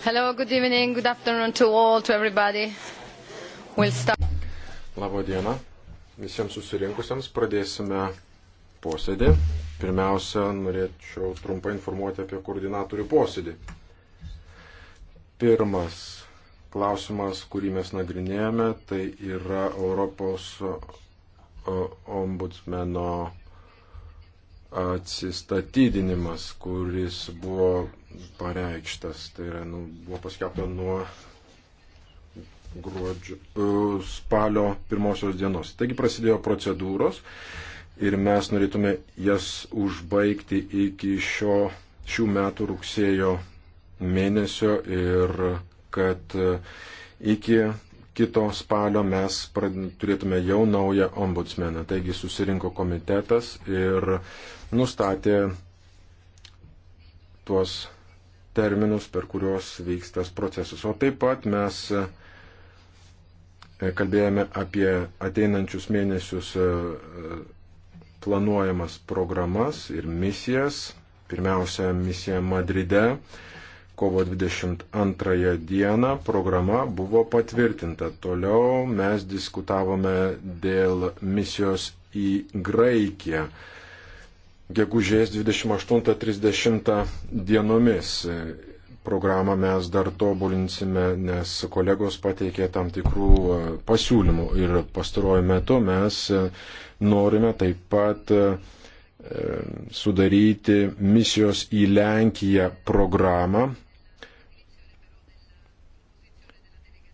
hello good evening good afternoon to all to everybody we'll start Labą dieną visiems susirinkusiems. Pradėsime posėdį. Pirmiausia, norėčiau trumpai informuoti apie koordinatorių posėdį. Pirmas klausimas, kurį mes nagrinėjame, tai yra Europos ombudsmeno atsistatydinimas, kuris buvo pareikštas, tai yra nu, buvo paskelbta nuo gruodžio, e, spalio pirmosios dienos. Taigi prasidėjo procedūros ir mes norėtume jas užbaigti iki šio, šių metų rugsėjo mėnesio ir kad e, iki kito spalio mes turėtume jau naują ombudsmeną. Taigi susirinko komitetas ir nustatė tuos terminus, per kuriuos vyks tas procesas. O taip pat mes E, kalbėjome apie ateinančius mėnesius e, e, planuojamas programas ir misijas. Pirmiausia, misija Madride. Kovo 22 dieną programa buvo patvirtinta. Toliau mes diskutavome dėl misijos į Graikiją. Gegužės 28-30 dienomis programą mes dar tobulinsime, nes kolegos pateikė tam tikrų e, pasiūlymų ir pastaruoju metu mes e, norime taip pat e, sudaryti misijos į Lenkiją programą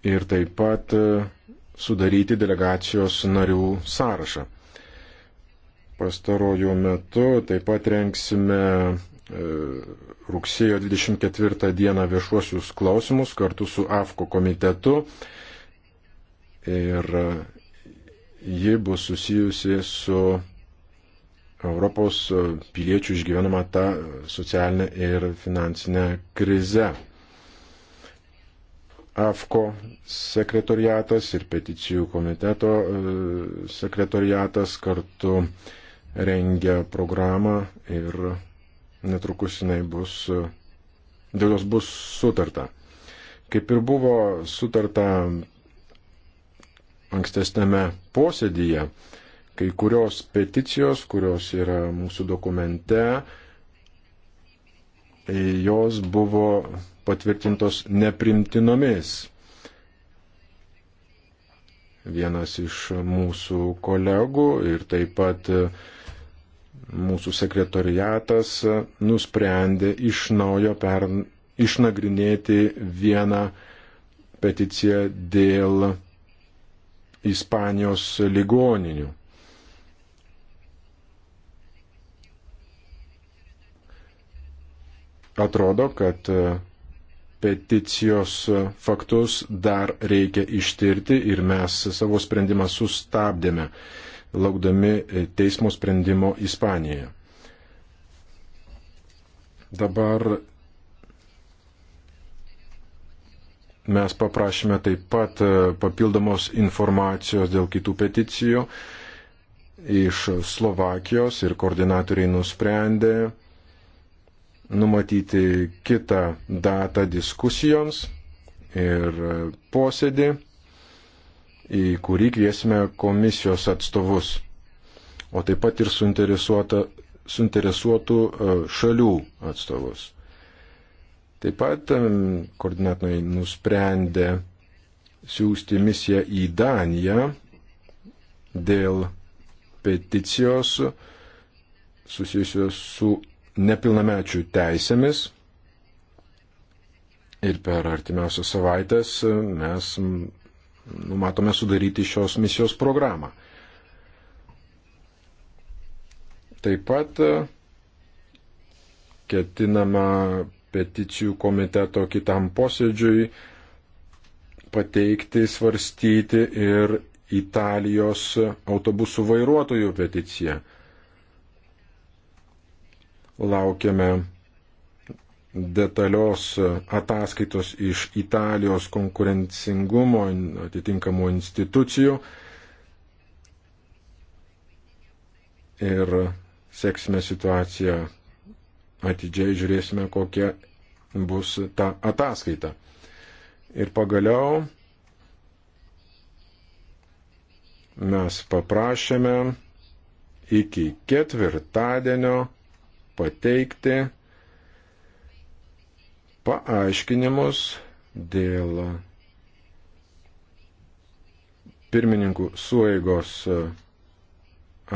ir taip pat sudaryti delegacijos narių sąrašą. Pastaruoju metu taip pat renksime rugsėjo 24 dieną viešuosius klausimus kartu su AFKO komitetu ir e, ji bus susijusi su Europos piliečių išgyvenama ta socialinė ir finansinė krize. AFKO sekretoriatas ir peticijų komiteto e, sekretoriatas kartu rengia programą ir netrukus jinai bus, dėl jos bus sutarta. Kaip ir buvo sutarta ankstesnėme posėdyje, kai kurios peticijos, kurios yra mūsų dokumente, jos buvo patvirtintos neprimtinomis vienas iš mūsų kolegų ir taip pat Mūsų sekretoriatas nusprendė iš naujo per, išnagrinėti vieną peticiją dėl Ispanijos ligoninių. Atrodo, kad e, peticijos faktus dar reikia ištirti ir mes savo sprendimą sustabdėme laukdami e, teismo sprendimo Ispanijoje. Dabar mes paprašėme taip pat e, papildomos informacijos dėl kitų peticijų iš Slovakijos ir koordinatoriai nusprendė numatyti kitą datą diskusijoms ir e, posėdį į kurį kviesime komisijos atstovus, o taip pat ir suinteresuotų e, šalių atstovus. Taip pat e, koordinatoriai nusprendė siūsti misiją į Daniją dėl peticijos susijusios su nepilnamečių teisėmis. Ir per artimiausias savaitės e, mes numatome sudaryti šios misijos programą. Taip pat e, ketinama peticijų komiteto kitam posėdžiui pateikti, svarstyti ir Italijos autobusų vairuotojų peticiją. Laukiame detalios ataskaitos iš Italijos konkurencingumo atitinkamų institucijų. Ir seksime situaciją atidžiai, žiūrėsime, kokia bus ta ataskaita. Ir pagaliau mes paprašėme iki ketvirtadienio pateikti paaiškinimus dėl pirmininkų sueigos e,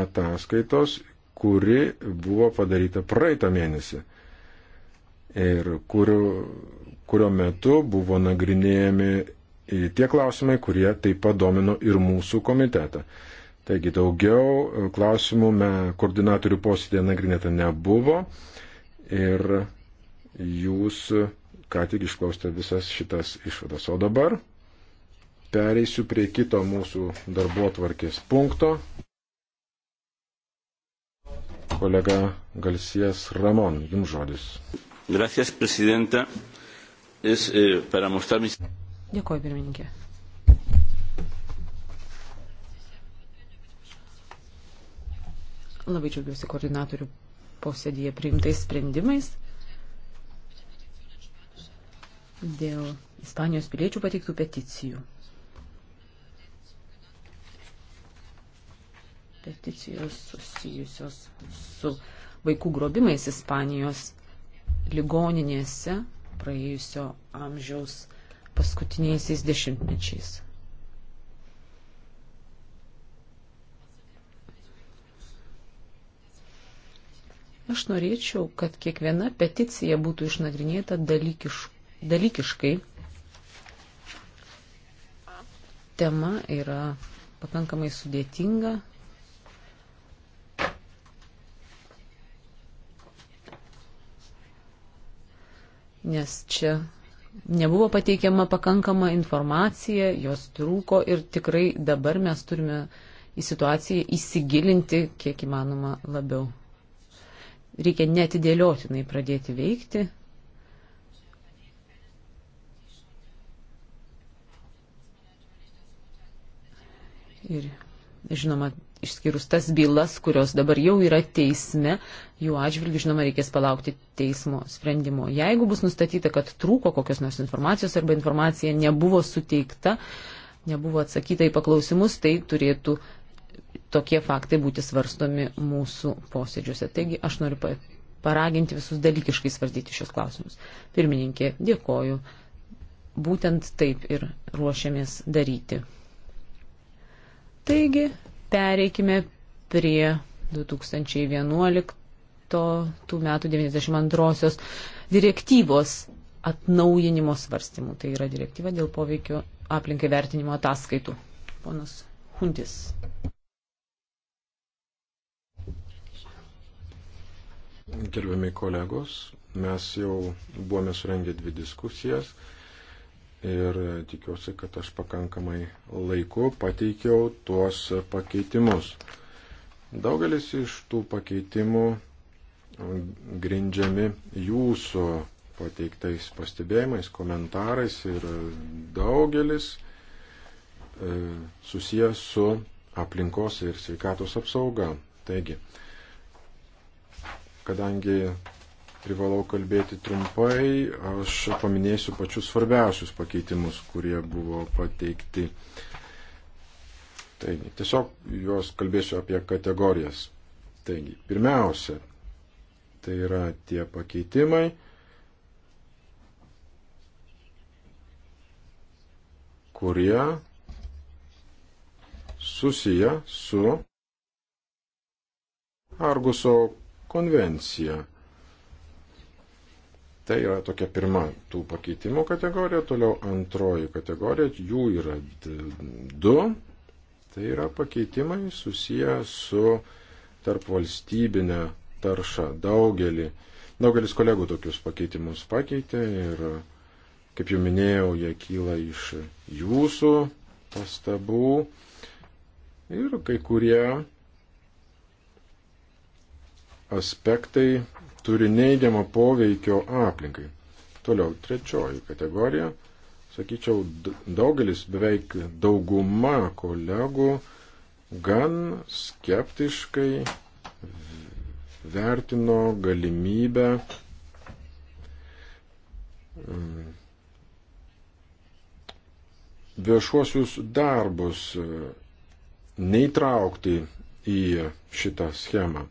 ataskaitos, kuri buvo padaryta praeitą mėnesį ir kurio, kurio metu buvo nagrinėjami tie klausimai, kurie taip pat domino ir mūsų komitetą. Taigi daugiau e, klausimų me, koordinatorių posėdėje nagrinėta nebuvo ir jūs ką tik išklausėte visas šitas išvadas. O dabar pereisiu prie kito mūsų darbo tvarkės punkto. Kolega Galsijas Ramon, jums žodis. Gracias, prezidenta. Es, eh, para mostrar mis... Dėkuoju, pirmininkė. Labai džiaugiuosi koordinatorių posėdėje priimtais sprendimais dėl Ispanijos piliečių pateiktų peticijų. Peticijos susijusios su vaikų grobimais Ispanijos ligoninėse praėjusio amžiaus paskutiniaisiais dešimtmečiais. Aš norėčiau, kad kiekviena peticija būtų išnagrinėta dalykiškai dalykiškai. Tema yra pakankamai sudėtinga. Nes čia nebuvo pateikiama pakankama informacija, jos trūko ir tikrai dabar mes turime į situaciją įsigilinti kiek įmanoma labiau. Reikia netidėliotinai pradėti veikti Ir žinoma, išskyrus tas bylas, kurios dabar jau yra teisme, jų atžvilgių, žinoma, reikės palaukti teismo sprendimo. Jeigu bus nustatyta, kad trūko kokios nors informacijos arba informacija nebuvo suteikta, nebuvo atsakyta į paklausimus, tai turėtų tokie faktai būti svarstomi mūsų posėdžiuose. Taigi aš noriu paraginti visus dalykiškai svarstyti šios klausimus. Pirmininkė, dėkoju. Būtent taip ir ruošiamės daryti. Taigi, pereikime prie 2011 tų metų 92 direktyvos atnaujinimo svarstymų. Tai yra direktyva dėl poveikio aplinkai vertinimo ataskaitų. Ponas Huntis. Gerbiami kolegos, mes jau buvome surengę dvi diskusijas ir tikiuosi, kad aš pakankamai laiku pateikiau tuos pakeitimus. Daugelis iš tų pakeitimų grindžiami jūsų pateiktais pastebėjimais, komentarais ir daugelis e, susijęs su aplinkos ir sveikatos apsauga. Taigi, kadangi privalau kalbėti trumpai. Aš paminėsiu pačius svarbiausius pakeitimus, kurie buvo pateikti. Taigi, tiesiog juos kalbėsiu apie kategorijas. Taigi, pirmiausia, tai yra tie pakeitimai, kurie susiję su Arguso konvencija Tai yra tokia pirma tų pakeitimų kategorija, toliau antroji kategorija, jų yra du. Tai yra pakeitimai susiję su tarp valstybinė tarša. Daugelį, daugelis kolegų tokius pakeitimus pakeitė ir, kaip jau minėjau, jie kyla iš jūsų pastabų ir kai kurie aspektai turi neigiamą poveikio aplinkai. Toliau, trečioji kategorija. Sakyčiau, daugelis, beveik dauguma kolegų gan skeptiškai vertino galimybę mm, viešuosius darbus mm, neįtraukti į šitą schemą.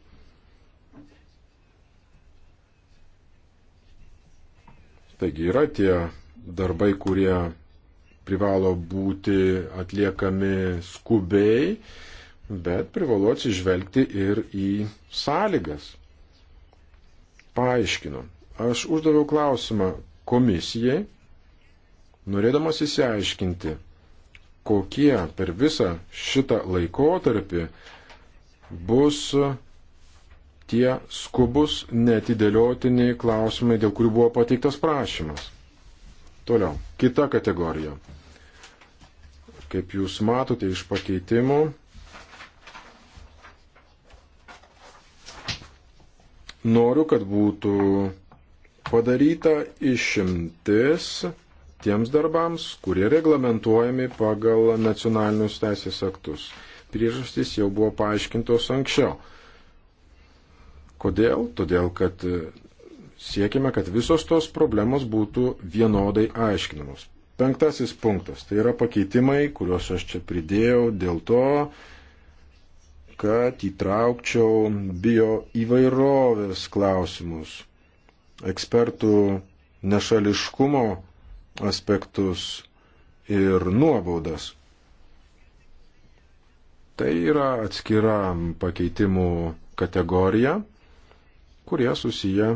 Taigi yra tie darbai, kurie privalo būti atliekami skubiai, bet privalu atsižvelgti ir į sąlygas. Paaiškinu. Aš uždaviau klausimą komisijai, norėdamas įsiaiškinti, kokie per visą šitą laikotarpį bus tie skubus, netidėliotiniai klausimai, dėl kurių buvo pateiktas prašymas. Toliau, kita kategorija. Kaip jūs matote iš pakeitimų, noriu, kad būtų padaryta išimtis tiems darbams, kurie reglamentuojami pagal nacionalinius teisės aktus. Priežastys jau buvo paaiškintos anksčiau. Kodėl? Todėl, kad e, siekime, kad visos tos problemos būtų vienodai aiškinamos. Penktasis punktas. Tai yra pakeitimai, kuriuos aš čia pridėjau dėl to, kad įtraukčiau bio įvairovės klausimus, ekspertų nešališkumo aspektus ir nuobaudas. Tai yra atskira pakeitimų kategorija, kurie susiję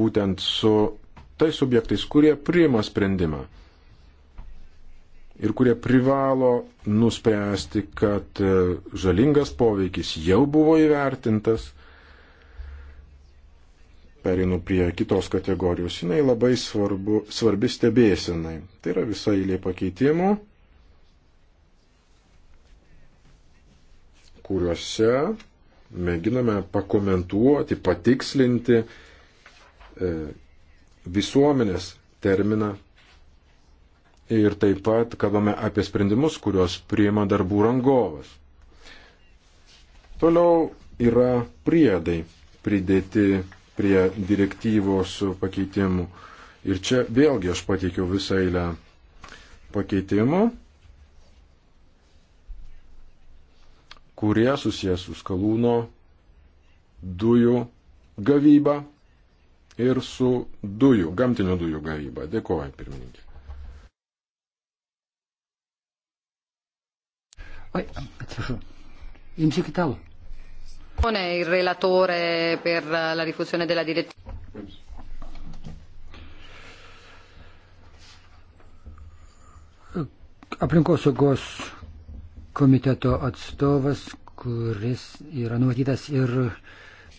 būtent su tais subjektais, kurie priima sprendimą ir kurie privalo nuspręsti, kad e, žalingas poveikis jau buvo įvertintas. Perinu prie kitos kategorijos. Jinai labai svarbu, svarbi stebėsenai. Tai yra visa eilė pakeitimų, kuriuose mėginame pakomentuoti, patikslinti e, visuomenės terminą ir taip pat kalbame apie sprendimus, kuriuos priima darbų rangovas. Toliau yra priedai pridėti prie direktyvos pakeitimų. Ir čia vėlgi aš pateikiau visą eilę pakeitimų kurie susijęs su skalūno dujų gavyba ir su dujų, gamtinių dujų gavyba. Dėkuoju, pirmininkė. Oi, atsiprašau. Jums iki talo. Pone, il relatore per la rifusione della direttiva. Aplinkosaugos komiteto atstovas, kuris yra numatytas ir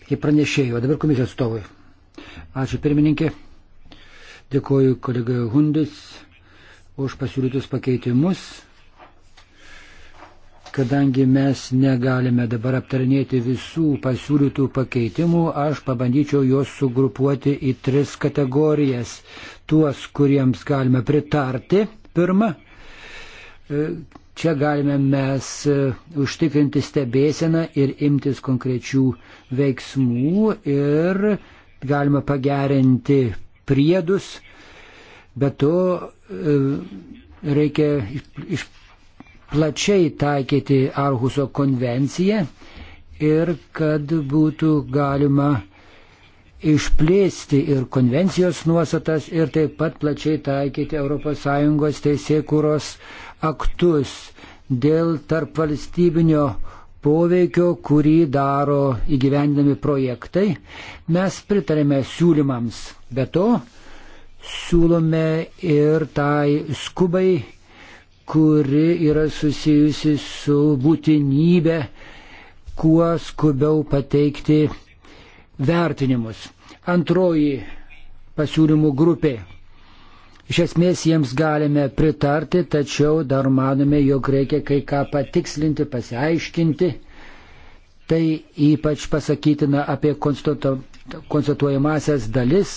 kaip pranešėjo, dabar komisijos atstovui. Ačiū pirmininkė, dėkoju kolegai Hundis už pasiūlytus pakeitimus. Kadangi mes negalime dabar aptarinėti visų pasiūlytų pakeitimų, aš pabandyčiau juos sugrupuoti į tris kategorijas. Tuos, kuriems galime pritarti, pirma, e, Čia galime mes e, užtikrinti stebėseną ir imtis konkrečių veiksmų ir galima pagerinti priedus, bet to e, reikia iš plačiai taikyti Arhuso konvenciją ir kad būtų galima išplėsti ir konvencijos nuostatas ir taip pat plačiai taikyti ES teisėkūros uh, aktus dėl tarp valstybinio poveikio, kurį daro įgyvendinami projektai. Mes pritarėme siūlymams, be to siūlome ir tai skubai, kuri yra susijusi su būtinybė kuo skubiau pateikti vertinimus. Antroji pasiūlymų grupė Iš esmės jiems galime pritarti, tačiau dar manome, jog reikia kai ką patikslinti, pasiaiškinti. Tai ypač pasakytina apie konstatuojamasias dalis.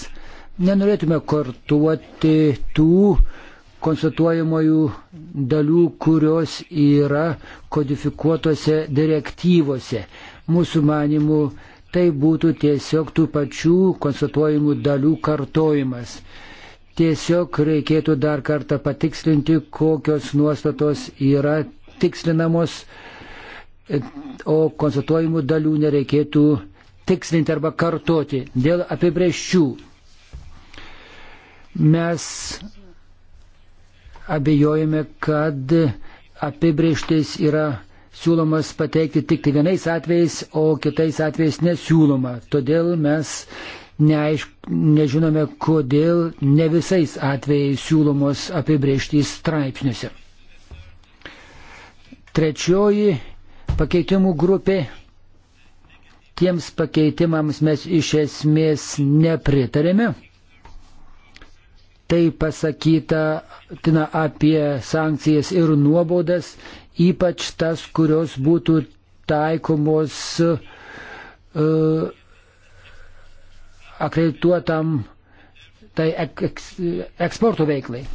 Nenorėtume kartuoti tų konstatuojamojų dalių, kurios yra kodifikuotose direktyvose. Mūsų manimų tai būtų tiesiog tų pačių konstatuojamų dalių kartojimas. Tiesiog reikėtų dar kartą patikslinti, kokios nuostatos yra tikslinamos, o konstatuojimų dalių nereikėtų tikslinti arba kartoti dėl apibrėžčių. Mes abejojame, kad apibrėžtis yra siūlomas pateikti tik tai vienais atvejais, o kitais atvejais nesiūloma. Todėl mes neaišk, nežinome, kodėl ne visais atvejais siūlomos apibrieštys straipsniuose. Trečioji pakeitimų grupė. Tiems pakeitimams mes iš esmės nepritarėme. Tai pasakyta tina, apie sankcijas ir nuobaudas, ypač tas, kurios būtų taikomos uh, akredituotam tai eks, eksporto veiklai.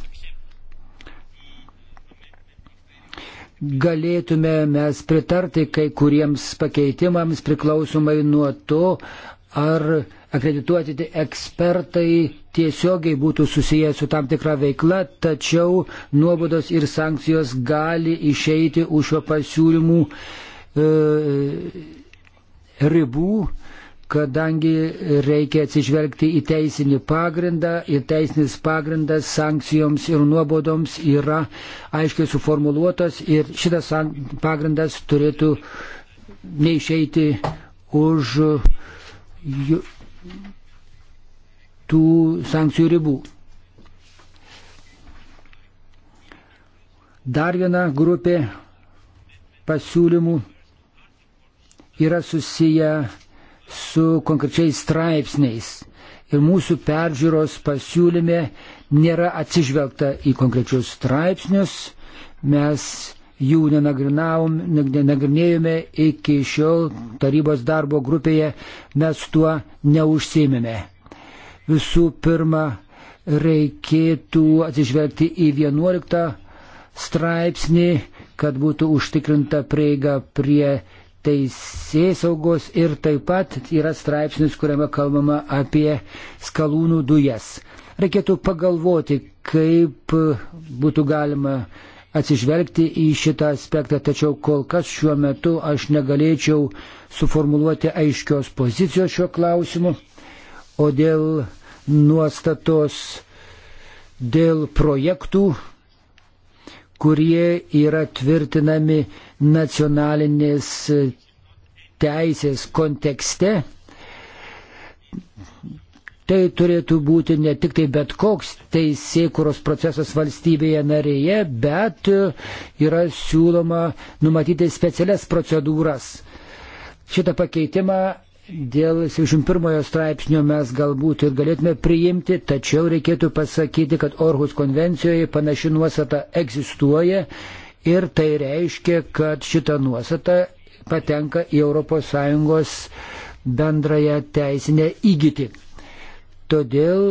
Galėtume mes pritarti kai kuriems pakeitimams priklausomai nuo to, ar akredituoti ekspertai tiesiogiai būtų susiję su tam tikra veikla, tačiau nuobodos ir sankcijos gali išeiti už šio pasiūlymų e, ribų kadangi reikia atsižvelgti į teisinį pagrindą ir teisinis pagrindas sankcijoms ir nuobodoms yra aiškiai suformuoluotas ir šitas pagrindas turėtų neišeiti už tų sankcijų ribų. Dar viena grupė pasiūlymų yra susiję su konkrečiais straipsniais. Ir mūsų peržiūros pasiūlyme nėra atsižvelgta į konkrečius straipsnius. Mes jų nenagrinėjome iki šiol tarybos darbo grupėje, mes tuo neužsėmėme. Visų pirma, reikėtų atsižvelgti į 11 straipsnį, kad būtų užtikrinta prieiga prie teisėsaugos ir taip pat yra straipsnis, kuriame kalbama apie skalūnų dujas. Reikėtų pagalvoti, kaip būtų galima atsižvelgti į šitą aspektą, tačiau kol kas šiuo metu aš negalėčiau suformuluoti aiškios pozicijos šiuo klausimu, o dėl nuostatos, dėl projektų, kurie yra tvirtinami nacionalinės teisės kontekste. Tai turėtų būti ne tik tai bet koks teisėkuros procesas valstybėje narėje, bet yra siūloma numatyti specialias procedūras. Šitą pakeitimą dėl 71 straipsnio mes galbūt ir galėtume priimti, tačiau reikėtų pasakyti, kad Orhus konvencijoje panaši nuostata egzistuoja ir tai reiškia, kad šita nuostata patenka į ES bendrąją teisinę įgyti. Todėl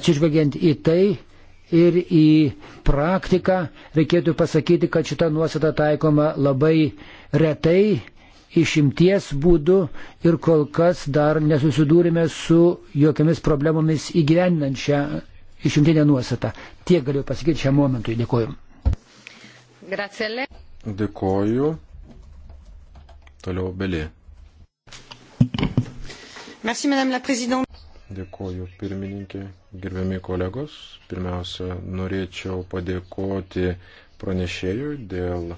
atsižvelgiant į tai ir į praktiką, reikėtų pasakyti, kad šita nuostata taikoma labai retai, išimties būdu ir kol kas dar nesusidūrime su jokiamis problemomis įgyvendinant šią išimtinė nuostata. Tiek galiu pasakyti šiam momentui. Dėkoju. Gracelė. Dėkoju. Toliau Belė. Merci, Madame la Présidente. Dėkoju pirmininkė, gerbiami kolegos. Pirmiausia, norėčiau padėkoti pranešėjui dėl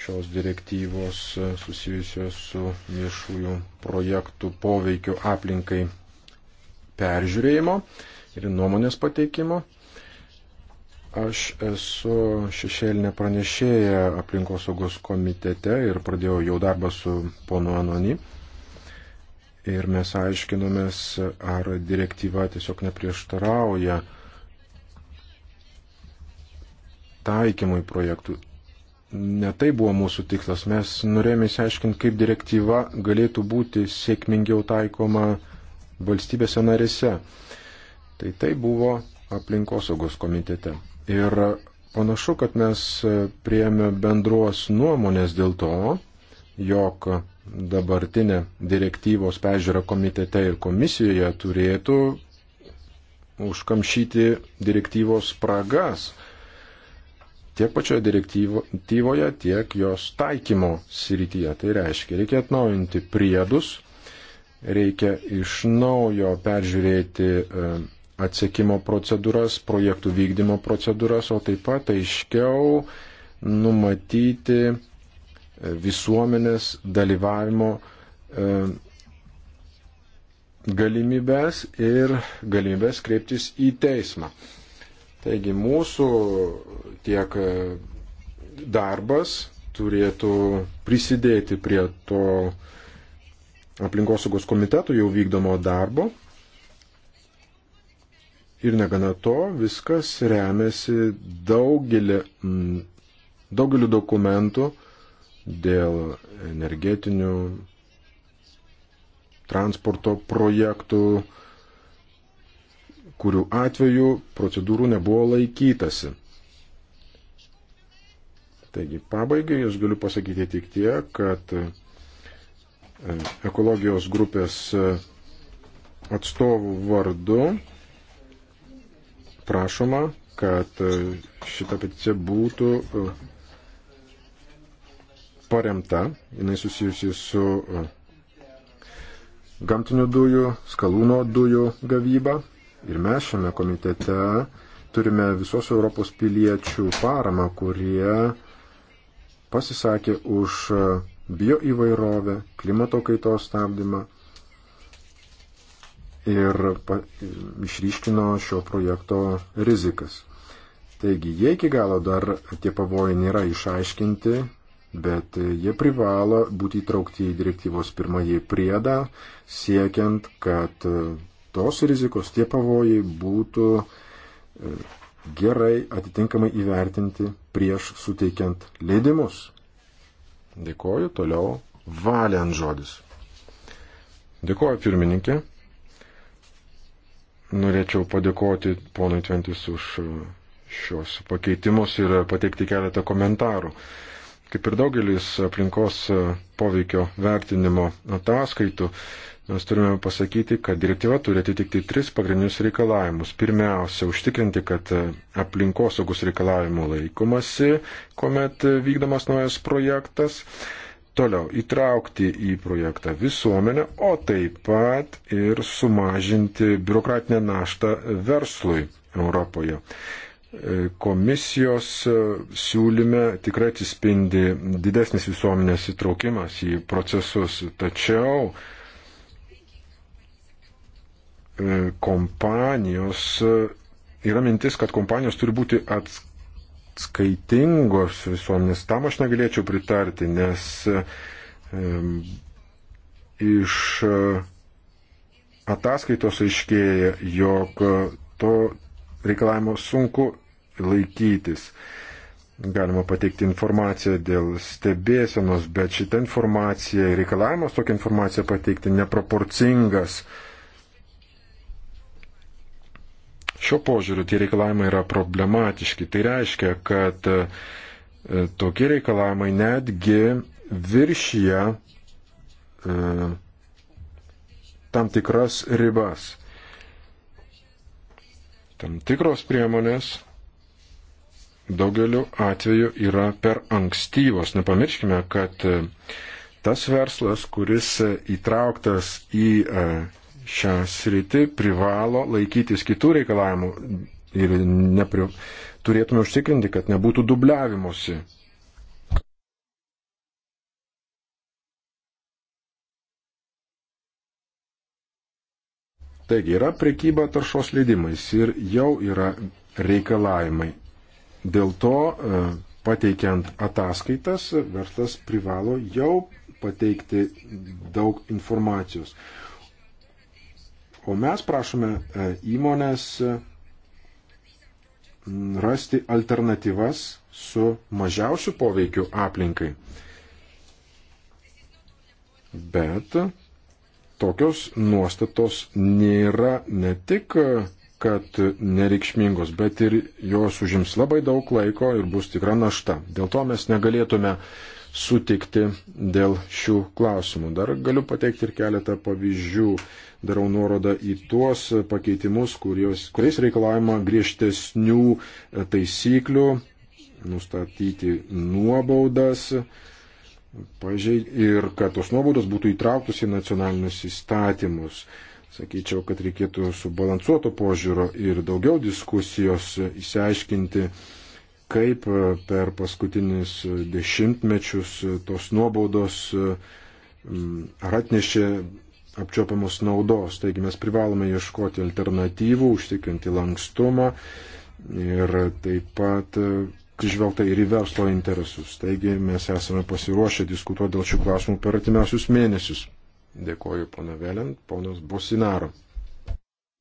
šios direktyvos susijusios su viešųjų projektų poveikiu aplinkai peržiūrėjimo ir nuomonės pateikimo. Aš esu šešėlinė pranešėja aplinkosaugos komitete ir pradėjau jau darbą su ponu Anoni. Ir mes aiškinomės, ar direktyva tiesiog neprieštarauja taikymui projektų. Ne tai buvo mūsų tikslas. Mes norėjome įsiaiškinti, kaip direktyva galėtų būti sėkmingiau taikoma valstybėse narėse. Tai tai buvo aplinkosaugos komitete. Ir panašu, kad mes prieėmė bendros nuomonės dėl to, jog dabartinė direktyvos pežiūra komitete ir komisijoje turėtų užkamšyti direktyvos spragas tiek pačioje direktyvoje, tiek jos taikymo srityje. Tai reiškia, reikia atnaujinti priedus, reikia iš naujo peržiūrėti e, atsiekimo procedūras, projektų vykdymo procedūras, o taip pat aiškiau numatyti e, visuomenės dalyvavimo e, galimybės ir galimybės kreiptis į teismą. Taigi mūsų tiek e, darbas turėtų prisidėti prie to aplinkosaugos komiteto jau vykdomo darbo Ir negana to, viskas remiasi daugelį, mm, daugeliu dokumentų dėl energetinių transporto projektų, kurių atveju procedūrų nebuvo laikytasi. Taigi, pabaigai aš galiu pasakyti tik tie, kad e, ekologijos grupės e, atstovų vardu prašoma, kad e, šita peticija būtų e, paremta, jinai susijusi su e, gamtinių dujų, skalūno dujų gavyba. Ir mes šiame komitete turime visos Europos piliečių paramą, kurie pasisakė už bioįvairovę, klimato kaitos stabdymą, ir išryškino šio projekto rizikas. Taigi, jie iki galo dar tie pavojai nėra išaiškinti, bet jie privalo būti įtraukti į direktyvos pirmąjį priedą, siekiant, kad tos rizikos, tie pavojai būtų e, gerai atitinkamai įvertinti prieš suteikiant leidimus. Dėkoju, toliau valiant žodis. Dėkoju, pirmininkė. Norėčiau padėkoti ponui Tventis už e, šios pakeitimus ir e, pateikti keletą komentarų. Kaip ir daugelis aplinkos e, poveikio vertinimo ataskaitų, mes turime pasakyti, kad direktyva turi atitikti tris pagrindinius reikalavimus. Pirmiausia, užtikrinti, kad aplinkosaugus reikalavimų laikomasi, kuomet vykdomas naujas projektas. Toliau įtraukti į projektą visuomenę, o taip pat ir sumažinti biurokratinę naštą verslui Europoje. E, komisijos e, siūlyme tikrai atsispindi didesnis visuomenės įtraukimas į procesus, tačiau e, kompanijos yra mintis, kad kompanijos turi būti ats, atskaitingos visuomenės. Tam aš negalėčiau pritarti, nes iš e, ataskaitos aiškėja, jog to reikalavimo sunku laikytis. Galima pateikti informaciją dėl stebėsenos, bet šitą informaciją, reikalavimas tokią informaciją pateikti neproporcingas. Uh, Šio požiūriu tie reikalavimai yra problematiški. Tai reiškia, kad e, tokie reikalavimai netgi viršyje e, tam tikras ribas. Tam tikros priemonės daugeliu atveju yra per ankstyvos. Nepamirškime, kad e, tas verslas, kuris e, įtrauktas į šią sritį privalo laikytis kitų reikalavimų ir nepri... turėtume užtikrinti, kad nebūtų dubliavimuose. Taigi yra prekyba taršos leidimais ir jau yra reikalavimai. Dėl to e, pateikiant ataskaitas verslas privalo jau pateikti daug informacijos. O mes prašome e, įmonės e, rasti alternatyvas su mažiausiu poveikiu aplinkai. Bet tokios nuostatos nėra ne tik, e, kad nereikšmingos, bet ir jos užims labai daug laiko ir bus tikra našta. Dėl to mes negalėtume sutikti dėl šių klausimų. Dar galiu pateikti ir keletą pavyzdžių darau nuorodą į tuos pakeitimus, kurios, kuriais reikalavima griežtesnių e, taisyklių, nustatyti nuobaudas pažei, ir kad tos nuobaudos būtų įtrauktos į nacionalinius įstatymus. Sakyčiau, kad reikėtų subalansuoto požiūro ir daugiau diskusijos įsiaiškinti, kaip e, per paskutinius dešimtmečius e, tos nuobaudos ar atnešė apčiopiamos naudos. Taigi mes privalome ieškoti alternatyvų, užtikrinti lankstumą ir taip pat e, atsižvelgta ir į verslo interesus. Taigi mes esame pasiruošę diskutuoti dėl šių klausimų per atimiausius mėnesius. Dėkoju pana Velent, ponas Bosinaro.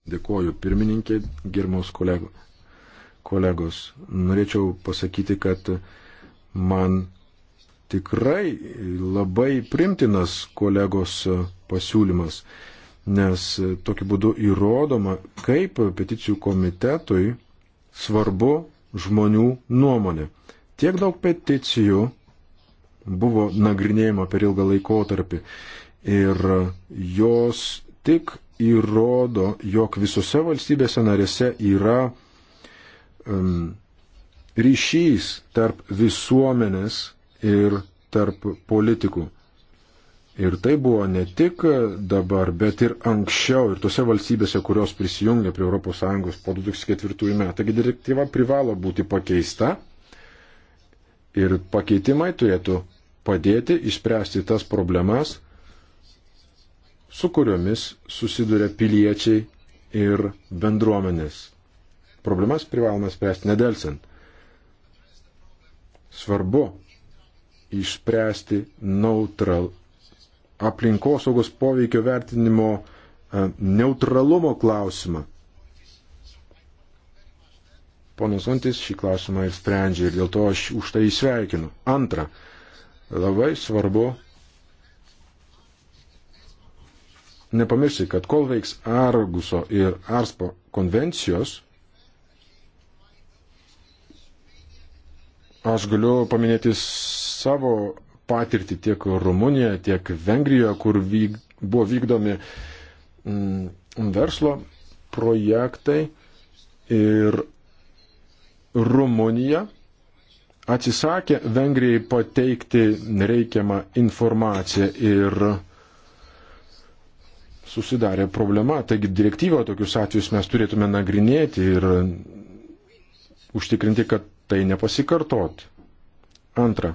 Dėkoju pirmininkė, girmaus kolego, kolegos. Norėčiau pasakyti, kad man tikrai labai primtinas kolegos pasiūlymas, nes tokiu būdu įrodoma, kaip peticijų komitetui svarbu žmonių nuomonė. Tiek daug peticijų buvo nagrinėjama per ilgą laikotarpį ir jos tik įrodo, jog visose valstybėse narėse yra um, ryšys tarp visuomenės ir tarp politikų. Ir tai buvo ne tik dabar, bet ir anksčiau, ir tose valstybėse, kurios prisijungė prie ES po 2004 metų. Taigi direktyva privalo būti pakeista ir pakeitimai turėtų padėti išspręsti tas problemas, su kuriomis susiduria piliečiai ir bendruomenės. Problemas privalome spręsti nedelsint. Svarbu išspręsti neutral aplinkosaugos poveikio vertinimo e, neutralumo klausimą. Ponas Antis šį klausimą ir sprendžia ir dėl to aš už tai įsveikinu. Antra, labai svarbu nepamiršti, kad kol veiks Arguso ir Arspo konvencijos, aš galiu paminėti savo patirtį tiek Rumunijoje, tiek Vengrijoje, kur vyk, buvo vykdomi m, mm, verslo projektai ir Rumunija atsisakė Vengrijai pateikti reikiamą informaciją ir susidarė problema. Taigi direktyvą tokius atvejus mes turėtume nagrinėti ir užtikrinti, kad tai nepasikartot. Antra,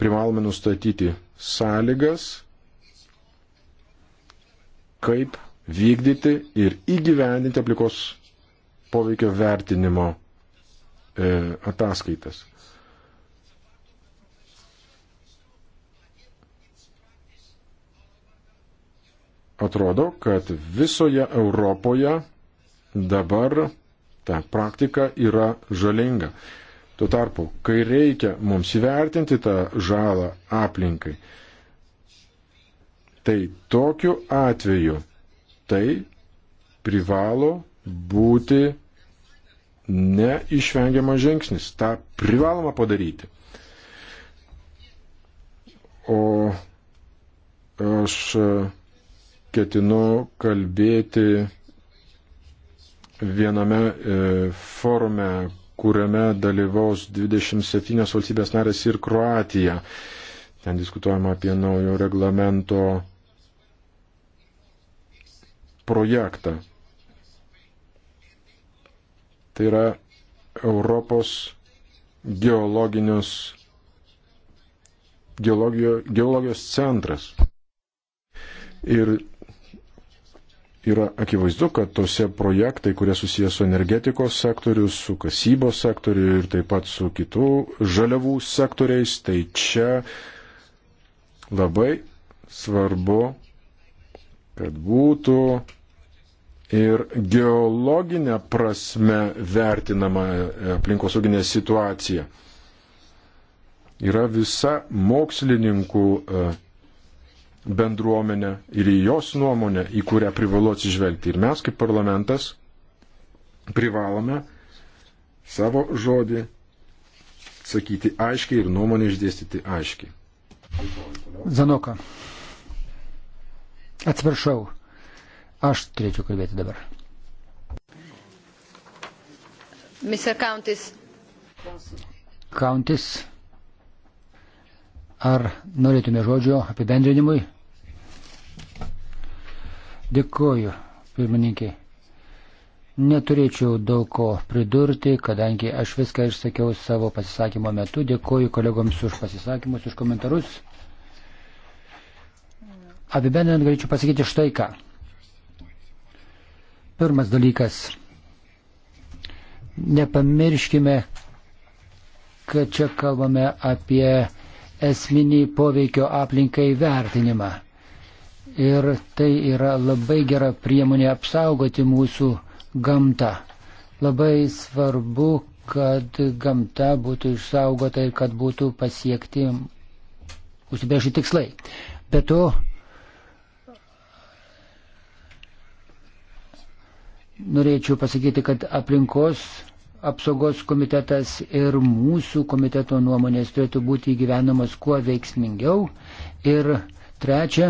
privalome nustatyti sąlygas, kaip vykdyti ir įgyvendinti aplikos poveikio vertinimo e, ataskaitas. Atrodo, kad visoje Europoje dabar ta praktika yra žalinga. Tuo tarpu, kai reikia mums įvertinti tą žalą aplinkai, tai tokiu atveju tai privalo būti neišvengiamas žingsnis. Ta privaloma padaryti. O aš ketinu kalbėti viename e, forume, kuriame dalyvaus 27 valstybės narės ir Kroatija. Ten diskutuojama apie naujo reglamento projektą. Tai yra Europos geologinius, geologijos centras. Ir yra akivaizdu, kad tose projektai, kurie susijęs su energetikos sektoriu, su kasybos sektoriu ir taip pat su kitų žaliavų sektoriais, tai čia labai svarbu, kad būtų ir geologinė prasme vertinama aplinkosauginė situacija. Yra visa mokslininkų e, bendruomenę ir į jos nuomonę, į kurią privalu atsižvelgti. Ir mes kaip parlamentas privalome savo žodį sakyti aiškiai ir nuomonę išdėstyti aiškiai. Zanoka. Atsiprašau, aš turėčiau kalbėti dabar. Mr. Countis. Countis. Ar norėtume žodžio apibendrinimui? Dėkuoju, pirmininkė. Neturėčiau daug ko pridurti, kadangi aš viską išsakiau savo pasisakymo metu. Dėkuoju kolegoms už pasisakymus, už komentarus. Apibendrinant galėčiau pasakyti štai ką. Pirmas dalykas. Nepamirškime, kad čia kalbame apie esminį poveikio aplinkai vertinimą. Ir tai yra labai gera priemonė apsaugoti mūsų gamtą. Labai svarbu, kad gamta būtų išsaugota ir kad būtų pasiekti užsibrėžti tikslai. Be to, norėčiau pasakyti, kad aplinkos apsaugos komitetas ir mūsų komiteto nuomonės turėtų būti įgyvenamos kuo veiksmingiau. Ir trečia,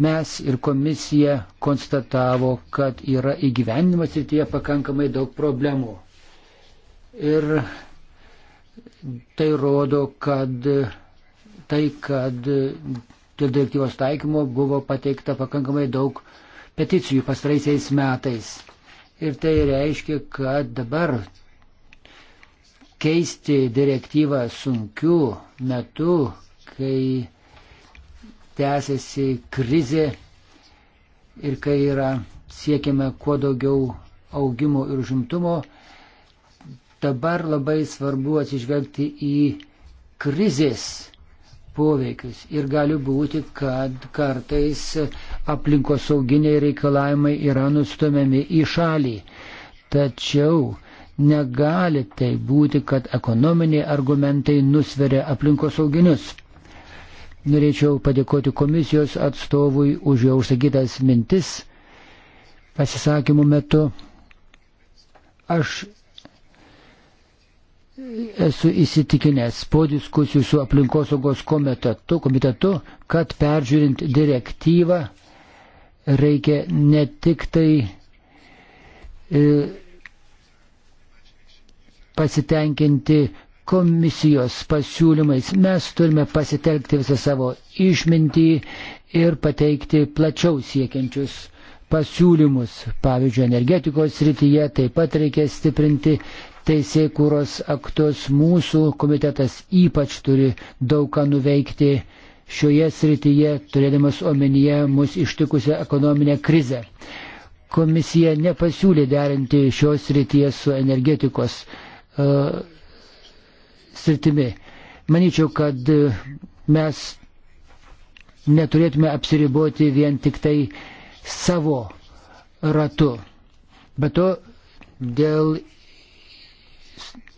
mes ir komisija konstatavo, kad yra įgyvenimas ir tie pakankamai daug problemų. Ir tai rodo, kad tai, kad dėl direktyvos taikymo buvo pateikta pakankamai daug problemų peticijų pastaraisiais metais. Ir tai reiškia, kad dabar keisti direktyvą sunkiu metu, kai tęsiasi krizė ir kai yra siekiame kuo daugiau augimo ir žimtumo, dabar labai svarbu atsižvelgti į krizės poveikius. Ir gali būti, kad kartais aplinkosauginiai reikalavimai yra nustumiami į šalį. Tačiau negali tai būti, kad ekonominiai argumentai nusveria aplinkosauginius. Norėčiau padėkoti komisijos atstovui už jo užsakytas mintis pasisakymų metu. Aš esu įsitikinęs po diskusijų su aplinkosaugos komitetu, komitetu, kad peržiūrint direktyvą reikia ne tik tai e, pasitenkinti komisijos pasiūlymais, mes turime pasitelkti visą savo išmintį ir pateikti plačiau siekiančius pasiūlymus. Pavyzdžiui, energetikos srityje taip pat reikia stiprinti teisėkūros aktus. Mūsų komitetas ypač turi daug ką nuveikti šioje srityje, turėdamas omenyje mūsų ištikusią ekonominę krizę. Komisija nepasiūlė derinti šios srities su energetikos uh, sritimi. Manyčiau, kad mes neturėtume apsiriboti vien tik tai savo ratu. Be to, dėl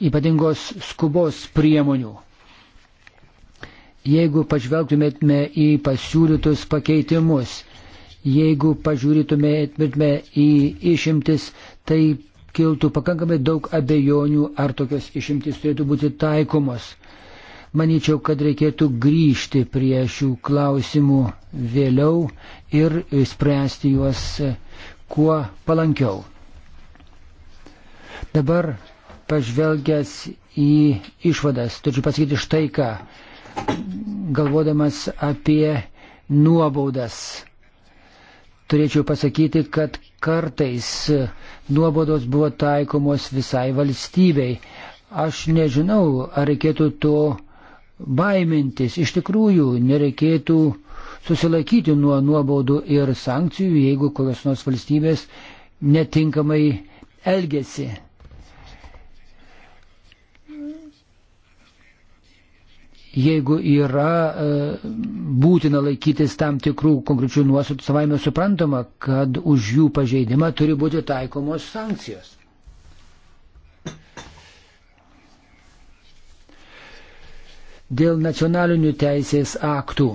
ypatingos skubos priemonių. Jeigu pažvelgtumėtume į pasiūlytus pakeitimus, jeigu pažiūrėtumėtume į išimtis, tai kiltų pakankamai daug abejonių, ar tokios išimtis turėtų būti taikomos. Manyčiau, kad reikėtų grįžti prie šių klausimų vėliau ir spręsti juos kuo palankiau. Dabar pažvelgęs į išvadas, turiu pasakyti štai ką, galvodamas apie nuobaudas. Turėčiau pasakyti, kad kartais nuobodos buvo taikomos visai valstybei. Aš nežinau, ar reikėtų to baimintis. Iš tikrųjų, nereikėtų susilaikyti nuo nuobaudų ir sankcijų, jeigu kokios nors valstybės netinkamai elgesi. jeigu yra e, būtina laikytis tam tikrų konkrečių nuostatų, savaime suprantama, kad už jų pažeidimą turi būti taikomos sankcijos. Dėl nacionalinių teisės aktų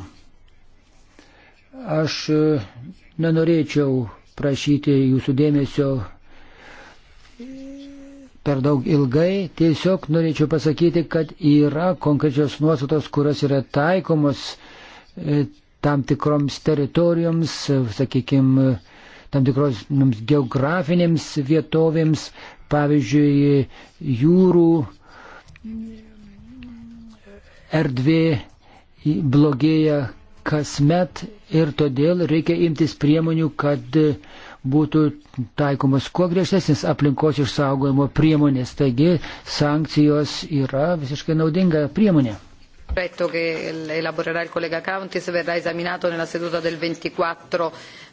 aš e, nenorėčiau prašyti jūsų dėmesio per daug ilgai, tiesiog norėčiau pasakyti, kad yra konkrečios nuostatos, kurios yra taikomos e, tam tikroms teritorijoms, e, sakykime, tam tikros geografinėms vietovėms, pavyzdžiui, jūrų erdvė blogėja kasmet ir todėl reikia imtis priemonių, kad būtų taikomas kuo griežtesnis aplinkos išsaugojimo priemonės. Taigi sankcijos yra visiškai naudinga priemonė. Aspetto che elaborerà il collega Countis verrà esaminato nella seduta del 24.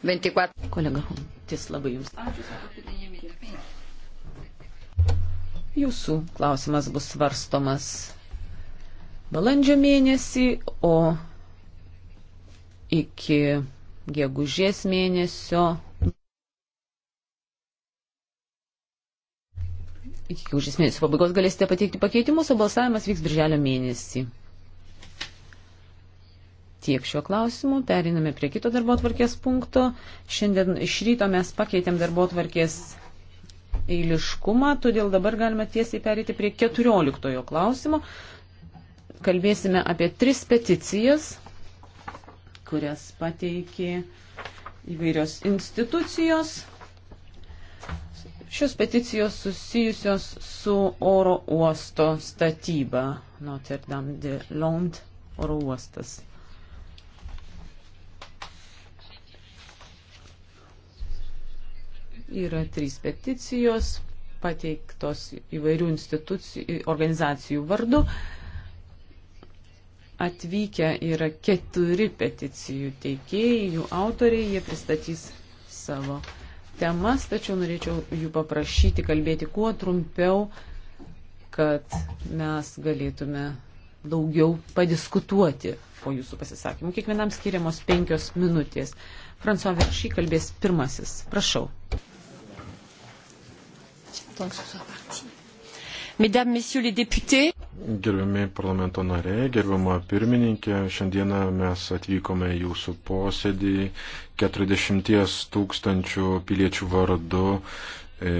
24. Collega Countis, labai jums. Jūsų klausimas bus svarstomas balandžio mėnesį, o iki gegužės mėnesio iki gegužės mėnesio pabaigos galėsite pateikti pakeitimus, o balsavimas vyks birželio mėnesį. Tiek šiuo klausimu, periname prie kito darbo tvarkės punkto. Šiandien iš ryto mes pakeitėm darbo tvarkės eiliškumą, todėl dabar galime tiesiai perėti prie 14 klausimo. Kalbėsime apie tris peticijas, kurias pateikė įvairios institucijos. Šios peticijos susijusios su oro uosto statyba Notre Dame de Lond oro uostas. Yra trys peticijos pateiktos įvairių institucijų, organizacijų vardu. Atvykę yra keturi peticijų teikėjai, jų autoriai, jie pristatys savo peticiją temas, tačiau norėčiau jų paprašyti kalbėti kuo trumpiau, kad mes galėtume daugiau padiskutuoti po jūsų pasisakymų. Kiekvienam skiriamos penkios minutės. Fransuo Veršy kalbės pirmasis. Prašau. Mesdames, messieurs les députés. Gerbiami parlamento nariai, gerbiama pirmininkė, šiandieną mes atvykome į jūsų posėdį 40 tūkstančių piliečių vardu, e,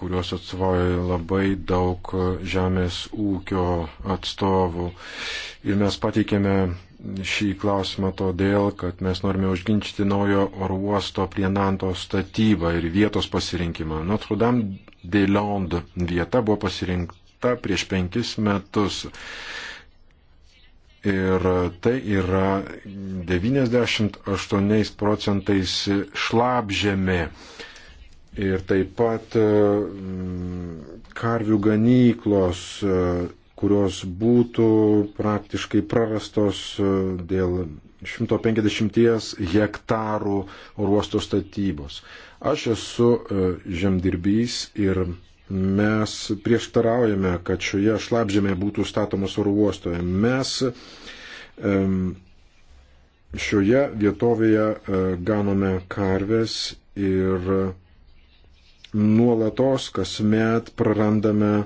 kuriuos atsvoja labai daug žemės ūkio atstovų. Ir mes pateikėme šį klausimą todėl, kad mes norime užginčyti naujo oro uosto prie Nanto statybą ir vietos pasirinkimą. Notre Dame de Lond vieta buvo pasirinkta prieš penkis metus ir tai yra 98 procentais šlapžemė. Ir taip pat mm, karvių ganyklos, kurios būtų praktiškai prarastos mm, dėl 150 hektarų oruosto statybos. Aš esu mm, žemdirbys ir Mes prieštaraujame, kad šioje šlapžėme būtų statomas oro uostoje. Mes šioje vietovėje e, ganome karves ir nuolatos kasmet prarandame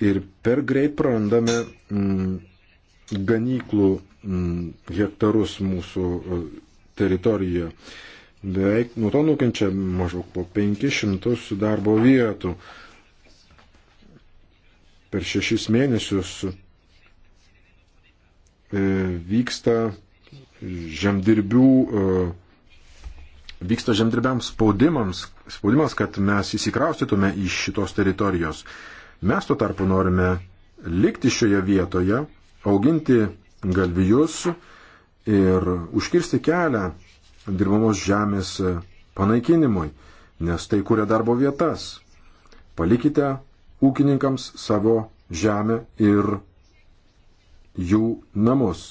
ir per greit prarandame mm, ganyklų mm, hektarus mūsų e, teritorijoje. Beveik nuo to nukenčia maždaug po 500 darbo vietų per šešis mėnesius e, vyksta žemdirbių, e, vyksta žemdirbiams spaudimams, spaudimas, kad mes įsikraustytume iš šitos teritorijos. Mes tuo tarpu norime likti šioje vietoje, auginti galvijus ir užkirsti kelią dirbamos žemės panaikinimui, nes tai kuria darbo vietas. Palikite ūkininkams savo žemę ir jų namus.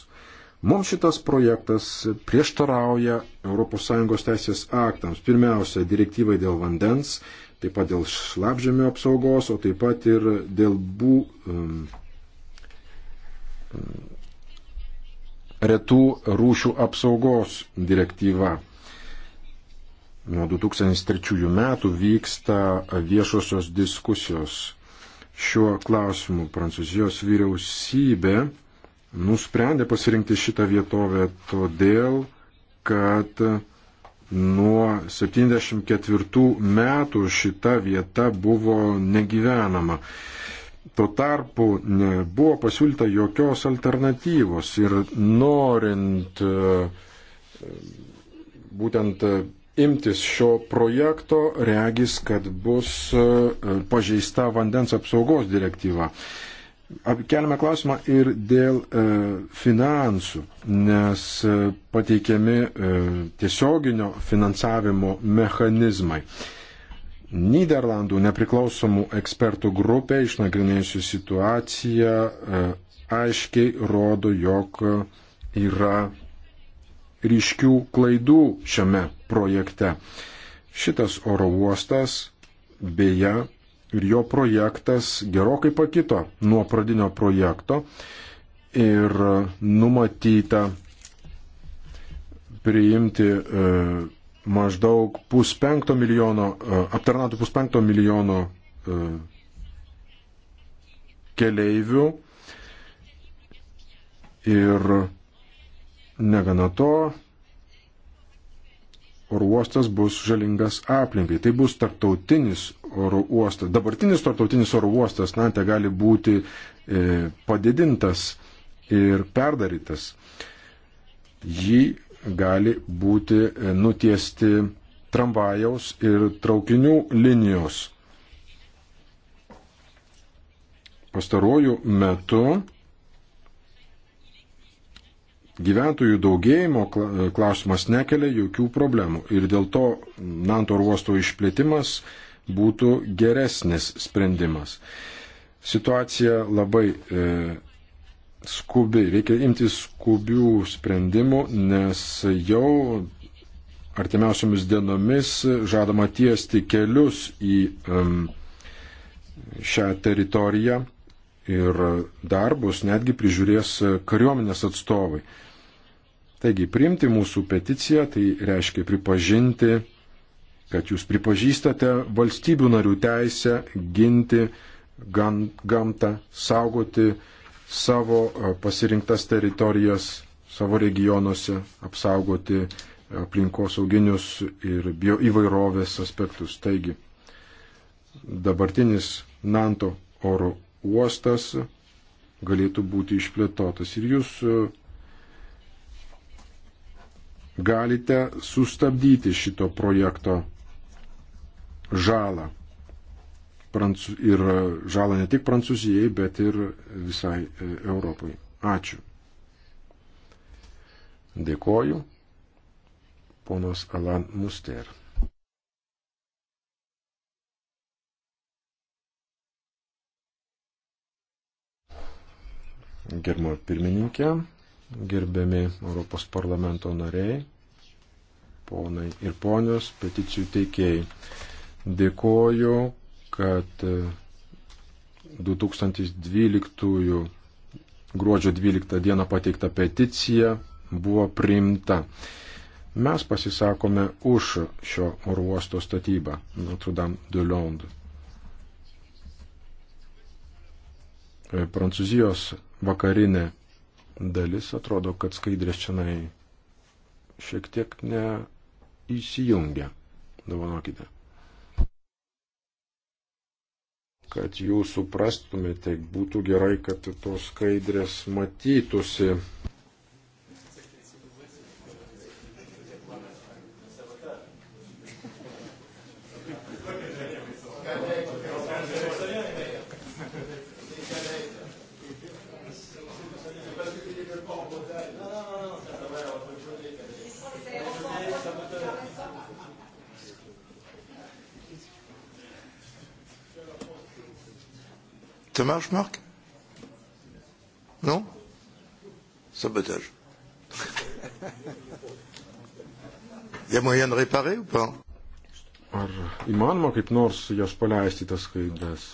Mums šitas projektas prieštarauja ES teisės aktams. Pirmiausia, direktyvai dėl vandens, taip pat dėl šlapžemio apsaugos, o taip pat ir dėl bū, um, retų rūšių apsaugos direktyva. Nuo 2003 metų vyksta viešosios diskusijos šiuo klausimu. Prancūzijos vyriausybė nusprendė pasirinkti šitą vietovę todėl, kad nuo 74 metų šita vieta buvo negyvenama. Tuo tarpu nebuvo pasiūlyta jokios alternatyvos ir norint e, būtent imtis šio projekto, regis, kad bus e, pažeista vandens apsaugos direktyva. Keliame klausimą ir dėl e, finansų, nes e, pateikiami tiesioginio finansavimo mechanizmai. Niderlandų nepriklausomų ekspertų grupė išnagrinėjusi situaciją aiškiai rodo, jog yra ryškių klaidų šiame projekte. Šitas oro uostas beje ir jo projektas gerokai pakito nuo pradinio projekto ir numatyta priimti e, maždaug puspenkto milijono, e, aptarnauti puspenkto milijono e, keleivių ir Negana to, oro uostas bus žalingas aplinkai. Tai bus tarptautinis oro uostas. Dabartinis tarptautinis oro uostas Nantė gali būti e, padidintas ir perdarytas. Jį gali būti e, nutiesti tramvajaus ir traukinių linijos. Pastaruoju metu gyventojų daugėjimo klausimas nekelia jokių problemų ir dėl to Nanto ruosto išplėtimas būtų geresnis sprendimas. Situacija labai e, skubi, reikia imti skubių sprendimų, nes jau artimiausiamis dienomis žadama tiesti kelius į um, šią teritoriją ir darbus netgi prižiūrės kariuomenės atstovai. Taigi, priimti mūsų peticiją tai reiškia pripažinti, kad jūs pripažįstate valstybių narių teisę ginti gam, gamtą, saugoti savo pasirinktas teritorijas, savo regionuose, apsaugoti aplinkosauginius ir bioįvairovės aspektus. Taigi, dabartinis NATO oro uostas galėtų būti išplėtotas. Ir jūs e, galite sustabdyti šito projekto žalą. Ir e, žalą ne tik Prancūzijai, bet ir visai e, Europai. Ačiū. Dėkoju. Ponas Alan Muster. Germo pirmininkė, gerbiami Europos parlamento nariai, ponai ir ponios, peticijų teikėjai. Dėkoju, kad 2012 e, gruodžio 12 dieną pateikta peticija buvo priimta. Mes pasisakome už šio oro uosto statybą Notre Dame de Londres. E, Prancūzijos vakarinė dalis atrodo, kad skaidrės čianai šiek tiek neįsijungia. Dovanokite. Kad jūs suprastumėte, būtų gerai, kad tos skaidrės matytųsi. Ça marche, Marc Non Sabotage. Il y a moyen de réparer ou pas Ar įmanoma kaip nors jas paleisti tas skaidrės?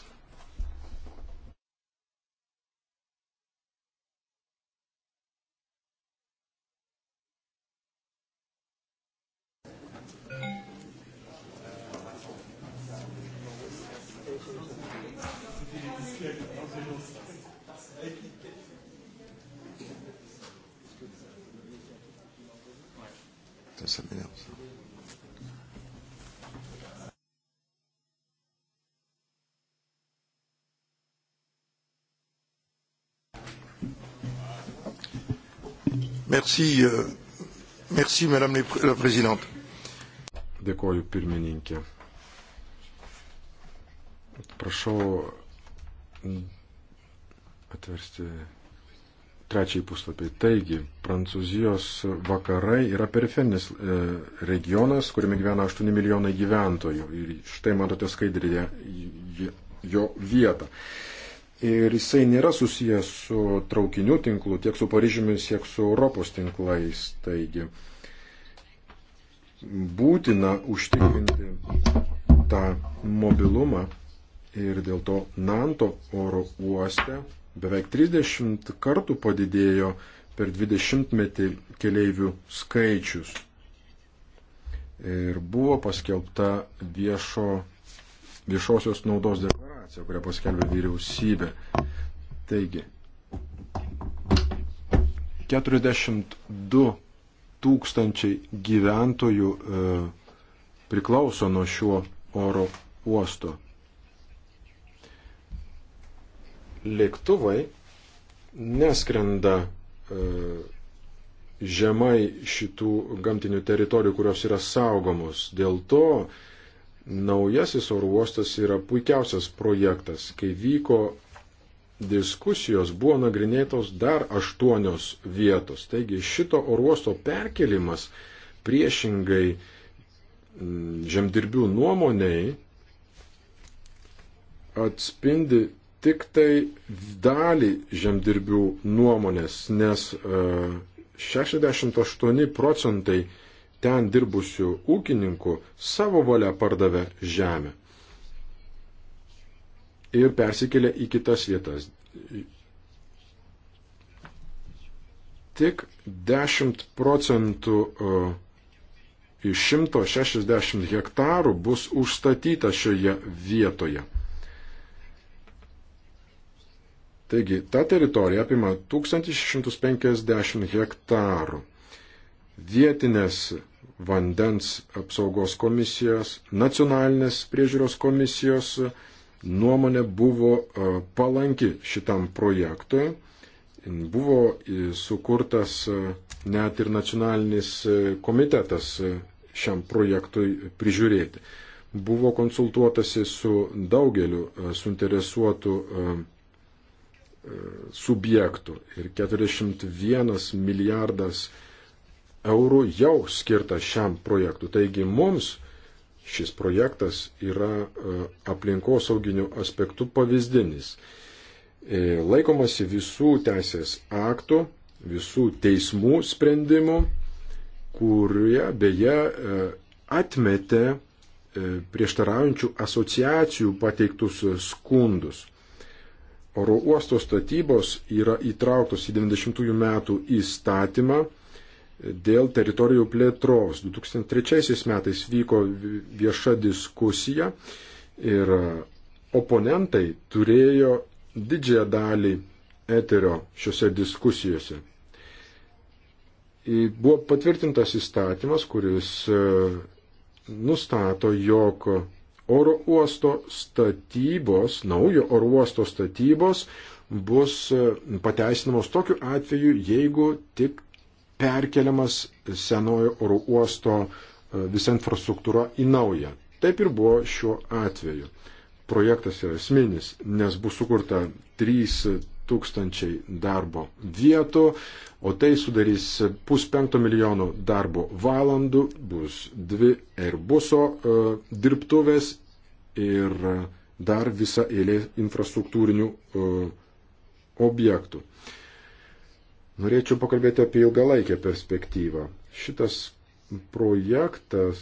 Merci, euh, merci, madame la présidente. Dėkoju pirmininkė. Prašau mm, atversti trečiai puslapį. Taigi, Prancūzijos vakarai yra periferinis e, regionas, kuriame gyvena 8 milijonai gyventojų. Ir štai matote skaidrėje jo vietą ir jisai nėra susijęs su traukinių tinklu, tiek su Paryžiumi, tiek su Europos tinklais. Taigi būtina užtikrinti tą mobilumą ir dėl to Nanto oro uoste beveik 30 kartų padidėjo per 20 metį keleivių skaičius. Ir buvo paskelbta viešo, viešosios naudos dėl informaciją, kurią paskelbė vyriausybė. Taigi, 42 tūkstančiai gyventojų e, priklauso nuo šio oro uosto. Lėktuvai neskrenda e, žemai šitų gamtinių teritorijų, kurios yra saugomos. Dėl to e, Naujasis oro uostas yra puikiausias projektas. Kai vyko diskusijos, buvo nagrinėtos dar aštuonios vietos. Taigi šito oro uosto perkelimas priešingai mm, žemdirbių nuomoniai atspindi tik tai dalį žemdirbių nuomonės, nes 68 e, procentai ten dirbusių ūkininkų savo valia pardavė žemę ir persikėlė į kitas vietas. Tik 10 procentų iš 160 hektarų bus užstatyta šioje vietoje. Taigi, ta teritorija apima 1650 hektarų vietinės vandens apsaugos komisijos, nacionalinės priežiūros komisijos nuomonė buvo e, palanki šitam projektui. Buvo e, sukurtas e, net ir nacionalinis komitetas šiam projektui prižiūrėti. Buvo konsultuotasi su daugeliu suinteresuotų subjektų ir 41 milijardas eurų eurų jau skirta šiam projektui. Taigi mums šis projektas yra e, aplinkosauginių aspektų pavyzdinis. E, laikomasi visų teisės aktų, visų teismų sprendimų, kurie beje e, atmetė prieštaraujančių asociacijų pateiktus skundus. Oro uosto statybos yra įtrauktos į 90-ųjų metų įstatymą dėl teritorijų plėtros. 2003 metais vyko vieša diskusija ir e, oponentai turėjo didžiąją dalį eterio šiuose diskusijose. Buvo patvirtintas įstatymas, kuris e, nustato, jog oro uosto statybos, naujo oro uosto statybos bus e, pateisinamos tokiu atveju, jeigu tik perkeliamas senojo oro uosto e, visa infrastruktūra į naują. Taip ir buvo šiuo atveju. Projektas yra esminis, nes bus sukurta 3000 darbo vietų, o tai sudarys puspenkto milijono darbo valandų, bus dvi Airbuso uh, dirbtuvės ir dar visa eilė infrastruktūrinių uh, objektų. Uh, Norėčiau pakalbėti apie ilgalaikę perspektyvą. Šitas projektas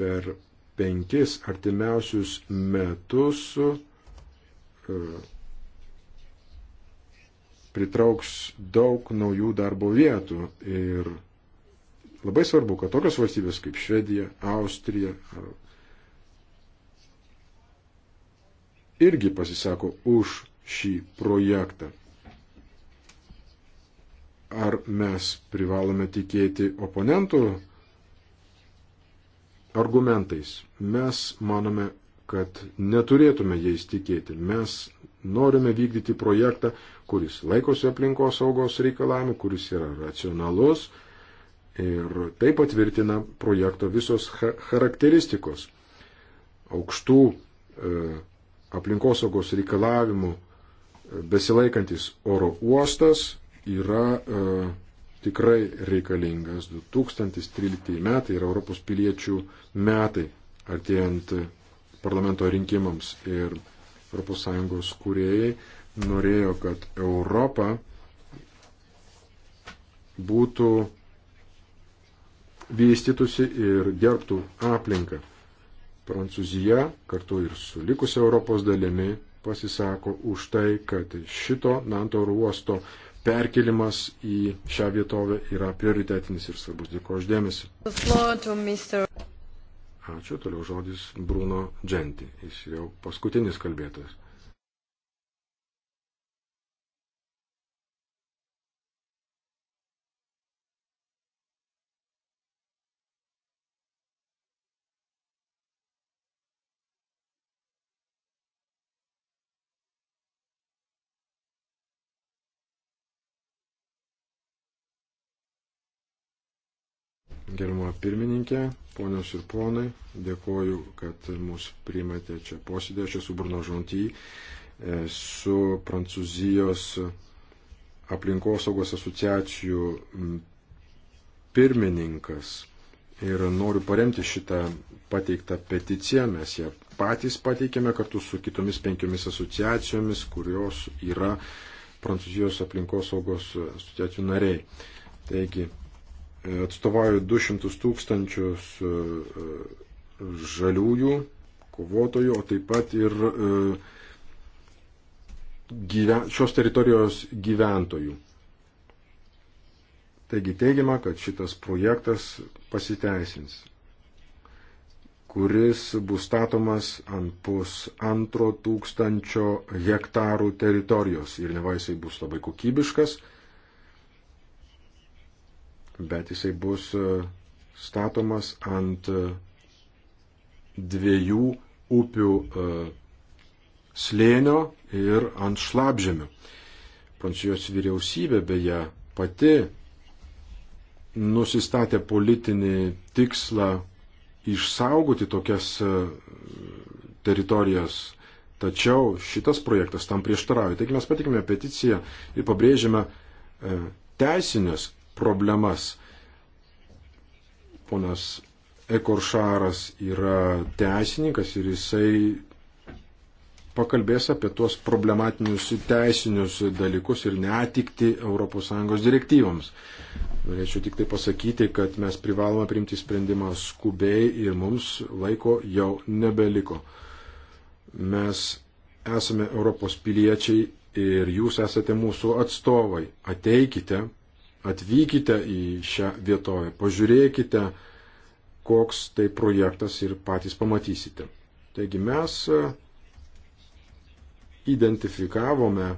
per penkis artimiausius metus e, pritrauks daug naujų darbo vietų. Ir labai svarbu, kad tokios valstybės kaip Švedija, Austrija e, irgi pasisako už šį projektą. Ar mes privalome tikėti oponentų argumentais? Mes manome, kad neturėtume jais tikėti. Mes norime vykdyti projektą, kuris laikosi aplinkos saugos reikalavimų, kuris yra racionalus ir tai patvirtina projekto visos charakteristikos. Aukštų e, aplinkos saugos reikalavimų e, besilaikantis oro uostas yra e, tikrai reikalingas. 2013 metai yra Europos piliečių metai artėjant parlamento rinkimams ir ES kūrėjai norėjo, kad Europa būtų vystytusi ir gerbtų aplinką. Prancūzija kartu ir su likusia Europos dalimi pasisako už tai, kad šito Nanto ruosto perkelimas į šią vietovę yra prioritetinis ir svarbus. Dėkuoju uždėmesi. Ačiū, toliau žodis Bruno Genti, jis jau paskutinis kalbėtojas. gerimo pirmininkė, ponios ir ponai, dėkoju, kad mūsų priimate čia posėdė, aš esu Bruno Žontyj, su Prancūzijos aplinkosaugos asociacijų pirmininkas ir noriu paremti šitą pateiktą peticiją, mes ją patys pateikėme kartu su kitomis penkiomis asociacijomis, kurios yra Prancūzijos aplinkosaugos asociacijų nariai. Taigi, atstovauju 200 tūkstančius e, e, žaliųjų kovotojų, o taip pat ir e, gyven, šios teritorijos gyventojų. Taigi teigiama, kad šitas projektas pasiteisins, kuris bus statomas ant pus antro tūkstančio hektarų teritorijos ir nevaisai bus labai kokybiškas bet jisai bus e, statomas ant e, dviejų upių e, slėnio ir ant šlapžemio. Prancūzijos vyriausybė beje pati nusistatė politinį tikslą išsaugoti tokias teritorijas, tačiau šitas projektas tam prieštarauja. Taigi mes patikime peticiją ir pabrėžiame teisinės problemas. Ponas Ekoršaras yra teisininkas ir jisai pakalbės apie tuos problematinius teisinius dalykus ir netikti ES direktyvams. Norėčiau tik tai pasakyti, kad mes privalome priimti sprendimą skubiai ir mums laiko jau nebeliko. Mes esame Europos piliečiai ir jūs esate mūsų atstovai. Ateikite, atvykite į šią vietovę, pažiūrėkite, koks tai projektas ir patys pamatysite. Taigi mes e, identifikavome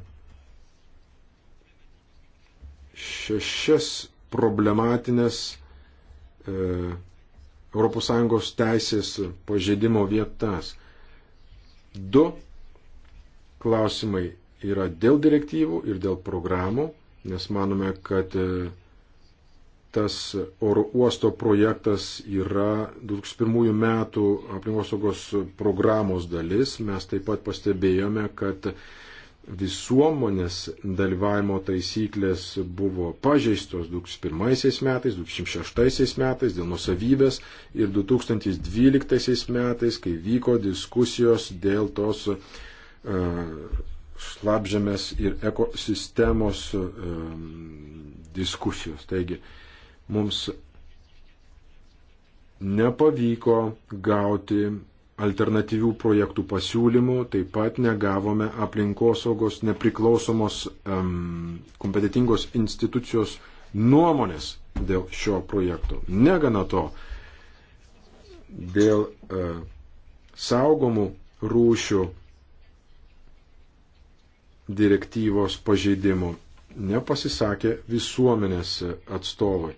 šešias problematinės e, ES teisės pažeidimo vietas. Du klausimai yra dėl direktyvų ir dėl programų nes manome, kad e, tas oro uosto projektas yra 2001 metų aplinkosaugos programos dalis. Mes taip pat pastebėjome, kad visuomonės dalyvavimo taisyklės buvo pažeistos 2001 metais, 2006 metais dėl nusavybės ir 2012 metais, kai vyko diskusijos dėl tos uh, šlapžemės ir ekosistemos diskusijos. Taigi, mums nepavyko gauti alternatyvių projektų pasiūlymų, taip pat negavome aplinkosaugos nepriklausomos um, kompetitingos institucijos nuomonės dėl šio projekto. Negana to, dėl uh, saugomų rūšių direktyvos pažeidimų. Nepasisakė visuomenės atstovai.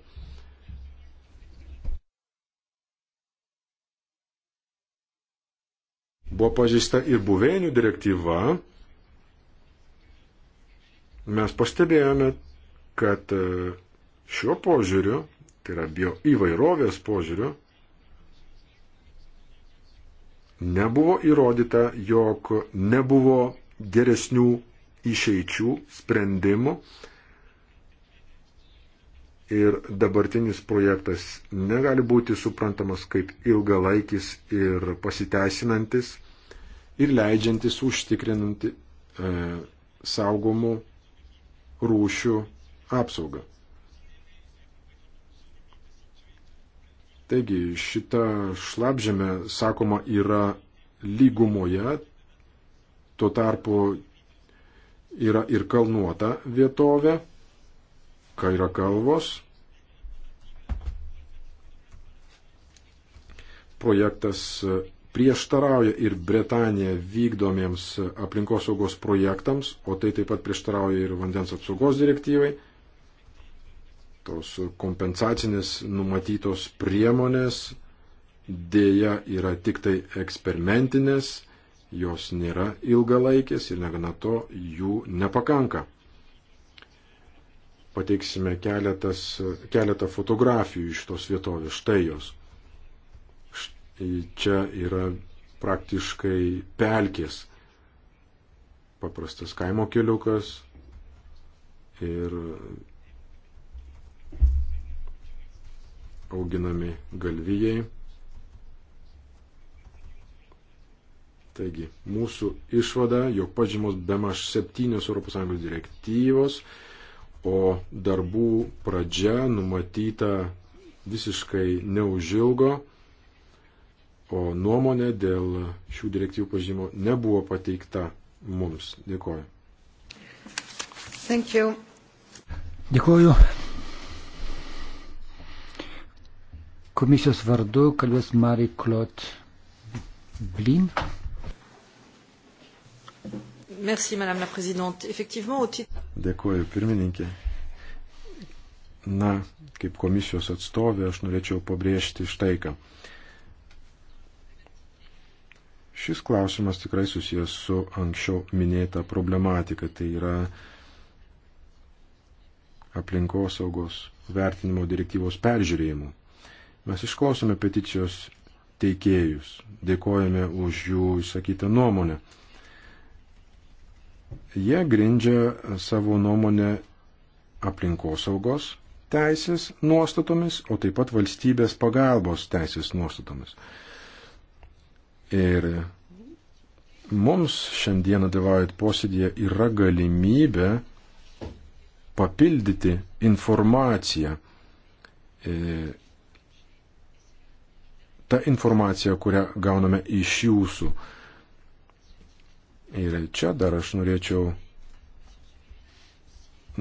Buvo pažįsta ir buveinių direktyva. Mes pastebėjome, kad e, šiuo požiūriu, tai yra bio įvairovės požiūriu, nebuvo įrodyta, jog nebuvo geresnių išeičių, sprendimų. Ir dabartinis projektas negali būti suprantamas kaip ilgalaikis ir pasiteisinantis ir leidžiantis užtikrinanti e, saugomų rūšių apsaugą. Taigi šita šlapžemė, sakoma, yra lygumoje, tuo tarpu Yra ir kalnuota vietovė, kai yra kalvos. Projektas e, prieštarauja ir Bretanija vykdomiems aplinkosaugos projektams, o tai taip pat prieštarauja ir vandens apsaugos direktyvai. Tos kompensacinės numatytos priemonės dėja yra tik tai eksperimentinės jos nėra ilgalaikės ir negana to jų nepakanka. Pateiksime keletas, keletą fotografijų iš tos vietovės. Štai jos. Čia yra praktiškai pelkės. Paprastas kaimo keliukas ir auginami galvijai. Taigi, mūsų išvada, jog pažymos bemaž septynios ES direktyvos, o darbų pradžia numatyta visiškai neužilgo, o nuomonė dėl šių direktyvų pažymo nebuvo pateikta mums. Dėkoju. Thank you. Dėkoju. Komisijos vardu kalbės Marie Claude Blin. Merci, Madame la Présidente. Effectivement, au titre. Dėkuoju, pirmininkė. Na, kaip komisijos atstovė, aš norėčiau pabrėžti štai ką. Šis klausimas tikrai susijęs su anksčiau minėta problematika, tai yra aplinkosaugos vertinimo direktyvos peržiūrėjimu. Mes išklausome peticijos teikėjus, dėkojame už jų išsakytą nuomonę. Jie grindžia savo nuomonę aplinkosaugos teisės nuostatomis, o taip pat valstybės pagalbos teisės nuostatomis. Ir mums šiandieną dalyvaujant posėdėje yra galimybė papildyti informaciją. E, ta informacija, kurią gauname iš jūsų. Ir čia dar aš norėčiau,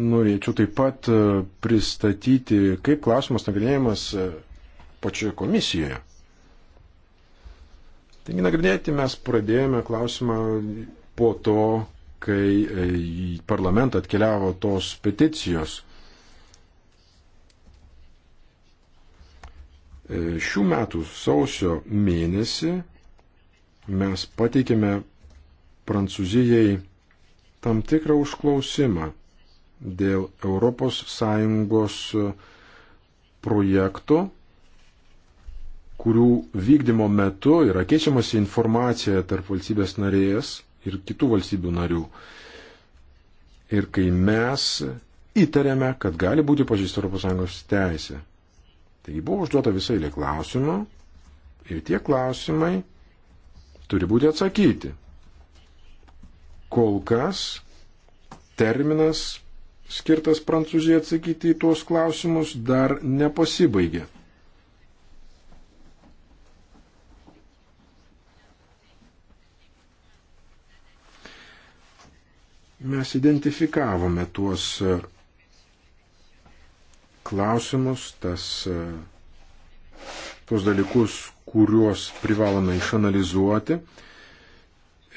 norėčiau taip pat e, pristatyti, kaip klausimas nagrinėjimas e, pačioje komisijoje. Taigi nagrinėti mes pradėjome klausimą po to, kai e, į parlamentą atkeliavo tos peticijos. Šių metų sausio mėnesį mes pateikėme Prancūzijai tam tikrą užklausimą dėl ES e, projektų, kurių vykdymo metu yra keičiamasi informacija tarp valstybės narės ir kitų valstybių narių. Ir kai mes įtariame, kad gali būti pažįsta ES teisė. Taigi buvo užduota visai lė klausimų ir tie klausimai turi būti atsakyti. Kol kas terminas skirtas Prancūzijai atsakyti į tuos klausimus dar nepasibaigė. Mes identifikavome tuos e, klausimus, tas, e, tuos dalykus, kuriuos privalome išanalizuoti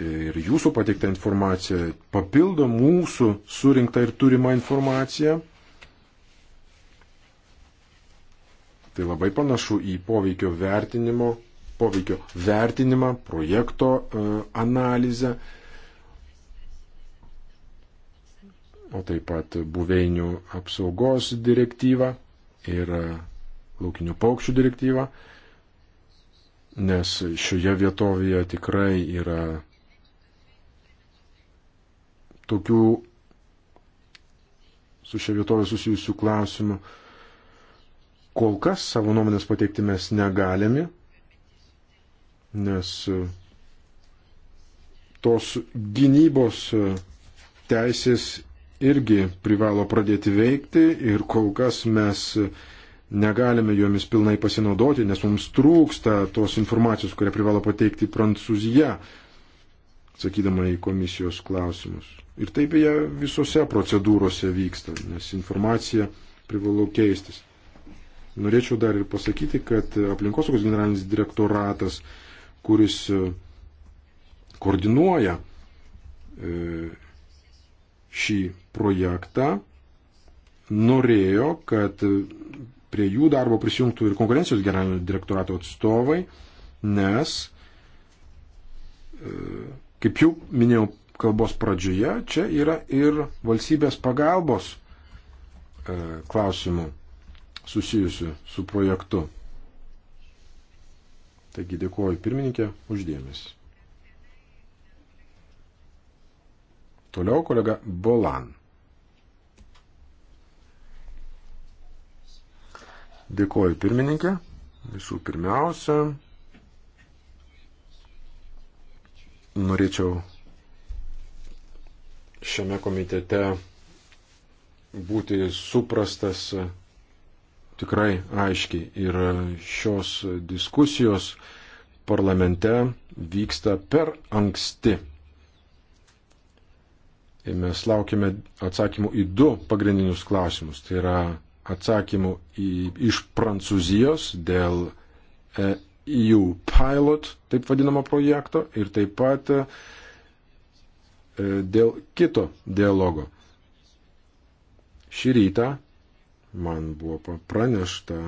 ir jūsų pateiktą informaciją, papildo mūsų surinktą ir turimą informaciją. Tai labai panašu į poveikio vertinimo, poveikio vertinimą, projekto e, analizę, o taip pat buveinių apsaugos direktyvą ir e, laukinių paukščių direktyvą, nes šioje vietovėje tikrai yra tokių su šia vietovė susijusių klausimų. Kol kas savo nuomonės pateikti mes negalime, nes e, tos gynybos e, teisės irgi privalo pradėti veikti ir kol kas mes e, negalime jomis pilnai pasinaudoti, nes mums trūksta tos informacijos, kurią privalo pateikti Prancūzija, sakydama į komisijos klausimus. Ir taip beje visose procedūrose vyksta, nes informacija privalau keistis. Norėčiau dar ir pasakyti, kad aplinkosaugos generalinis direktoratas, kuris e, koordinuoja e, šį projektą, norėjo, kad prie jų darbo prisijungtų ir konkurencijos generalinio direktorato atstovai, nes, e, kaip jau minėjau kalbos pradžioje, čia yra ir valstybės pagalbos e, klausimų susijusių su projektu. Taigi dėkuoju pirmininkė uždėmesi. Toliau kolega Bolan. Dėkuoju pirmininkė. Visų pirmiausia, norėčiau šiame komitete būti suprastas tikrai aiškiai. Ir šios diskusijos parlamente vyksta per anksti. Ir mes laukime atsakymų į du pagrindinius klausimus. Tai yra atsakymų į, iš Prancūzijos dėl EU e pilot, taip vadinamo projekto, ir taip pat E, dėl kito dialogo. Šį rytą man buvo pranešta,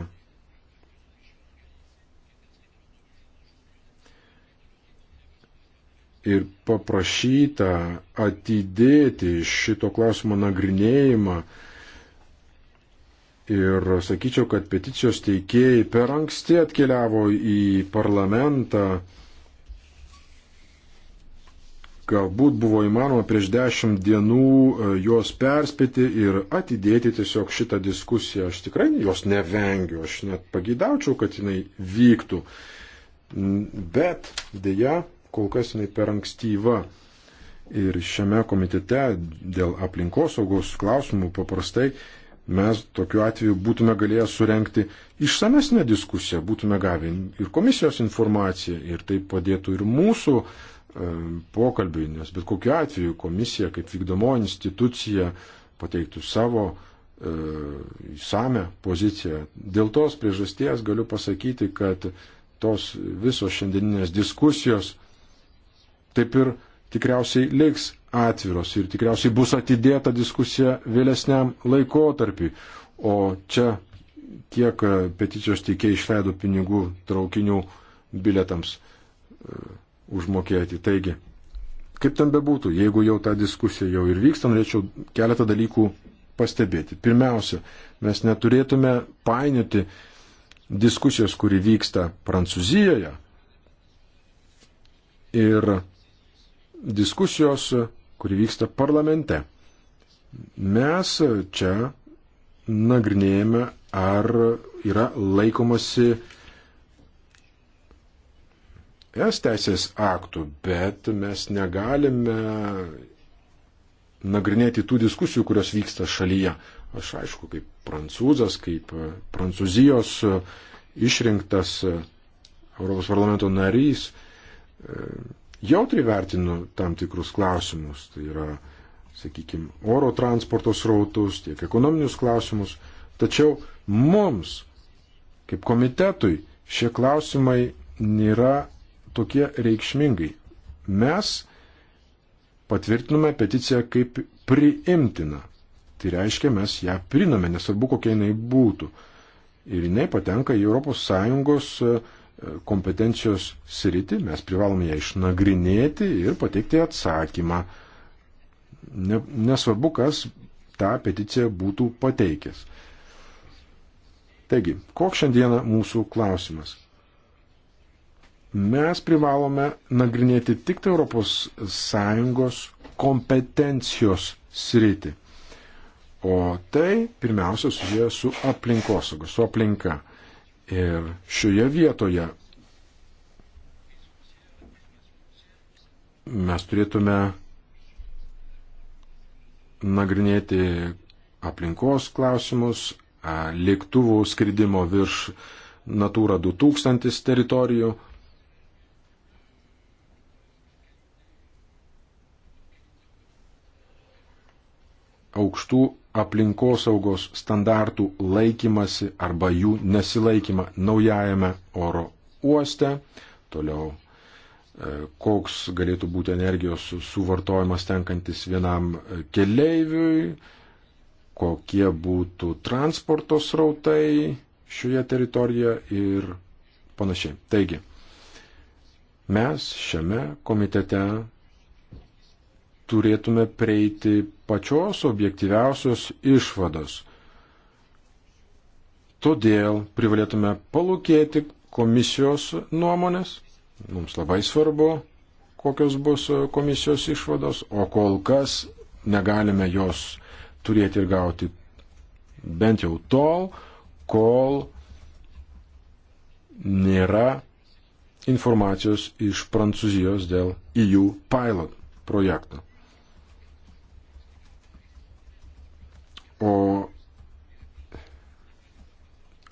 ir paprašyta atidėti šito klausimo nagrinėjimą. Ir sakyčiau, kad peticijos teikėjai per anksti atkeliavo į parlamentą Galbūt buvo įmanoma prieš dešimt dienų e, juos perspėti ir atidėti tiesiog šitą diskusiją. Aš tikrai jos nevengiu, aš net pagydaučiau, kad jinai vyktų. Bet dėja, kol kas jinai per ankstyva. Ir šiame komitete dėl aplinkosaugos klausimų paprastai mes tokiu atveju būtume galėję surenkti išsamesnę diskusiją, būtume gavę ir komisijos informaciją, ir tai padėtų ir mūsų pokalbiui, nes bet kokiu atveju komisija kaip vykdomo institucija pateiktų savo e, įsame poziciją. Dėl tos priežasties galiu pasakyti, kad tos visos šiandieninės diskusijos taip ir tikriausiai liks atviros ir tikriausiai bus atidėta diskusija vėlesniam laikotarpiu. O čia kiek e, peticijos teikiai išleido pinigų traukinių bilietams. E, užmokėti. Taigi, kaip ten bebūtų, jeigu jau ta diskusija jau ir vyksta, norėčiau keletą dalykų pastebėti. Pirmiausia, mes neturėtume painioti diskusijos, kuri vyksta Prancūzijoje ir diskusijos, kuri vyksta parlamente. Mes čia nagrinėjame, ar yra laikomasi es teisės aktų, bet mes negalime nagrinėti tų diskusijų, kurios vyksta šalyje. Aš aišku, kaip prancūzas, kaip prancūzijos išrinktas Europos parlamento narys, jautri vertinu tam tikrus klausimus. Tai yra, sakykime, oro transporto srautus, tiek ekonominius klausimus. Tačiau mums, kaip komitetui, šie klausimai nėra tokie reikšmingai. Mes patvirtinome peticiją kaip priimtiną. Tai reiškia, mes ją priname, nesvarbu kokia jinai būtų. Ir jinai patenka į ES e, kompetencijos sritį, mes privalome ją išnagrinėti ir pateikti atsakymą. Nesvarbu, kas tą peticiją būtų pateikęs. Taigi, koks šiandieną mūsų klausimas? Mes privalome nagrinėti tik tai ES kompetencijos sritį. O tai pirmiausia susiję su aplinkosauga, su aplinka. Ir šioje vietoje mes turėtume nagrinėti aplinkos klausimus, lėktuvų skridimo virš Natūra 2000 teritorijų aukštų aplinkosaugos standartų laikymasi arba jų nesilaikymą naujajame oro uoste. Toliau, e, koks galėtų būti energijos suvartojimas tenkantis vienam e, keleiviui, kokie būtų transporto srautai šioje teritorijoje ir panašiai. Taigi, mes šiame komitete turėtume prieiti pačios objektyviausios išvados. Todėl privalėtume palūkėti komisijos nuomonės. Mums labai svarbu, kokios bus komisijos išvados, o kol kas negalime jos turėti ir gauti bent jau tol, kol nėra informacijos iš Prancūzijos dėl EU pilot projekto. O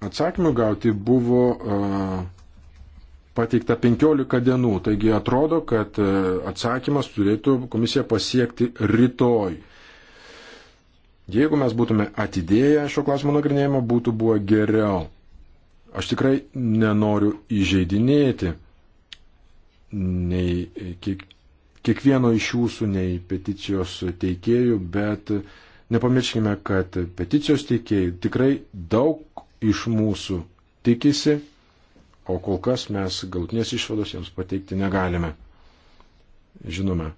atsakymų gauti buvo pateikta 15 dienų, taigi atrodo, kad atsakymas turėtų komisija pasiekti rytoj. Jeigu mes būtume atidėję šio klausimo nagrinėjimo, būtų buvo geriau. Aš tikrai nenoriu įžeidinėti nei kiek, kiekvieno iš jūsų, nei peticijos teikėjų, bet uh, Nepamirškime, kad peticijos teikėjai tikrai daug iš mūsų tikisi, o kol kas mes galutinės išvados jiems pateikti negalime. Žinome,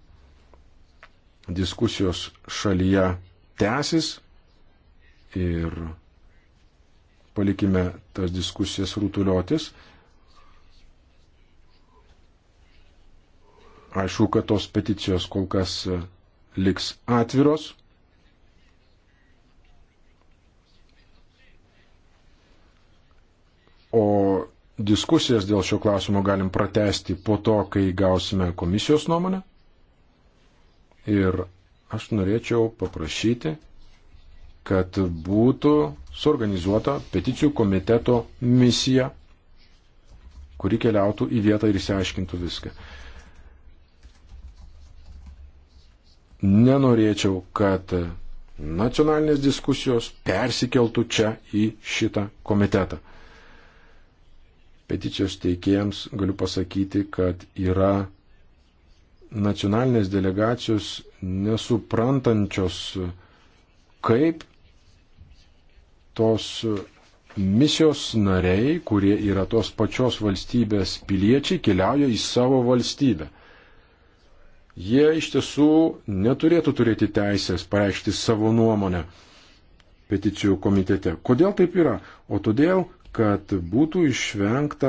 diskusijos šalyje tęsis ir palikime tas diskusijas rutuliotis. Aišku, kad tos peticijos kol kas liks atviros O diskusijas dėl šio klausimo galim pratesti po to, kai gausime komisijos nuomonę. Ir aš norėčiau paprašyti, kad būtų suorganizuota peticijų komiteto misija, kuri keliautų į vietą ir išsiaiškintų viską. Nenorėčiau, kad nacionalinės diskusijos persikeltų čia į šitą komitetą peticijos teikėjams galiu pasakyti, kad yra nacionalinės delegacijos nesuprantančios, kaip tos misijos nariai, kurie yra tos pačios valstybės piliečiai, keliauja į savo valstybę. Jie iš tiesų neturėtų turėti teisės pareikšti savo nuomonę peticijų komitete. Kodėl taip yra? O todėl, kad būtų išvengta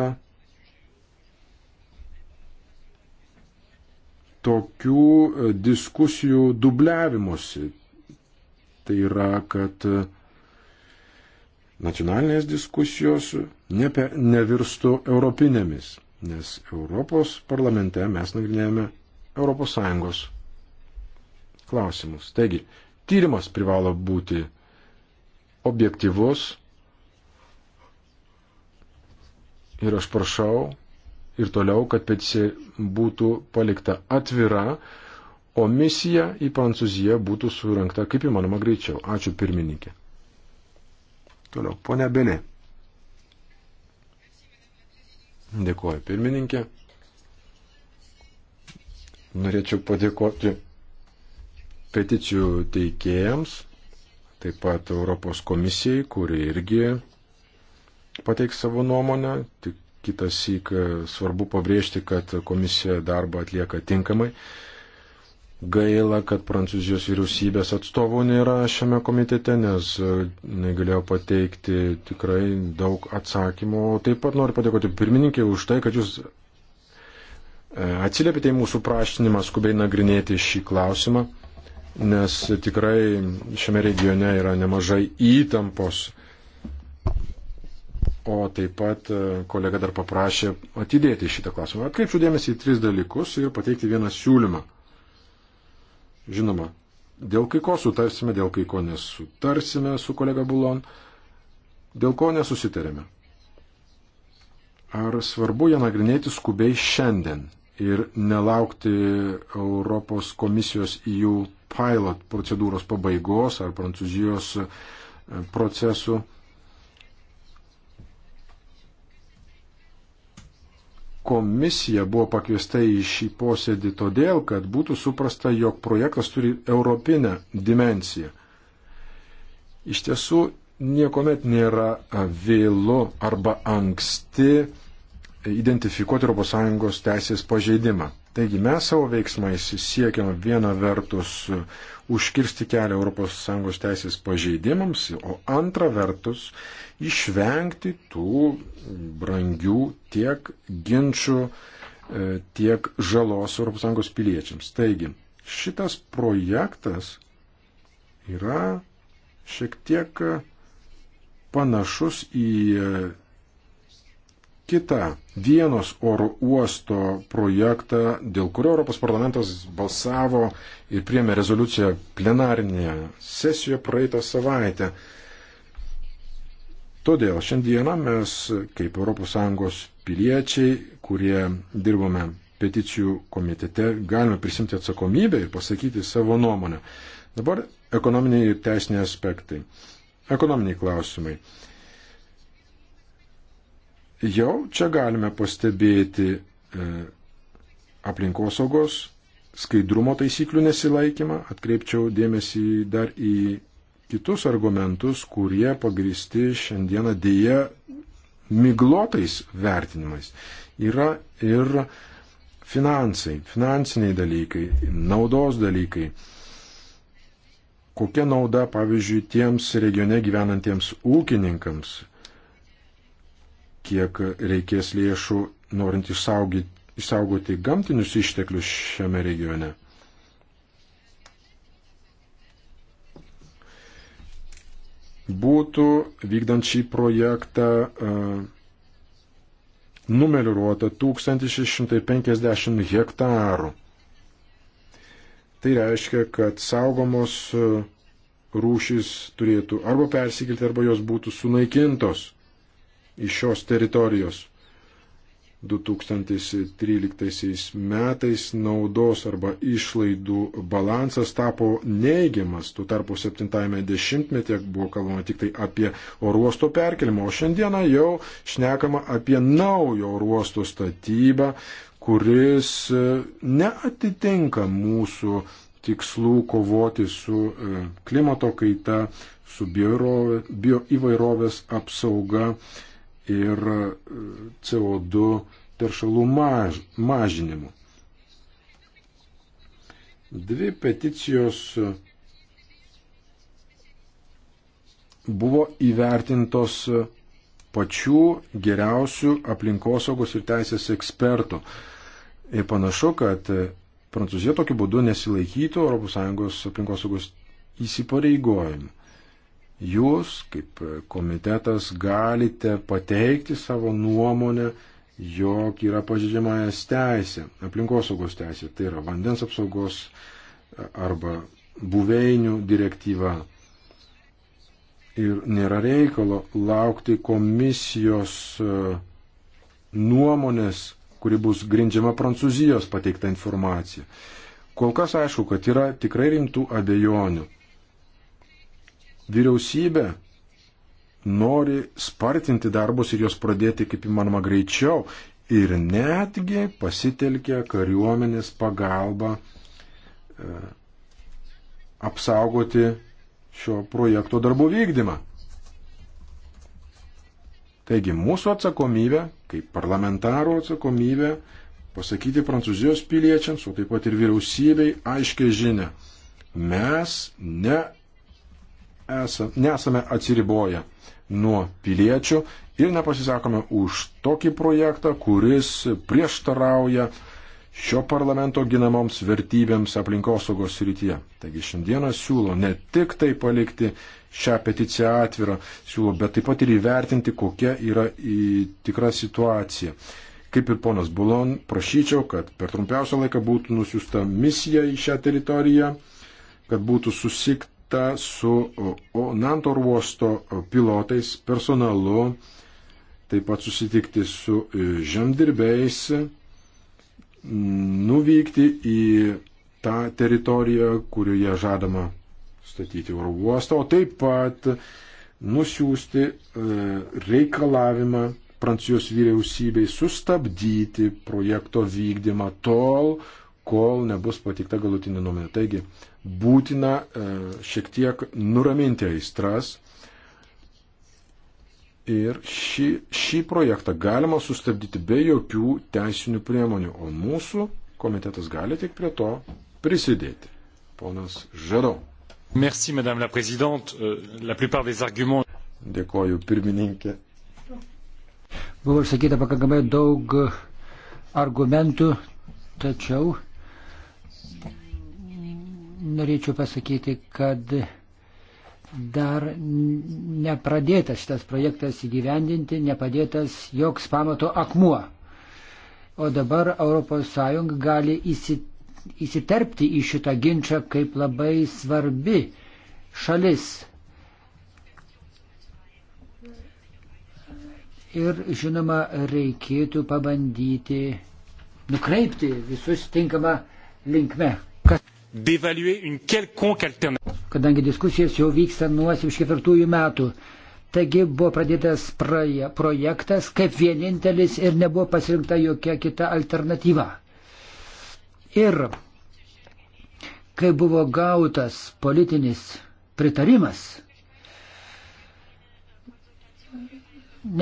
tokių e, diskusijų dubliavimuose. Tai yra, kad e, nacionalinės diskusijos nepe, nevirstų europinėmis, nes Europos parlamente mes nagrinėjame ES klausimus. Taigi, tyrimas privalo būti objektivus, Ir aš prašau ir toliau, kad peticija būtų palikta atvira, o misija į Prancūziją būtų surinkta kaip įmanoma greičiau. Ačiū pirmininkė. Toliau, ponia Belė. Dėkuoju pirmininkė. Norėčiau padėkoti peticijų teikėjams, taip pat Europos komisijai, kuri irgi pateiks savo nuomonę, tik kitas įk e, svarbu pabrėžti, kad komisija darbą atlieka tinkamai. Gaila, kad Prancūzijos vyriausybės atstovų nėra šiame komitete, nes e, negalėjau pateikti tikrai daug atsakymų. Taip pat noriu padėkoti pirmininkė už tai, kad jūs e, atsiliepite į mūsų prašinimą skubiai nagrinėti šį klausimą, nes tikrai šiame regione yra nemažai įtampos O taip pat e, kolega dar paprašė atidėti šitą klausimą. Atkreipčiau dėmesį į tris dalykus ir pateikti vieną siūlymą. Žinoma, dėl kai ko sutarsime, dėl kai ko nesutarsime su kolega Bulon, dėl ko nesusitarėme. Ar svarbu ją nagrinėti skubiai šiandien ir nelaukti Europos komisijos EU pilot procedūros pabaigos ar Prancūzijos e, procesų? komisija buvo pakviesta į šį posėdį todėl, kad būtų suprasta, jog projektas turi europinę dimenciją. Iš tiesų, niekuomet nėra vėlu arba anksti identifikuoti ES teisės pažeidimą. Taigi mes savo veiksmais siekiame viena vertus užkirsti kelią ES teisės pažeidimams, o antra vertus išvengti tų brangių tiek ginčių, e, tiek žalos ES piliečiams. Taigi, šitas projektas yra šiek tiek panašus į e, kitą vienos oro uosto projektą, dėl kurio Europos parlamentas balsavo ir priemė rezoliuciją plenarinėje sesijoje praeitą savaitę. Todėl šiandieną mes, kaip ES piliečiai, kurie dirbame peticijų komitete, galime prisimti atsakomybę ir pasakyti savo nuomonę. Dabar ekonominiai ir teisiniai aspektai. Ekonominiai klausimai. Jau čia galime pastebėti e, aplinkosaugos skaidrumo taisyklių nesilaikymą. Atkreipčiau dėmesį dar į kitus argumentus, kurie pagristi šiandieną dėja miglotais vertinimais. Yra ir finansai, finansiniai dalykai, naudos dalykai. Kokia nauda, pavyzdžiui, tiems regione gyvenantiems ūkininkams, kiek reikės lėšų norint išsaugoti, išsaugoti gamtinius išteklius šiame regione. būtų vykdant šį projektą e, numeruota 1650 hektarų. Tai reiškia, kad saugomos e, rūšys turėtų arba persikelti, arba jos būtų sunaikintos iš šios teritorijos. 2013 metais naudos arba išlaidų balansas tapo neigiamas. Tuo tarpu 70-ame dešimtmetyje buvo kalbama tik tai apie oruosto perkelimą, o šiandieną jau šnekama apie naujo oruosto statybą, kuris e, neatitinka mūsų tikslų kovoti su e, klimato kaita, su bioįvairovės bio apsauga ir e, CO2 teršalų maž, mažinimu. Dvi peticijos buvo įvertintos pačių geriausių aplinkosaugos ir teisės ekspertų. Ir panašu, kad Prancūzija tokiu būdu nesilaikytų ES aplinkosaugos įsipareigojimų jūs kaip komitetas galite pateikti savo nuomonę, jog yra pažydžiamas teisė, aplinkosaugos teisė, tai yra vandens apsaugos arba buveinių direktyva. Ir nėra reikalo laukti komisijos e, nuomonės, kuri bus grindžiama Prancūzijos pateikta informacija. Kol kas aišku, kad yra tikrai rimtų abejonių Vyriausybė nori spartinti darbus ir juos pradėti kaip įmanoma greičiau ir netgi pasitelkia kariuomenės pagalbą e, apsaugoti šio projekto darbų vykdymą. Taigi mūsų atsakomybė, kaip parlamentarų atsakomybė, pasakyti prancūzijos piliečiams, o taip pat ir vyriausybei aiškiai žinia. Mes ne esam, nesame atsiriboję nuo piliečių ir nepasisakome už tokį projektą, kuris prieštarauja šio parlamento ginamoms vertybėms aplinkosaugos srityje. Taigi šiandieną siūlo ne tik tai palikti šią peticiją atvirą, siūlo, bet taip pat ir įvertinti, kokia yra tikra situacija. Kaip ir ponas Bulon, prašyčiau, kad per trumpiausią laiką būtų nusiusta misija į šią teritoriją, kad būtų susikt susitikta su Nanto uosto pilotais, personalu, taip pat susitikti su e, žemdirbiais, nuvykti į tą teritoriją, kurioje žadama statyti oro uostą, o taip pat nusiųsti e, reikalavimą Prancūzijos vyriausybei sustabdyti projekto vykdymą tol, kol nebus patikta galutinė nuomonė. Taigi, būtina e, šiek tiek nuraminti aistras. Ir šį, šį projektą galima sustabdyti be jokių teisinių priemonių, o mūsų komitetas gali tik prie to prisidėti. Ponas Žerau. Merci, Madame la Présidente. Euh, la plupart des arguments. Dėkoju, pirmininkė. Buvo išsakyta pakankamai daug argumentų, tačiau norėčiau pasakyti, kad dar nepradėtas šitas projektas įgyvendinti, nepadėtas joks pamato akmuo. O dabar ES gali įsiterpti į šitą ginčą kaip labai svarbi šalis. Ir žinoma, reikėtų pabandyti nukreipti visus tinkamą linkme d'évaluer une quelconque alternative. Kadangi diskusijos jau vyksta nuo 74 metų, taigi buvo pradėtas praja, projektas kaip vienintelis ir nebuvo pasirinkta jokia kita alternatyva. Ir kai buvo gautas politinis pritarimas,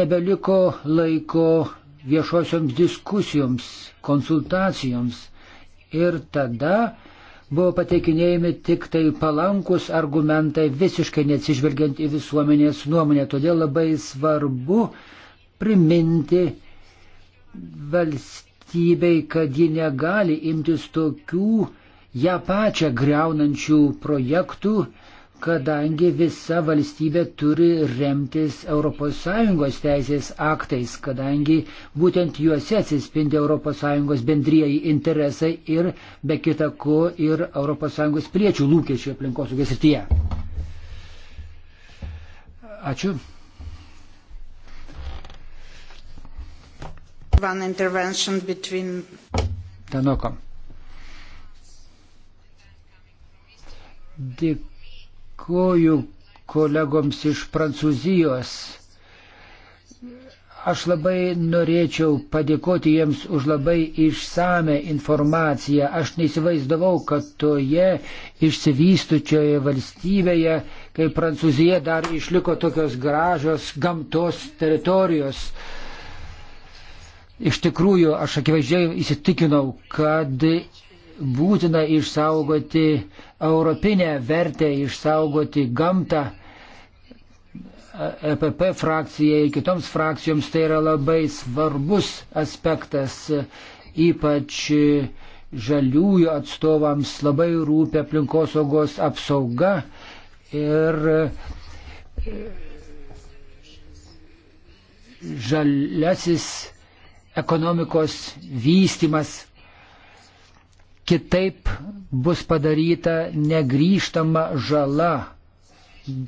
nebeliko laiko viešosioms diskusijoms, konsultacijoms ir tada buvo pateikinėjami tik tai palankus argumentai, visiškai neatsižvelgiant į visuomenės nuomonę. Todėl labai svarbu priminti valstybei, kad ji negali imtis tokių ją pačią greunančių projektų, kadangi visa valstybė turi remtis ES teisės aktais, kadangi būtent juose atsispindi ES bendrieji interesai ir be kita ko ir ES priečių lūkesčių aplinkosaugės rytyje. Ačiū. One intervention between... Tanokom. Dėkui dėkuoju kolegoms iš Prancūzijos. Aš labai norėčiau padėkoti jiems už labai išsame informaciją. Aš neįsivaizdavau, kad toje išsivystučioje valstybėje, kai Prancūzija dar išliko tokios gražios gamtos teritorijos. Iš tikrųjų, aš akivaizdžiai įsitikinau, kad būtina išsaugoti europinę vertę išsaugoti gamtą. EPP frakcijai ir kitoms frakcijoms tai yra labai svarbus aspektas, ypač žaliųjų atstovams labai rūpia aplinkosaugos apsauga ir žaliasis ekonomikos vystimas kitaip bus padaryta negryžtama žala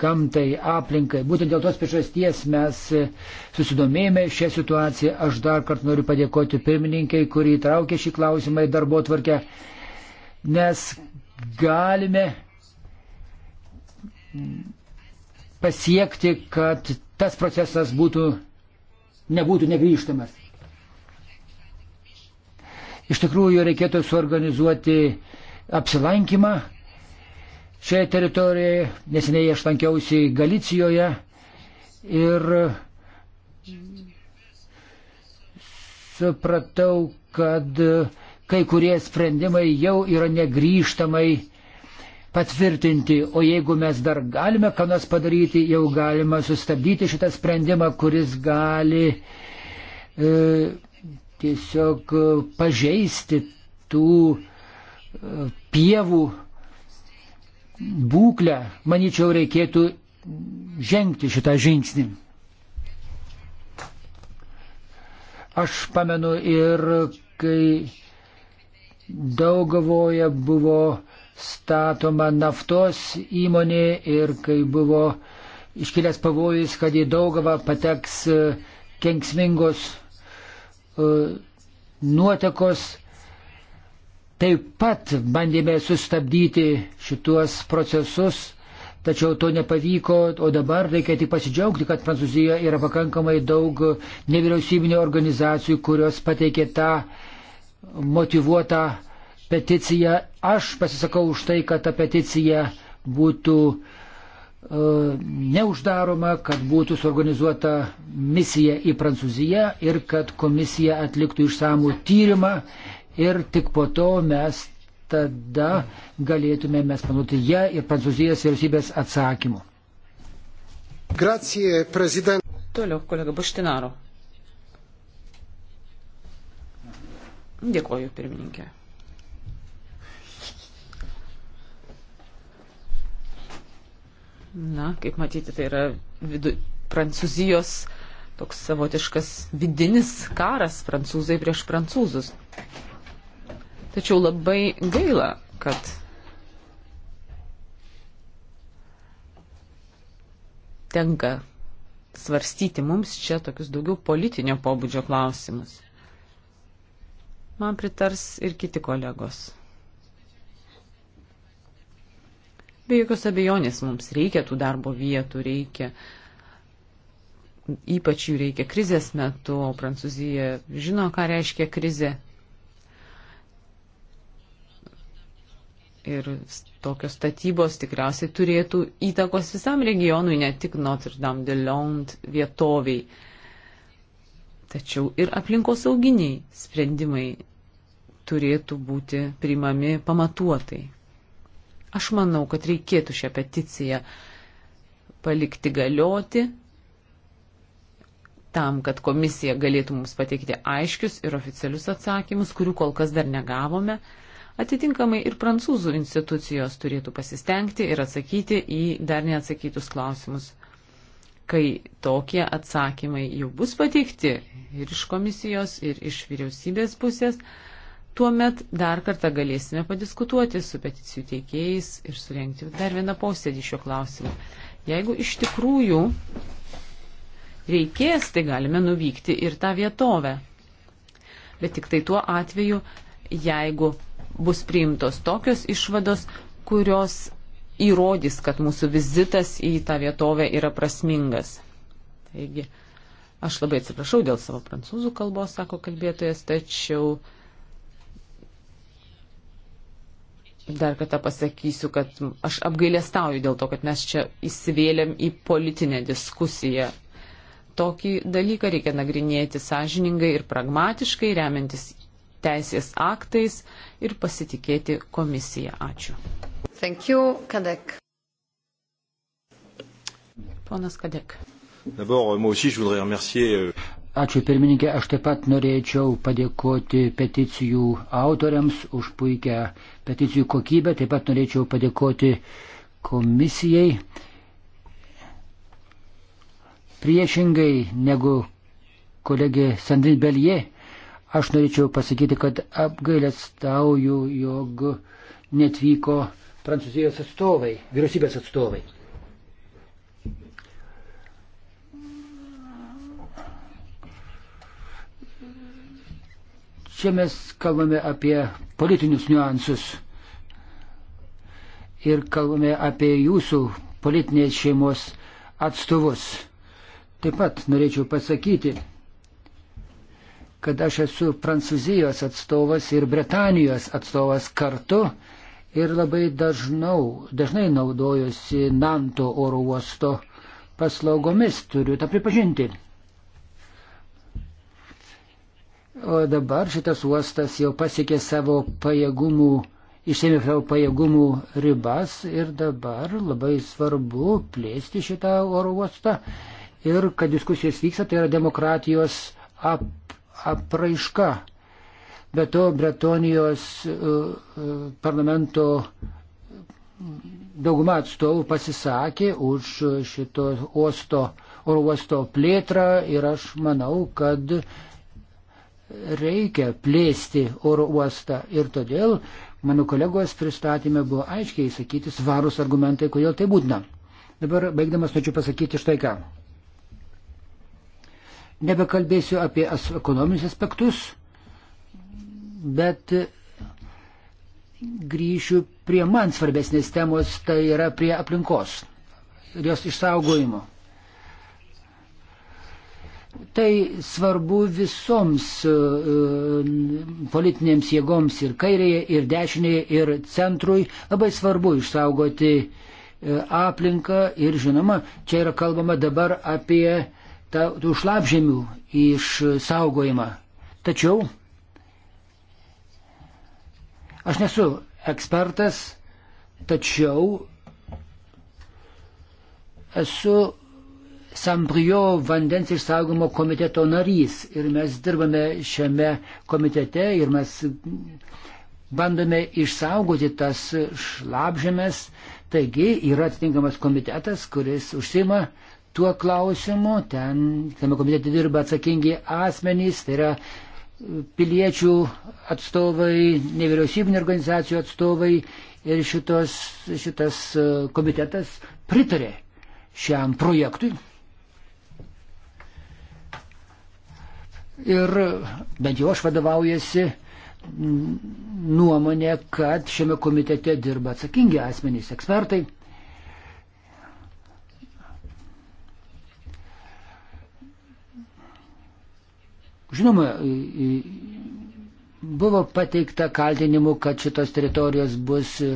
gamtai, aplinkai. Būtent dėl tos priežasties mes susidomėjome šią situaciją. Aš dar kartą noriu padėkoti pirmininkai, kurį įtraukė šį klausimą į darbo tvarkę, nes galime pasiekti, kad tas procesas būtų, nebūtų negryžtamas. Iš tikrųjų reikėtų suorganizuoti apsilankymą šioje teritorijoje. Neseniai aš lankiausi Galicijoje ir supratau, kad kai kurie sprendimai jau yra negryžtamai patvirtinti, o jeigu mes dar galime ką nors padaryti, jau galima sustabdyti šitą sprendimą, kuris gali e, tiesiog e, pažeisti tų e, pievų būklę, manyčiau, reikėtų žengti šitą žingsnį. Aš pamenu ir kai Daugavoje buvo statoma naftos įmonė ir kai buvo iškilęs pavojus, kad į Daugavą pateks e, kenksmingos E, nuotekos. Taip pat bandėme sustabdyti šituos procesus, tačiau to nepavyko, o dabar reikia tik pasidžiaugti, kad Prancūzija yra pakankamai daug nevyriausybinio organizacijų, kurios pateikė tą motivuotą peticiją. Aš pasisakau už tai, kad ta peticija būtų uh, E, neuždaroma, kad būtų suorganizuota misija į Prancūziją ir kad komisija atliktų išsamų tyrimą ir tik po to mes tada galėtume mes panuoti ją ir Prancūzijos vyriausybės atsakymų. Grazie, prezident. Toliau kolega Baštinaro. Dėkoju, pirmininkė. Na, kaip matyti, tai yra vidu, Prancūzijos toks savotiškas vidinis karas prancūzai prieš prancūzus. Tačiau labai gaila, kad tenka svarstyti mums čia tokius daugiau politinio pobūdžio klausimus. Man pritars ir kiti kolegos. Be jokios abejonės mums reikia tų darbo vietų, reikia, ypač jų reikia krizės metu, o Prancūzija žino, ką reiškia krizė. Ir tokios statybos tikriausiai turėtų įtakos visam regionui, ne tik Notre Dame de Lond vietoviai. Tačiau ir aplinkosauginiai sprendimai turėtų būti priimami pamatuotai. Aš manau, kad reikėtų šią peticiją palikti galioti tam, kad komisija galėtų mums pateikti aiškius ir oficialius atsakymus, kurių kol kas dar negavome. Atitinkamai ir prancūzų institucijos turėtų pasistengti ir atsakyti į dar neatsakytus klausimus. Kai tokie atsakymai jau bus pateikti ir iš komisijos, ir iš vyriausybės pusės, tuomet dar kartą galėsime padiskutuoti su peticijų teikėjais ir surenkti dar vieną posėdį šio klausimu. Jeigu iš tikrųjų reikės, tai galime nuvykti ir tą vietovę. Bet tik tai tuo atveju, jeigu bus priimtos tokios išvados, kurios įrodys, kad mūsų vizitas į tą vietovę yra prasmingas. Taigi, aš labai atsiprašau dėl savo prancūzų kalbos, sako kalbėtojas, tačiau uh, dar kartą pasakysiu, kad aš apgailėstauju dėl to, kad mes čia įsivėlėm į politinę diskusiją. Tokį dalyką reikia nagrinėti sąžiningai ir pragmatiškai, remiantis teisės aktais ir pasitikėti komisiją. Ačiū. Thank you, Kadek. Ponas Kadek. D'abord, moi aussi, je voudrais remercier euh, Ačiū pirmininkė, aš taip pat norėčiau padėkoti peticijų autoriams už puikią peticijų kokybę, taip pat norėčiau padėkoti komisijai. Priešingai negu kolegė Sandrin Belie, aš norėčiau pasakyti, kad apgailestauju, jog netvyko Prancūzijos atstovai, vyriausybės atstovai. Čia mes kalbame apie politinius niuansus ir kalbame apie jūsų politinės šeimos atstovus. Taip pat norėčiau pasakyti, kad aš esu Prancūzijos atstovas ir Britanijos atstovas kartu ir labai dažnau, dažnai naudojusi Nanto oro uosto paslaugomis, turiu tą pripažinti. O dabar šitas uostas jau pasiekė savo pajėgumų, išsėmė savo pajėgumų ribas ir dabar labai svarbu plėsti šitą oro uostą. Ir kad diskusijos vyksta, tai yra demokratijos ap, apraiška. Be to, Bretonijos uh, uh, parlamento dauguma atstovų pasisakė už šito uosto, oro uosto plėtrą ir aš manau, kad reikia plėsti oro uostą ir todėl mano kolegos pristatymė buvo aiškiai įsakyti svarus argumentai, kodėl tai būtina. Dabar baigdamas norėčiau pasakyti štai ką. Nebekalbėsiu apie ekonominius aspektus, bet grįšiu prie man svarbesnės temos, tai yra prie aplinkos ir jos išsaugojimo. Tai svarbu visoms e, e, politinėms jėgoms ir kairėje, ir dešinėje, ir centrui. Labai svarbu išsaugoti e, aplinką ir žinoma, čia yra kalbama dabar apie tų šlapžemių išsaugojimą. Tačiau aš nesu ekspertas, tačiau esu Sambrio vandens išsaugimo komiteto narys ir mes dirbame šiame komitete ir mes bandome išsaugoti tas šlapžemės. Taigi yra atitinkamas komitetas, kuris užsima tuo klausimu. Ten, tame komitete dirba atsakingi asmenys, tai yra piliečių atstovai, nevyriausybinio organizacijų atstovai ir šitos, šitas e, komitetas pritarė šiam projektui. Ir bent jau aš vadovaujasi nuomonė, kad šiame komitete dirba atsakingi asmenys, ekspertai. Žinoma, buvo pateikta kaltinimu, kad šitos teritorijos bus e,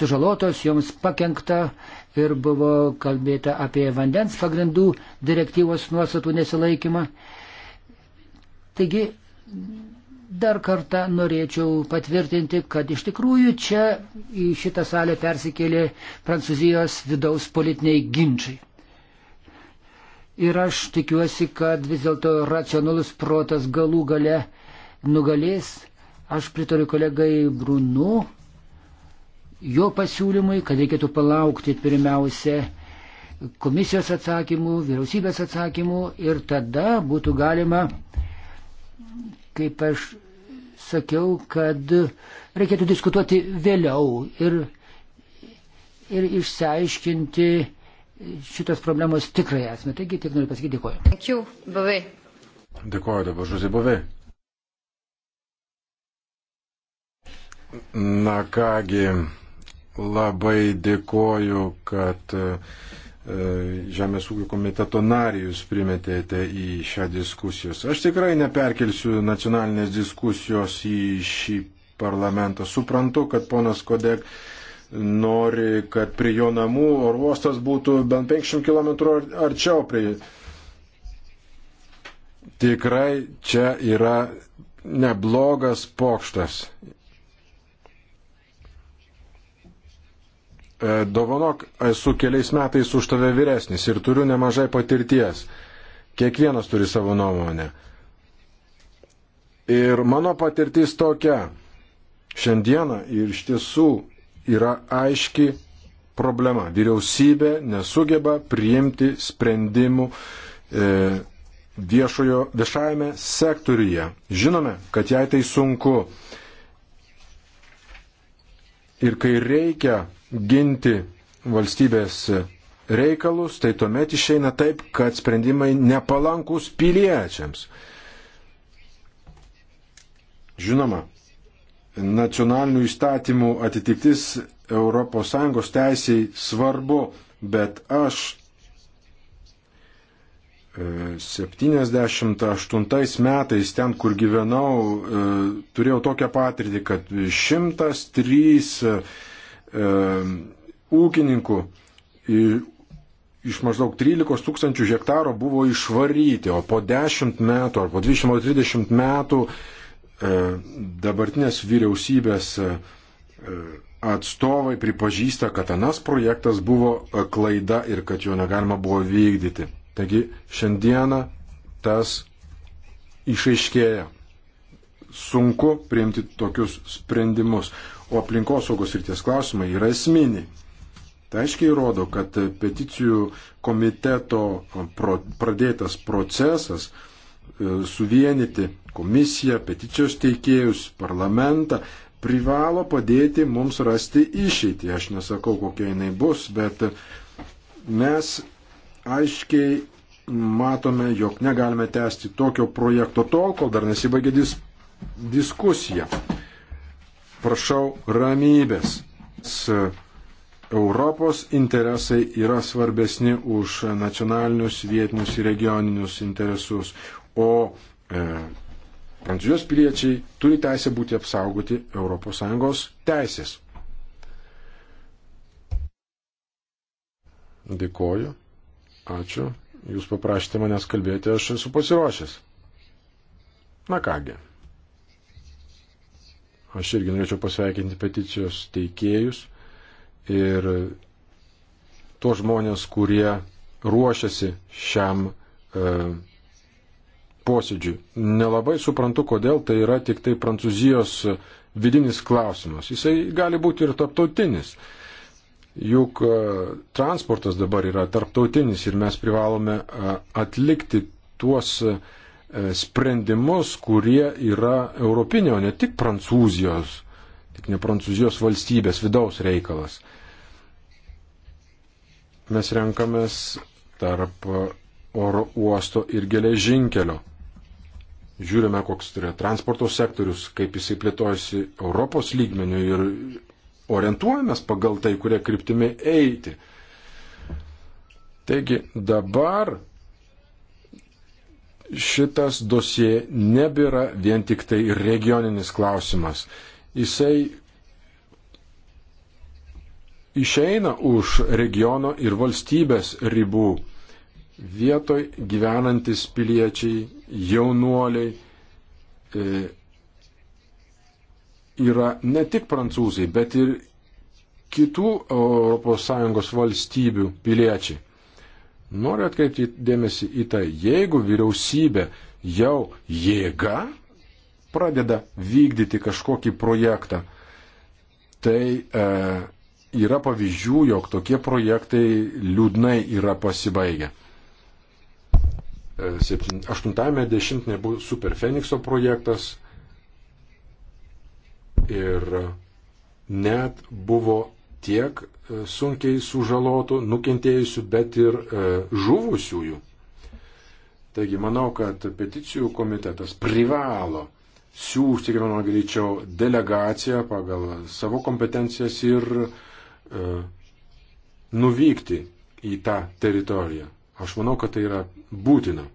sužalotos, joms pakengta ir buvo kalbėta apie vandens pagrindų direktyvos nuostatų nesilaikymą. Taigi dar kartą norėčiau patvirtinti, kad iš tikrųjų čia į šitą salę persikėlė Prancūzijos vidaus politiniai ginčiai. Ir aš tikiuosi, kad vis dėlto racionalus protas galų gale nugalės. Aš pritariu kolegai Brunu, jo pasiūlymui, kad reikėtų palaukti pirmiausia komisijos atsakymų, vyriausybės atsakymų ir tada būtų galima uh, kaip aš sakiau, kad reikėtų diskutuoti vėliau ir, ir išsiaiškinti šitos problemos tikrąją esmę. Taigi tik noriu pasakyti dėkoju. Ačiū, buvai. Dėkoju dabar, Žuzė, buvai. Na kągi, labai dėkoju, kad uh, E, Žemės ūkio komiteto narius primetėte į šią diskusijos. Aš tikrai neperkelsiu nacionalinės diskusijos į šį parlamentą. Suprantu, kad ponas Kodek nori, kad prie jo namų orvostas būtų bent 50 km arčiau prie. Tikrai čia yra neblogas pokštas E, dovanok, esu keliais metais už tave vyresnis ir turiu nemažai patirties. Kiekvienas turi savo nuomonę. Ir mano patirtis tokia. Šiandieną ir iš tiesų yra aiški problema. Vyriausybė nesugeba priimti sprendimų e, viešojo, viešajame sektoriuje. Žinome, kad jai tai sunku. Ir kai reikia ginti valstybės reikalus, tai tuomet išeina taip, kad sprendimai nepalankus piliečiams. Žinoma, nacionalinių įstatymų atitiktis ES teisiai svarbu, bet aš 78 e, metais ten, kur gyvenau, e, turėjau tokią patirtį, kad 103 E, ūkininkų iš maždaug 13 tūkstančių hektaro buvo išvaryti, o po 10 metų ar po 20-30 metų e, dabartinės vyriausybės e, atstovai pripažįsta, kad anas projektas buvo klaida ir kad jo negalima buvo vykdyti. Taigi šiandieną tas išaiškėja. Sunku priimti tokius sprendimus o aplinkosaugos ryties klausimai yra esminiai. Tai aiškiai rodo, kad peticijų komiteto pro, pradėtas procesas e, suvienyti komisiją, peticijos teikėjus, parlamentą privalo padėti mums rasti išeitį. Aš nesakau, kokia jinai bus, bet mes aiškiai matome, jog negalime tęsti tokio projekto tol, kol dar nesibaigė dis, diskusija prašau ramybės. Europos interesai yra svarbesni už nacionalinius, vietinius ir regioninius interesus, o e, prancūzijos piliečiai turi teisę būti apsaugoti ES teisės. Dėkoju. Ačiū. Jūs paprašėte manęs kalbėti, aš esu pasiruošęs. Na kągi. Aš irgi norėčiau pasveikinti peticijos teikėjus ir tos žmonės, kurie ruošiasi šiam e, posėdžiui. Nelabai suprantu, kodėl tai yra tik tai Prancūzijos vidinis klausimas. Jisai gali būti ir tarptautinis. Juk e, transportas dabar yra tarptautinis ir mes privalome e, atlikti tuos E, sprendimus, kurie yra europinio, ne tik Prancūzijos, tik ne Prancūzijos valstybės vidaus reikalas. Mes renkamės tarp oro uosto ir geležinkelio. Žiūrime, koks yra transporto sektorius, kaip jisai plėtojasi Europos lygmenių ir orientuojamės pagal tai, kurie kryptimi eiti. Taigi dabar šitas dosie nebėra vien tik tai regioninis klausimas. Jisai išeina už regiono ir valstybės ribų. Vietoj gyvenantis piliečiai, jaunuoliai e, yra ne tik prancūzai, bet ir kitų ES valstybių piliečiai. Noriu atkreipti dėmesį į tai, jeigu vyriausybė jau jėga pradeda vykdyti kažkokį projektą, tai e, yra pavyzdžių, jog tokie projektai liūdnai yra pasibaigę. 80-ame e, dešimtmetyje buvo Super Fenikso projektas ir net buvo tiek e, sunkiai sužalotų, nukentėjusių, bet ir e, žuvusiųjų. Taigi manau, kad peticijų komitetas privalo siūsti, kaip manoma, greičiau delegaciją pagal savo kompetencijas ir e, nuvykti į tą teritoriją. Aš manau, kad tai yra būtina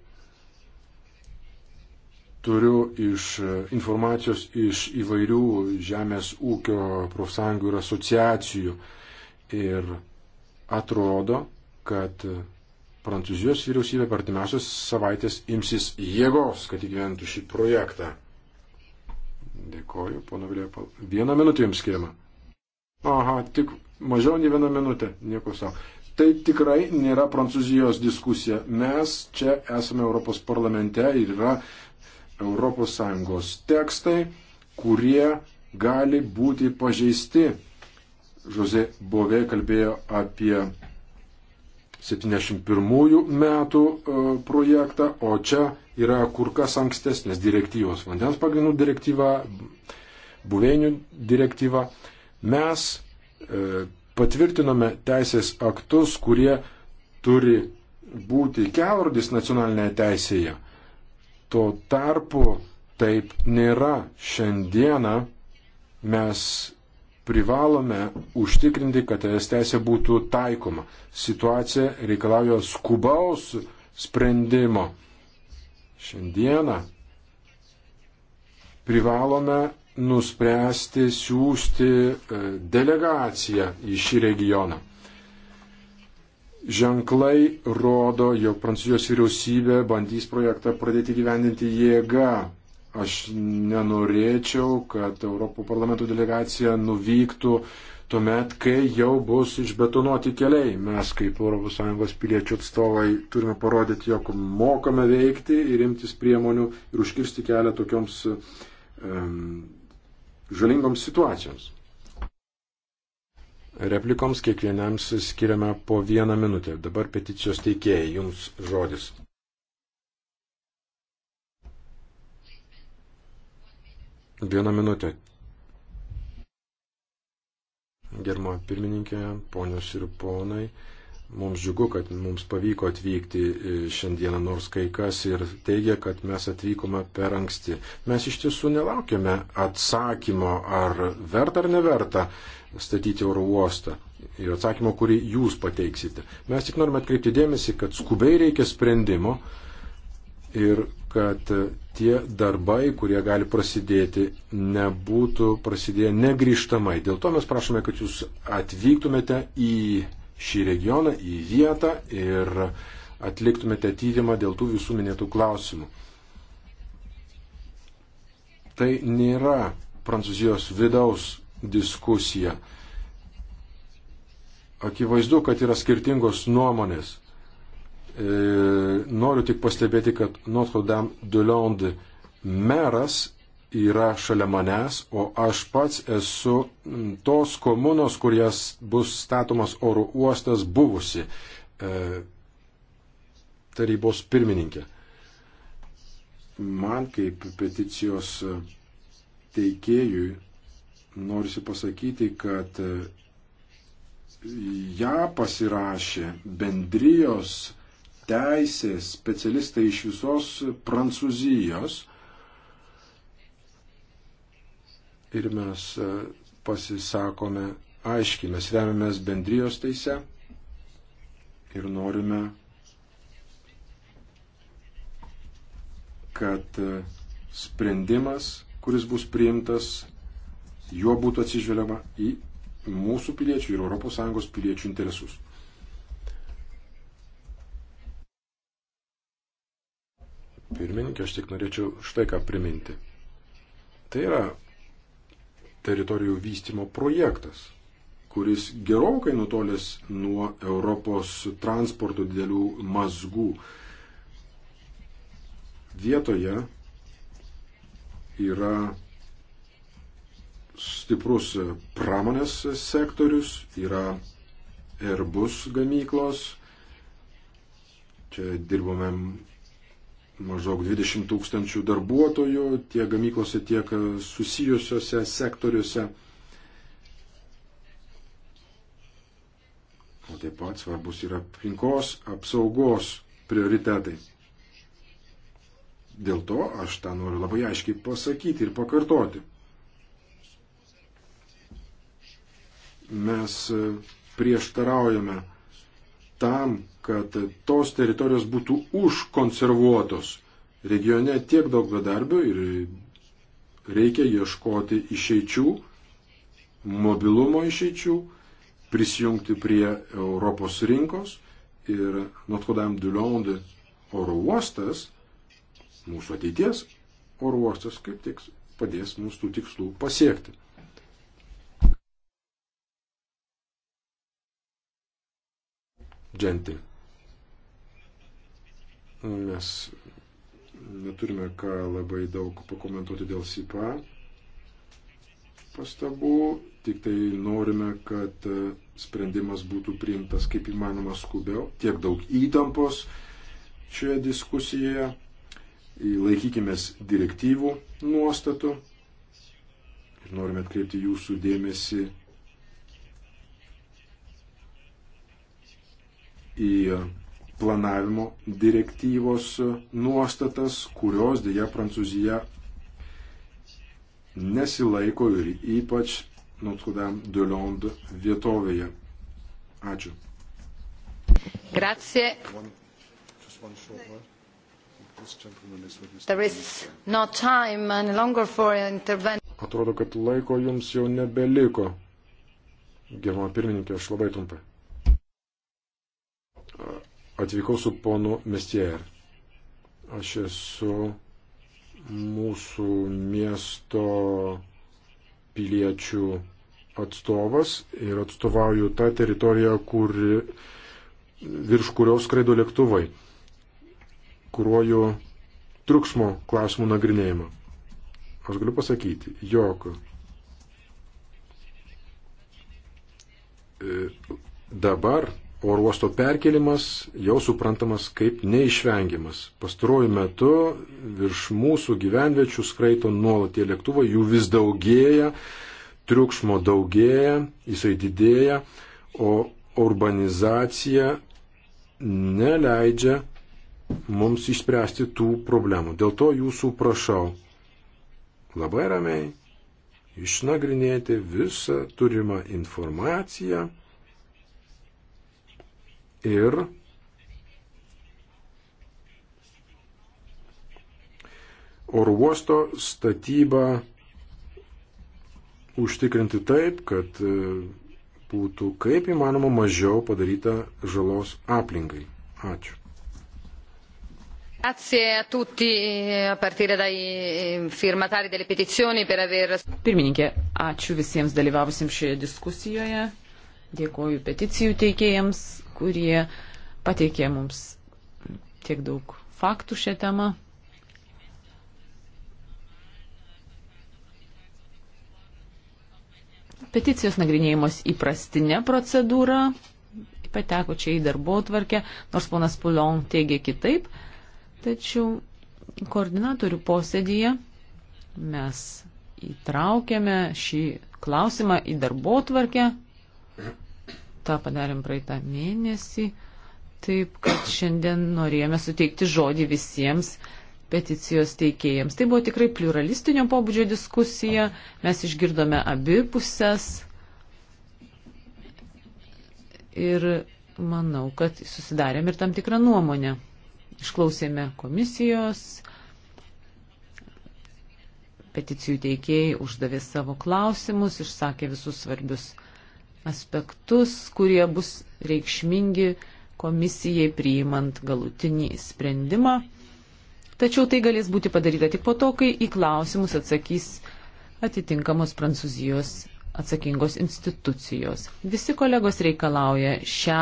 turiu iš e, informacijos iš įvairių žemės ūkio profsąjungų ir asociacijų. Ir atrodo, kad Prancūzijos vyriausybė per artimiausias savaitės imsis jėgos, kad įgyventų šį projektą. Dėkoju, pono Vilė. Vieną minutę jums skiriama. Aha, tik mažiau nei vieną minutę, nieko savo. Tai tikrai nėra Prancūzijos diskusija. Mes čia esame Europos parlamente ir yra ES tekstai, kurie gali būti pažeisti. Žozė Bove kalbėjo apie 71 metų e, projektą, o čia yra kur kas ankstesnės direktyvos. Vandens pagrindų direktyva, buveinių direktyva. Mes e, patvirtinome teisės aktus, kurie turi būti kelrodis nacionalinėje teisėje. Tuo tarpu taip nėra. Šiandieną mes privalome užtikrinti, kad es teisė būtų taikoma. Situacija reikalauja skubaus sprendimo. Šiandieną privalome nuspręsti siūsti e, delegaciją į šį regioną. Ženklai rodo, jog Prancūzijos vyriausybė bandys projektą pradėti gyvendinti jėga. Aš nenorėčiau, kad Europų parlamento delegacija nuvyktų tuomet, kai jau bus išbetonuoti keliai. Mes kaip ES piliečių atstovai turime parodyti, jog mokame veikti ir imtis priemonių ir užkirsti kelią tokioms um, žalingoms situacijoms. Replikoms kiekvienam skiriame po vieną minutę. Dabar peticijos teikėjai, jums žodis. Vieną minutę. Germo pirmininkė, ponios ir ponai. Mums džiugu, kad mums pavyko atvykti e, šiandieną, nors kai kas ir teigia, kad mes atvykome per anksti. Mes iš tiesų nelaukėme atsakymo, ar verta ar neverta statyti oro uostą. Ir atsakymo, kurį jūs pateiksite. Mes tik norime atkreipti dėmesį, kad skubiai reikia sprendimo ir kad tie darbai, kurie gali prasidėti, nebūtų prasidėję negryžtamai. Dėl to mes prašome, kad jūs atvyktumėte į šį regioną, į vietą ir atliktumėte tyrimą dėl tų visų minėtų klausimų. Tai nėra Prancūzijos vidaus diskusija. Akivaizdu, kad yra skirtingos nuomonės. E, noriu tik pastebėti, kad Notre Dame de Londres meras yra šalia manęs, o aš pats esu tos komunos, kurias bus statomas oro uostas buvusi e, tarybos pirmininkė. Man kaip peticijos teikėjui norisi pasakyti, kad ją pasirašė bendrijos teisės specialistai iš visos Prancūzijos, ir mes e, pasisakome aiškiai, mes remiamės bendrijos teise ir norime, kad e, sprendimas, kuris bus priimtas, juo būtų atsižvelgiama į mūsų piliečių ir ES piliečių interesus. Pirmininkė, aš tik norėčiau štai ką priminti. Tai yra teritorijų vystimo projektas, kuris gerokai nutolęs nuo Europos transporto didelių mazgų. Vietoje yra stiprus pramonės sektorius, yra Airbus gamyklos, čia dirbome maždaug 20 tūkstančių darbuotojų tiek gamyklose, tiek susijusiuose sektoriuose. O taip pat svarbus yra aplinkos apsaugos prioritetai. Dėl to aš tą noriu labai aiškiai pasakyti ir pakartoti. Mes prieštaraujame tam, kad tos teritorijos būtų užkonservuotos. Regione tiek daug bedarbių ir reikia ieškoti išeičių, mobilumo išeičių, prisijungti prie Europos rinkos ir Notre-Dame du Londe oro uostas, mūsų ateities oro uostas kaip tik padės mums tų tikslų pasiekti. Džentil. Mes neturime ką labai daug pakomentuoti dėl SIPA pastabų, tik tai norime, kad e, sprendimas būtų priimtas kaip įmanoma skubiau, tiek daug įtampos šioje diskusijoje, laikykimės direktyvų nuostatų ir norime atkreipti jūsų dėmesį į planavimo direktyvos nuostatas, kurios dėja Prancūzija nesilaiko ir ypač Notre-Dame de Londres vietovėje. Ačiū. Grazie. No Atrodo, kad laiko jums jau nebeliko. Germano pirmininkė, aš labai trumpai atvykau su ponu Mestier. Aš esu mūsų miesto piliečių atstovas ir atstovauju tą teritoriją, kur, virš kurios skraido lėktuvai. Kuruoju triukšmo klausimų nagrinėjimą. Aš galiu pasakyti, jog e, dabar oro uosto perkelimas jau suprantamas kaip neišvengiamas. Pastaruoju metu virš mūsų gyvenviečių skraito nuolat tie lėktuvai, jų vis daugėja, triukšmo daugėja, jisai didėja, o urbanizacija neleidžia mums išspręsti tų problemų. Dėl to jūsų prašau labai ramiai išnagrinėti visą turimą informaciją ir oro uosto statybą užtikrinti taip, kad e, būtų kaip įmanoma mažiau padaryta žalos aplinkai. Ačiū. Grazie a tutti, e, a partire dai e, firmatari delle petizioni per aver. Pirmininkė, ačiū visiems dalyvavusiems šioje diskusijoje. Dėkoju peticijų teikėjams, kurie pateikė mums tiek daug faktų šią temą. Peticijos nagrinėjimos įprastinė procedūra pateko čia į darbo tvarkę, nors ponas Pulion teigia kitaip, tačiau koordinatorių posėdėje mes įtraukėme šį klausimą į darbo tvarkę tą padarėm praeitą mėnesį, taip kad šiandien norėjome suteikti žodį visiems peticijos teikėjams. Tai buvo tikrai pluralistinio pobūdžio diskusija, mes išgirdome abi pusės ir manau, kad susidarėm ir tam tikrą nuomonę. Išklausėme komisijos, peticijų teikėjai uždavė savo klausimus, išsakė visus svarbius aspektus, kurie bus reikšmingi komisijai priimant galutinį sprendimą. Tačiau tai galės būti padaryta tik po to, kai į klausimus atsakys atitinkamos Prancūzijos atsakingos institucijos. Visi kolegos reikalauja šią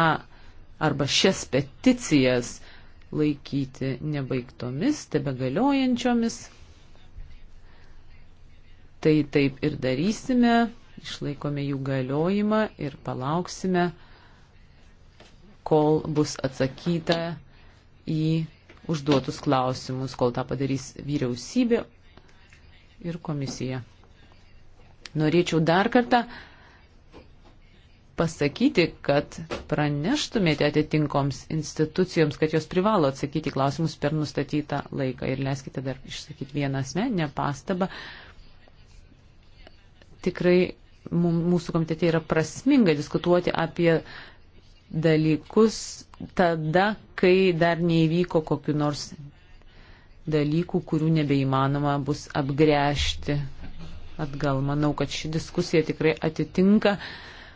arba šias peticijas laikyti nebaigtomis, tebegaliojančiomis. Tai taip ir darysime, išlaikome jų galiojimą ir palauksime, kol bus atsakyta į užduotus klausimus, kol tą padarys vyriausybė ir komisija. Norėčiau dar kartą pasakyti, kad praneštumėte atitinkoms institucijoms, kad jos privalo atsakyti klausimus per nustatytą laiką. Ir leiskite dar išsakyti vieną asmenę pastabą. Tikrai mūsų komitete yra prasminga diskutuoti apie dalykus tada, kai dar neįvyko kokiu nors dalykų, kurių nebeįmanoma bus apgręžti atgal. Manau, kad ši diskusija tikrai atitinka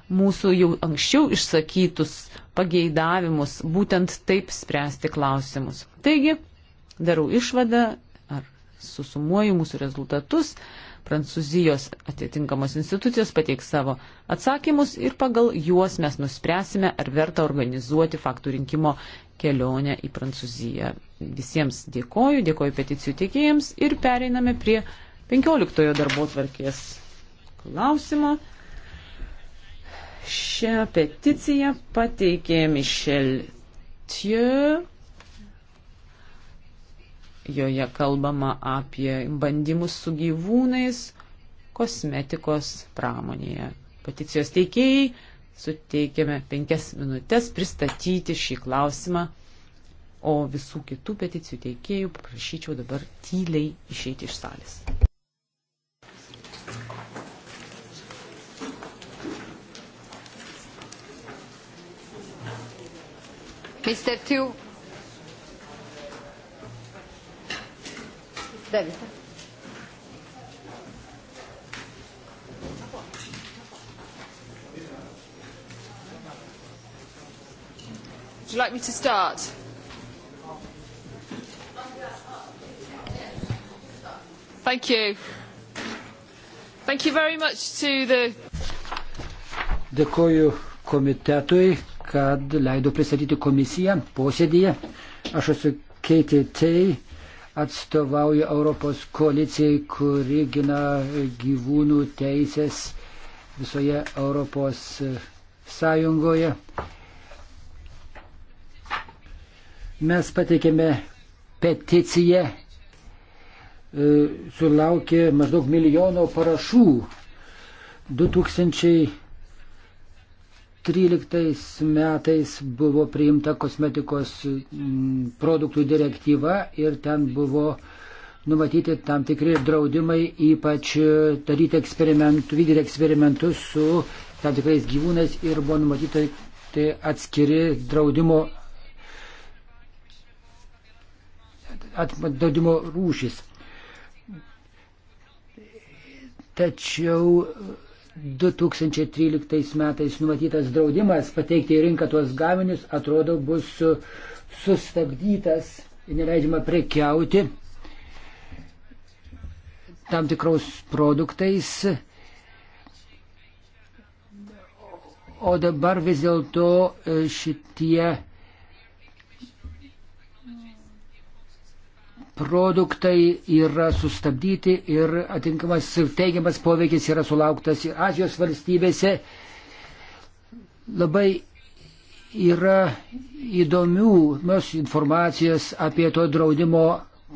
mūsų jau anksčiau išsakytus pageidavimus, būtent taip spręsti klausimus. Taigi, darau išvadą ar susumuoju mūsų rezultatus. Prancūzijos atitinkamos institucijos pateiks savo atsakymus ir pagal juos mes nuspręsime, ar verta organizuoti faktų rinkimo kelionę į Prancūziją. Visiems dėkoju, dėkoju peticijų teikėjams ir pereiname prie 15 darbo tvarkės klausimo. Šią peticiją pateikė Mišel Thieu Joje kalbama apie bandymus su gyvūnais kosmetikos pramonėje. Peticijos teikėjai suteikiame penkias minutės pristatyti šį klausimą, o visų kitų peticijų teikėjų paprašyčiau dabar tyliai išeiti iš salės. Mr. Tiu, David. Would you like me to start? Thank you. Thank you very much to the... Dėkoju komitetui, kad leido pristatyti komisiją posėdyje. Aš esu Keitė Tei atstovauju Europos koalicijai, kuri gina gyvūnų teisės visoje Europos Sąjungoje. Mes pateikėme peticiją, e, sulaukė maždaug milijono parašų 2000. 2013 metais buvo priimta kosmetikos mm, produktų direktyva ir ten buvo numatyti tam tikri draudimai, ypač e, daryti eksperimentų, vykdyti eksperimentus su tam tikrais gyvūnais ir buvo numatyti tai atskiri draudimo, at, draudimo rūšis. Tačiau 2013 metais numatytas draudimas pateikti į rinką tuos gaminius atrodo bus sustabdytas, neleidžiama prekiauti tam tikraus produktais. O dabar vis dėlto e, šitie produktai yra sustabdyti ir atinkamas teigiamas poveikis yra sulauktas ir Azijos valstybėse. Labai yra įdomių mes informacijos apie to draudimo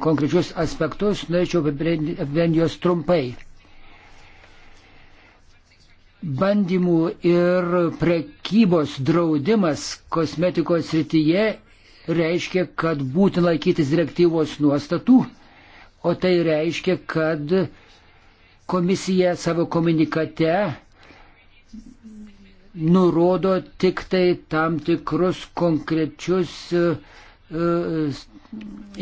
konkrečius aspektus, norėčiau apibendrinti juos trumpai. Bandymų ir prekybos draudimas kosmetikos srityje reiškia, kad būtina laikytis direktyvos nuostatų, o tai reiškia, kad komisija savo komunikate nurodo tik tai tam tikrus konkrečius e, e,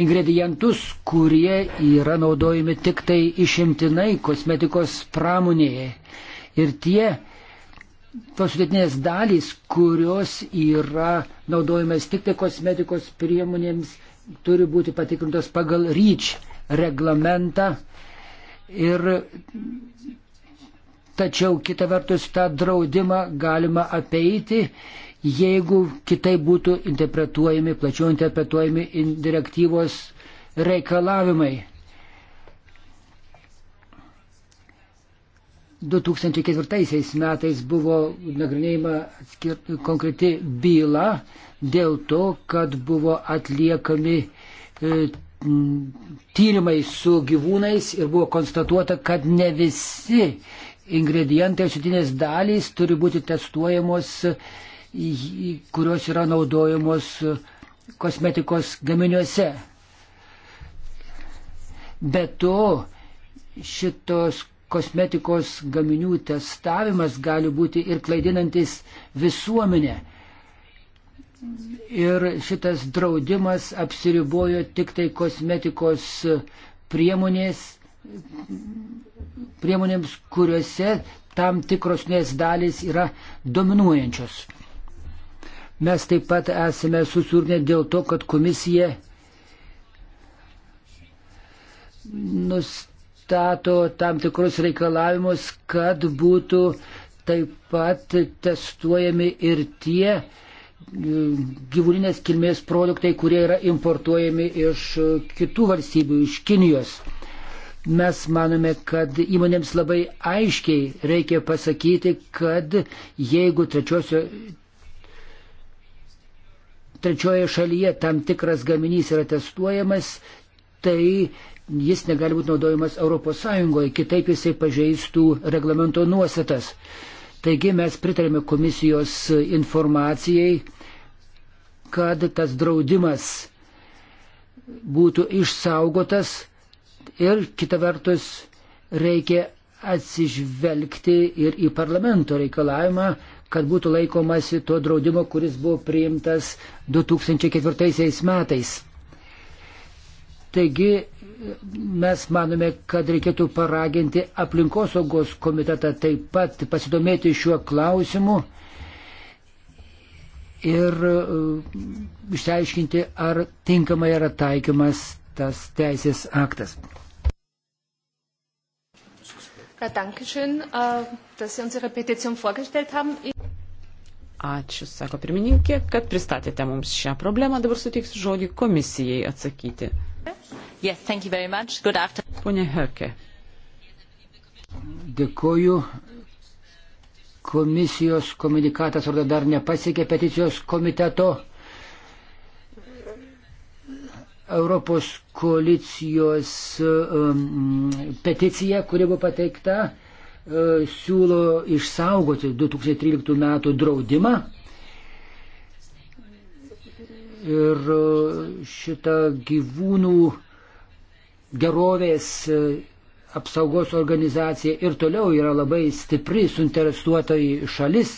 ingredientus, kurie yra naudojami tik tai išimtinai kosmetikos pramonėje. Ir tie tos sudėtinės dalys, kurios yra naudojamas tik tai kosmetikos priemonėms, turi būti patikrintos pagal ryč reglamentą. Ir tačiau kita vertus tą draudimą galima apeiti, jeigu kitai būtų interpretuojami, plačiau interpretuojami in direktyvos reikalavimai. 2004 metais buvo nagrinėjama atskir, konkreti byla dėl to, kad buvo atliekami e, tyrimai su gyvūnais ir buvo konstatuota, kad ne visi ingredientai, šitinės dalys turi būti testuojamos, kurios yra naudojamos kosmetikos gaminiuose. Be to, šitos kosmetikos gaminių testavimas gali būti ir klaidinantis visuomenę. Ir šitas draudimas apsiribojo tik tai kosmetikos priemonės, priemonėms, kuriuose tam tikros nes dalys yra dominuojančios. Mes taip pat esame susirūpinę dėl to, kad komisija nus, nustato tam tikrus reikalavimus, kad būtų taip pat testuojami ir tie e, gyvulinės kilmės produktai, kurie yra importuojami iš kitų valstybių, iš Kinijos. Mes manome, kad įmonėms labai aiškiai reikia pasakyti, kad jeigu trečiosio, trečioje šalyje tam tikras gaminys yra testuojamas, tai jis negali būti naudojamas ES, kitaip jisai pažeistų reglamento nuostatas. Taigi mes pritarėme komisijos informacijai, kad tas draudimas būtų išsaugotas ir kita vertus reikia atsižvelgti ir į parlamento reikalavimą, kad būtų laikomasi to draudimo, kuris buvo priimtas 2004 metais. Taigi mes manome, kad reikėtų paraginti aplinkosaugos komitetą taip pat pasidomėti šiuo klausimu ir uh, išsiaiškinti, ar tinkamai yra taikymas tas teisės aktas. Ja, danke schön, äh, dass Sie unsere Petition vorgestellt haben. Ačiū, sako pirmininkė, kad pristatėte mums šią problemą. Dabar suteiksiu žodį komisijai atsakyti. Okay. Yes, thank you very much. Good afternoon. Pone Herke. Dėkoju. Komisijos komunikatas ar dar nepasiekė peticijos komiteto. Europos koalicijos um, peticija, kuri buvo pateikta, uh, siūlo išsaugoti 2013 metų draudimą ir uh, šitą gyvūnų gerovės e, apsaugos organizacija ir toliau yra labai stipri suinteresuotoji šalis,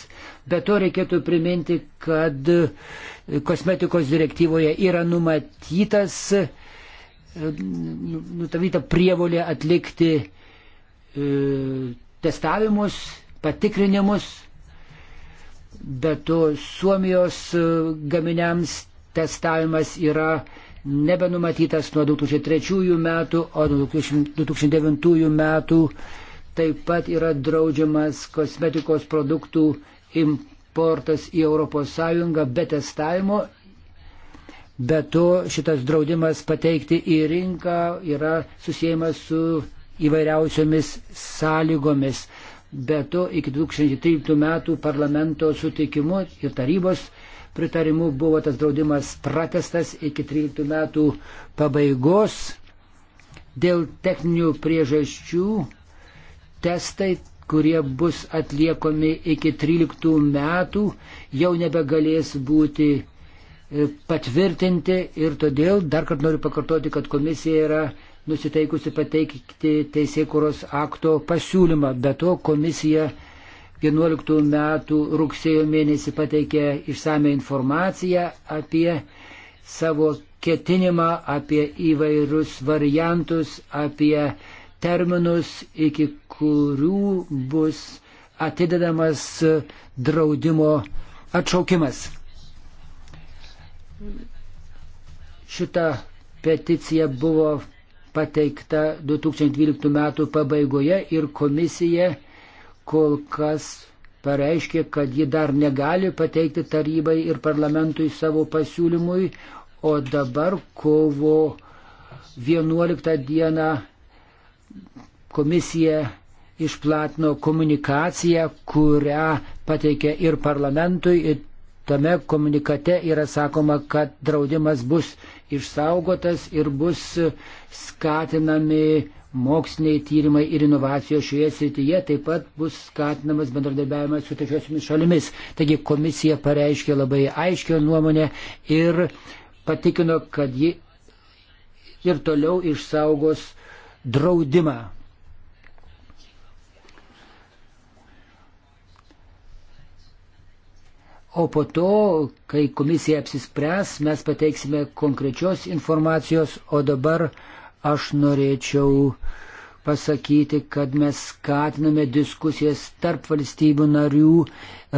bet to reikėtų priminti, kad e, kosmetikos direktyvoje yra numatytas, e, nu, nutavyta prievolė atlikti e, testavimus, patikrinimus, bet to Suomijos gaminiams testavimas yra nebenumatytas nuo 2003 metų, o 2009 metų taip pat yra draudžiamas kosmetikos produktų importas į ES be testavimo. Be to, šitas draudimas pateikti į rinką yra susijęs su įvairiausiomis sąlygomis. Be to, iki 2013 metų parlamento sutikimu ir tarybos pritarimu buvo tas draudimas pratestas iki 13 metų pabaigos. Dėl techninių priežasčių testai, kurie bus atliekomi iki 13 metų, jau nebegalės būti e, patvirtinti ir todėl dar kartą noriu pakartoti, kad komisija yra nusiteikusi pateikti teisėkuros akto pasiūlymą. Be to komisija 11 metų rugsėjo mėnesį pateikė išsame informaciją apie savo ketinimą, apie įvairius variantus, apie terminus, iki kurių bus atidedamas draudimo atšaukimas. Šita peticija buvo pateikta 2012 metų pabaigoje ir komisija kol kas pareiškė, kad ji dar negali pateikti tarybai ir parlamentui savo pasiūlymui, o dabar kovo 11 dieną komisija išplatino komunikaciją, kurią pateikė ir parlamentui, ir tame komunikate yra sakoma, kad draudimas bus išsaugotas ir bus skatinami moksliniai tyrimai ir inovacijos šioje srityje, taip pat bus skatinamas bendradarbiavimas su trečiosiomis šalimis. Taigi komisija pareiškė labai aiškę nuomonę ir patikino, kad ji ir toliau išsaugos draudimą O po to, kai komisija apsispręs, mes pateiksime konkrečios informacijos, o dabar aš norėčiau pasakyti, kad mes skatiname diskusijas tarp valstybių narių,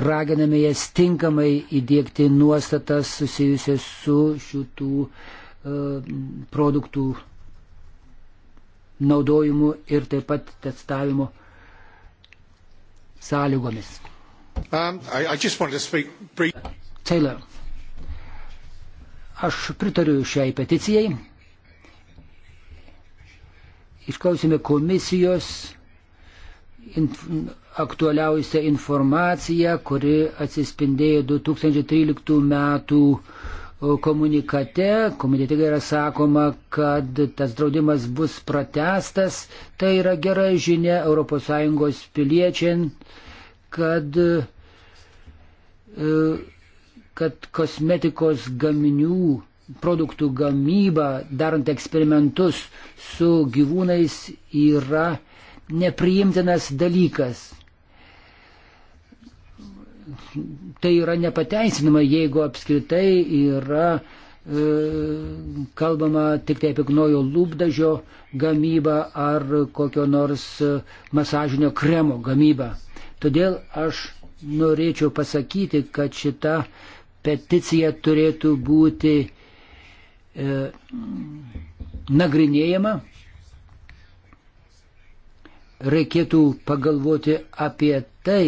raginame jas tinkamai įdėkti nuostatas susijusias su šitų uh, produktų naudojimu ir taip pat testavimu sąlygomis. Um, I, I just wanted to speak brief... Taylor, aš pritariu šiai peticijai. Išklausime komisijos inf aktualiausią informaciją, kuri atsispindėjo 2013 metų komunikate, komitete yra sakoma, kad tas draudimas bus pratestas, tai yra gera žinia ES piliečiams kad, e, kad kosmetikos gaminių produktų gamyba, darant eksperimentus su gyvūnais, yra nepriimtinas dalykas. Tai yra nepateisinama, jeigu apskritai yra e, kalbama tik tai apie gnojo lūpdažio gamybą ar kokio nors e, masažinio kremo gamybą. Todėl aš norėčiau pasakyti, kad šita peticija turėtų būti e, nagrinėjama. Reikėtų pagalvoti apie tai,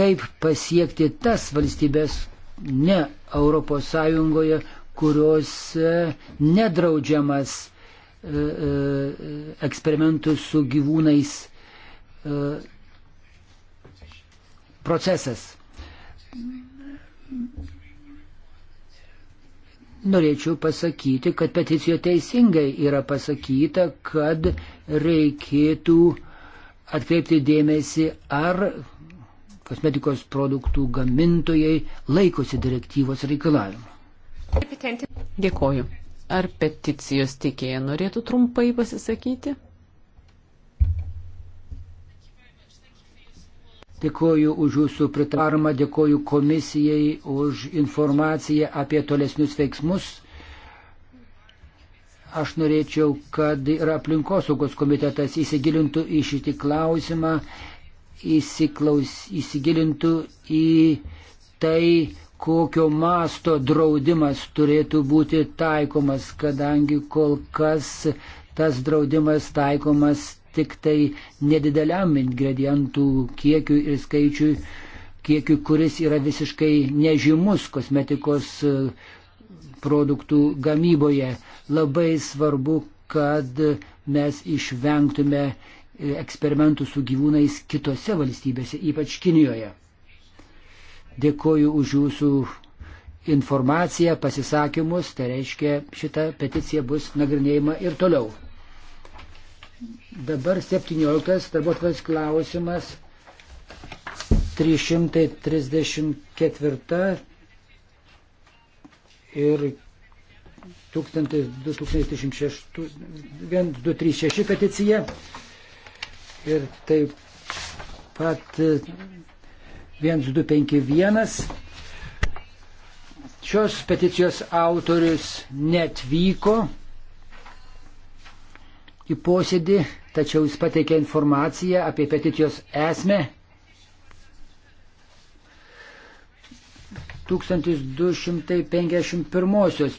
kaip pasiekti tas valstybės ne Europos Sąjungoje, kurios e, nedraudžiamas e, e, eksperimentus su gyvūnais procesas. Norėčiau pasakyti, kad peticijoje teisingai yra pasakyta, kad reikėtų atkreipti dėmesį, ar kosmetikos produktų gamintojai laikosi direktyvos reikalavimų. Dėkoju. Ar peticijos tikėja norėtų trumpai pasisakyti? Dėkoju už jūsų pritarimą, dėkoju komisijai už informaciją apie tolesnius veiksmus. Aš norėčiau, kad ir aplinkosaugos komitetas įsigilintų į šitį klausimą, įsiklaus, įsigilintų į tai, kokio masto draudimas turėtų būti taikomas, kadangi kol kas tas draudimas taikomas tik tai nedideliam ingredientų kiekiui ir skaičiui, kiekiui, kuris yra visiškai nežymus kosmetikos e, produktų gamyboje. Labai svarbu, kad mes išvengtume e, eksperimentų su gyvūnais kitose valstybėse, ypač Kinijoje. Dėkoju už jūsų informaciją, pasisakymus, tai reiškia šita peticija bus nagrinėjama ir toliau. Dabar 17 darbotvarkės klausimas 334 ir 1236 peticija ir taip pat 1251. E, Šios peticijos autorius netvyko į posėdį, tačiau jis pateikė informaciją apie peticijos esmę. 1251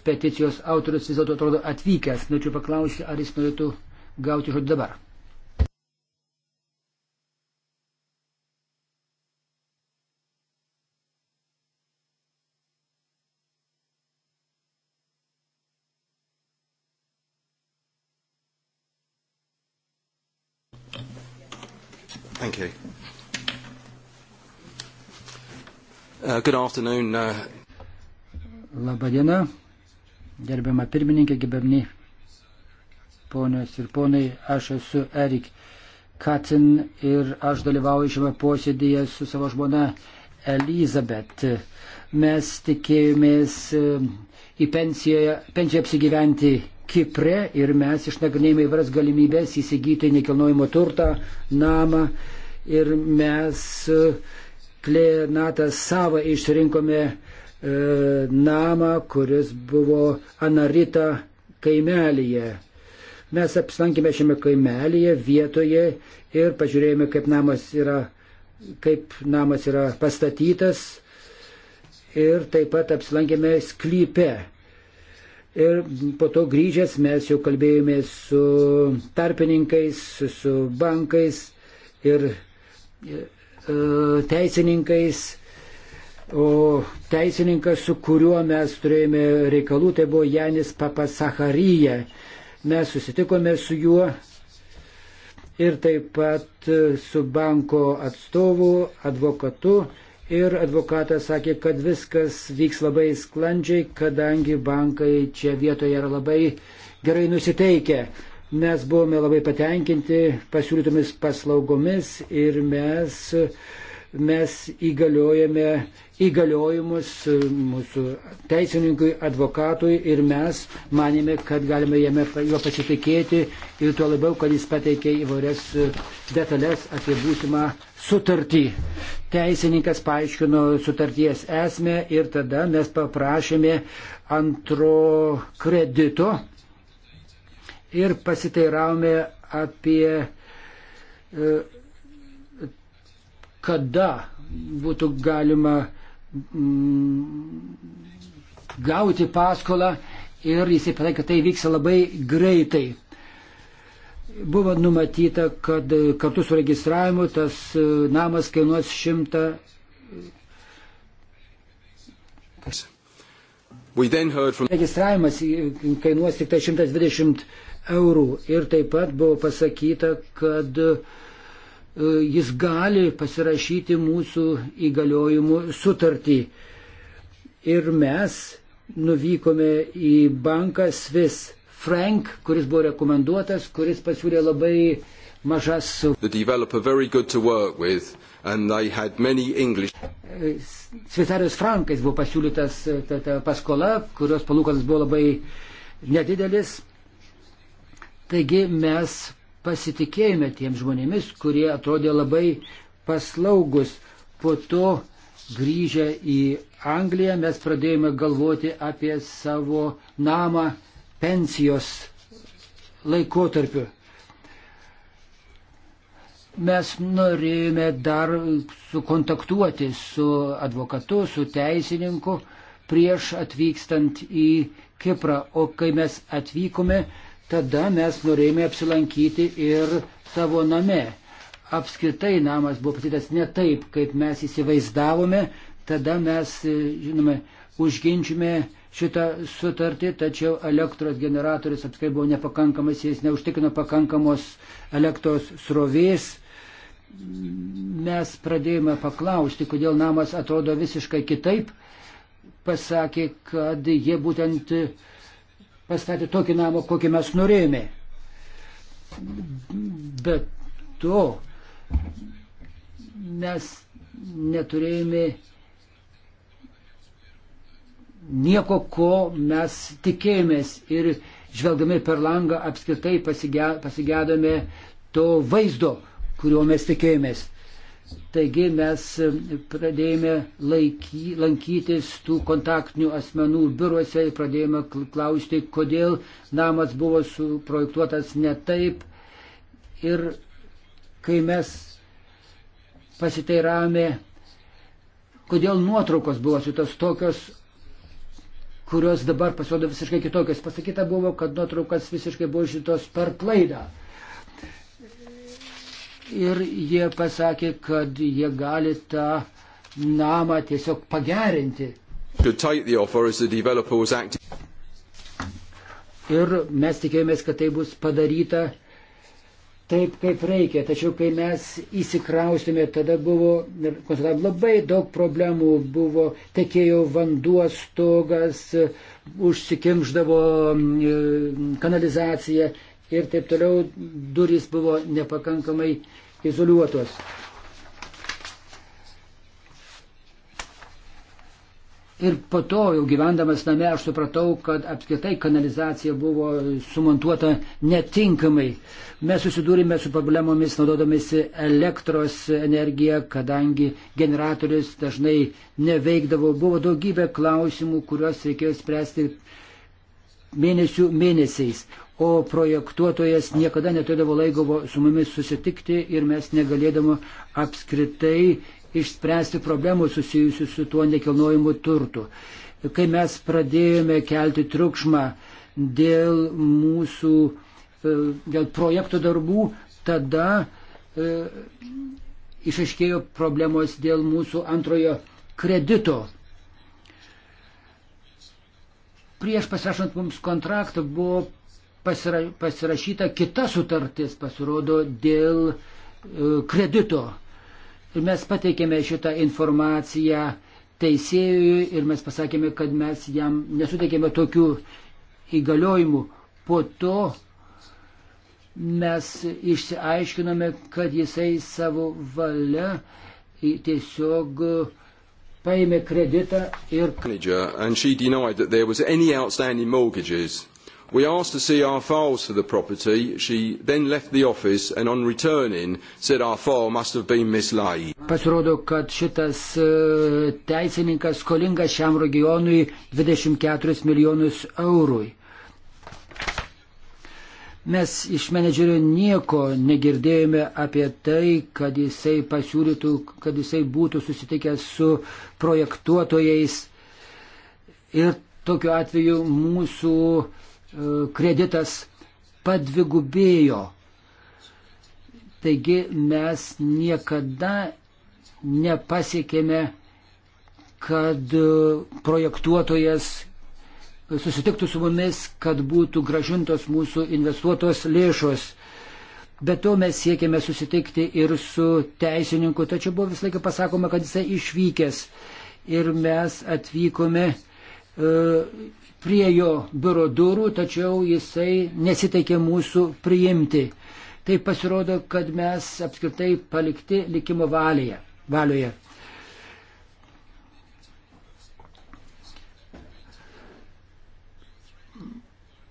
peticijos autorius vis dėlto atrodo atvykęs. Norėčiau paklausti, ar jis norėtų gauti žodį dabar. Uh, good afternoon. Uh, Labadiena, gerbiama pirmininkė, gerbiami ponios ir ponai, aš esu Erik Katin ir aš dalyvauju šiame posėdėje su savo žmona Elizabet. Mes tikėjomės uh, į pensiją, pensiją apsigyventi Kipre ir mes išnagrinėjome įvairias galimybės įsigyti nekilnojimo turtą, namą ir mes uh, Klenatas savo išrinkome e, namą, kuris buvo Anarita kaimelyje. Mes apsilankėme šiame kaimelyje vietoje ir pažiūrėjome, kaip namas yra, kaip namas yra pastatytas ir taip pat apsilankėme sklype. Ir po to grįžęs mes jau kalbėjome su tarpininkais, su bankais ir E, teisininkais, o teisininkas, su kuriuo mes turėjome reikalų, tai buvo Janis Papasacharyje. Mes susitikome su juo ir taip pat su banko atstovu, advokatu. Ir advokatas sakė, kad viskas vyks labai sklandžiai, kadangi bankai čia vietoje yra labai gerai nusiteikę. Mes buvome labai patenkinti pasiūlytomis paslaugomis ir mes, mes įgaliojame įgaliojimus mūsų teisininkui, advokatui ir mes manėme, kad galime jame, juo pasitikėti ir tuo labiau, kad jis pateikė įvairias detalės apie būsimą sutartį. Teisininkas paaiškino sutarties esmę ir tada mes paprašėme antro kredito ir pasiteiravome apie e, kada būtų galima mm, gauti paskolą ir jisai pasakė, kad tai vyksta labai greitai. Buvo numatyta, kad kartu su registravimu tas e, namas kainuos šimtą. From... Registravimas kainuos tik tai 120 eurų. Ir taip pat buvo pasakyta, kad e, jis gali pasirašyti mūsų įgaliojimų sutartį. Ir mes nuvykome į banką Swiss Frank, kuris buvo rekomenduotas, kuris pasiūlė labai mažas. E, Šveicarijos frankais buvo pasiūlytas ta, ta paskola, kurios palūkanas buvo labai nedidelis. Taigi mes pasitikėjome tiem žmonėmis, kurie atrodė labai paslaugus. Po to grįžę į Angliją mes pradėjome galvoti apie savo namą pensijos laikotarpiu. Mes norėjome dar sukontaktuoti su advokatu, su teisininku prieš atvykstant į Kiprą, o kai mes atvykome, Tada mes norėjome apsilankyti ir savo name. Apskritai namas buvo pastatytas ne taip, kaip mes įsivaizdavome. Tada mes, e, žinome, užginčiame šitą sutartį, tačiau elektros generatorius apskritai buvo nepakankamas, jis neužtikrino pakankamos elektros srovės. Mes pradėjome paklausti, kodėl namas atrodo visiškai kitaip. Pasakė, kad jie būtent pastatė tokį namą, kokį mes norėjome. Bet to mes neturėjome nieko, ko mes tikėjomės ir žvelgdami per langą apskritai pasigedome to vaizdo, kuriuo mes tikėjomės. Taigi mes pradėjome laiky, lankytis tų kontaktinių asmenų biuruose ir pradėjome klausti, kodėl namas buvo suprojektuotas ne taip. Ir kai mes pasiteiravome, kodėl nuotraukos buvo šitos tokios, kurios dabar pasirodo visiškai kitokios. Pasakyta buvo, kad nuotraukas visiškai buvo šitos per klaidą ir jie pasakė, kad jie gali tą namą tiesiog pagerinti. Ir mes tikėjomės, kad tai bus padaryta taip, kaip reikia. Tačiau, kai mes įsikraustėme, tada buvo, konstatavome, labai daug problemų buvo, tekėjo vanduo stogas, užsikimždavo mm, e, kanalizacija ir taip toliau durys buvo nepakankamai izoliuotos. Ir po to, jau gyvendamas name, aš supratau, kad apskritai kanalizacija buvo sumontuota netinkamai. Mes susidūrėme su problemomis naudodamėsi elektros energiją, kadangi generatorius dažnai neveikdavo. Buvo daugybė klausimų, kuriuos reikėjo spręsti mėnesių mėnesiais o projektuotojas niekada neturėdavo laiko su mumis susitikti ir mes negalėdavo apskritai išspręsti problemų susijusių su tuo nekilnojimu turtu. Kai mes pradėjome kelti triukšmą dėl mūsų, e, dėl projektų darbų, tada e, išaiškėjo problemos dėl mūsų antrojo kredito. Prieš pasirašant mums kontraktą buvo pasira, pasirašyta kita sutartis, pasirodo, dėl e, kredito. Ir mes pateikėme šitą informaciją teisėjui ir mes pasakėme, kad mes jam nesuteikėme tokių įgaliojimų. Po to mes išsiaiškinome, kad jisai savo valia tiesiog e, paėmė kreditą ir. We asked to see our files for the property. She then left the office and on returning said our file must have been mislaid. Pasirodo, kad šitas e, teisininkas skolingas šiam regionui 24 milijonus eurų. Mes iš menedžerio nieko negirdėjome apie tai, kad jisai pasiūlytų, kad jisai būtų susitikęs su projektuotojais. Ir tokiu atveju mūsų uh, E, kreditas padvigubėjo. Taigi mes niekada nepasiekėme, kad e, projektuotojas susitiktų su mumis, kad būtų gražintos mūsų investuotos lėšos. Be to mes siekėme susitikti ir su teisininku, tačiau buvo visą laiką pasakoma, kad jisai išvykęs. Ir mes atvykome e, prie jo biuro durų, tačiau jisai nesiteikė mūsų priimti. Tai pasirodo, kad mes apskritai palikti likimo valėje, valioje.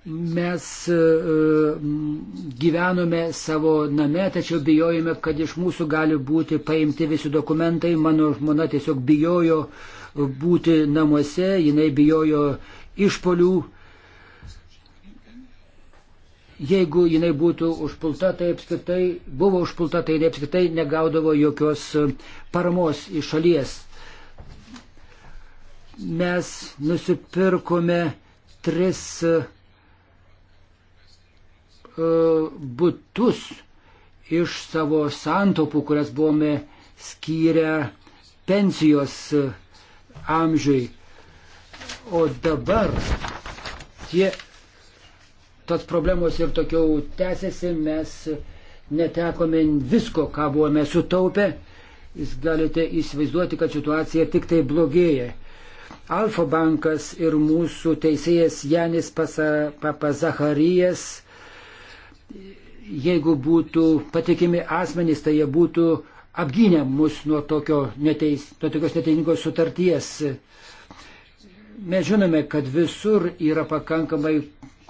mes e, gyvenome savo name, tačiau bijojome, kad iš mūsų gali būti paimti visi dokumentai. Mano žmona tiesiog bijojo būti namuose, jinai bijojo išpolių. Jeigu jinai būtų užpulta, tai apskritai buvo užpulta, tai jinai apskritai negaudavo jokios e, paramos iš šalies. Mes nusipirkome tris e, e, butus iš savo santopų, kurias buvome skyrę pensijos amžiui. O dabar tie, tos problemos ir tokiau tęsiasi, mes netekome visko, ką buvome sutaupę. Jūs galite įsivaizduoti, kad situacija tik tai blogėja. Alfa bankas ir mūsų teisėjas Janis Papazaharijas, jeigu būtų patikimi asmenys, tai jie būtų apgynę mus nuo, tokio neteis, nuo tokios neteisingos sutarties. Mes žinome, kad visur yra pakankamai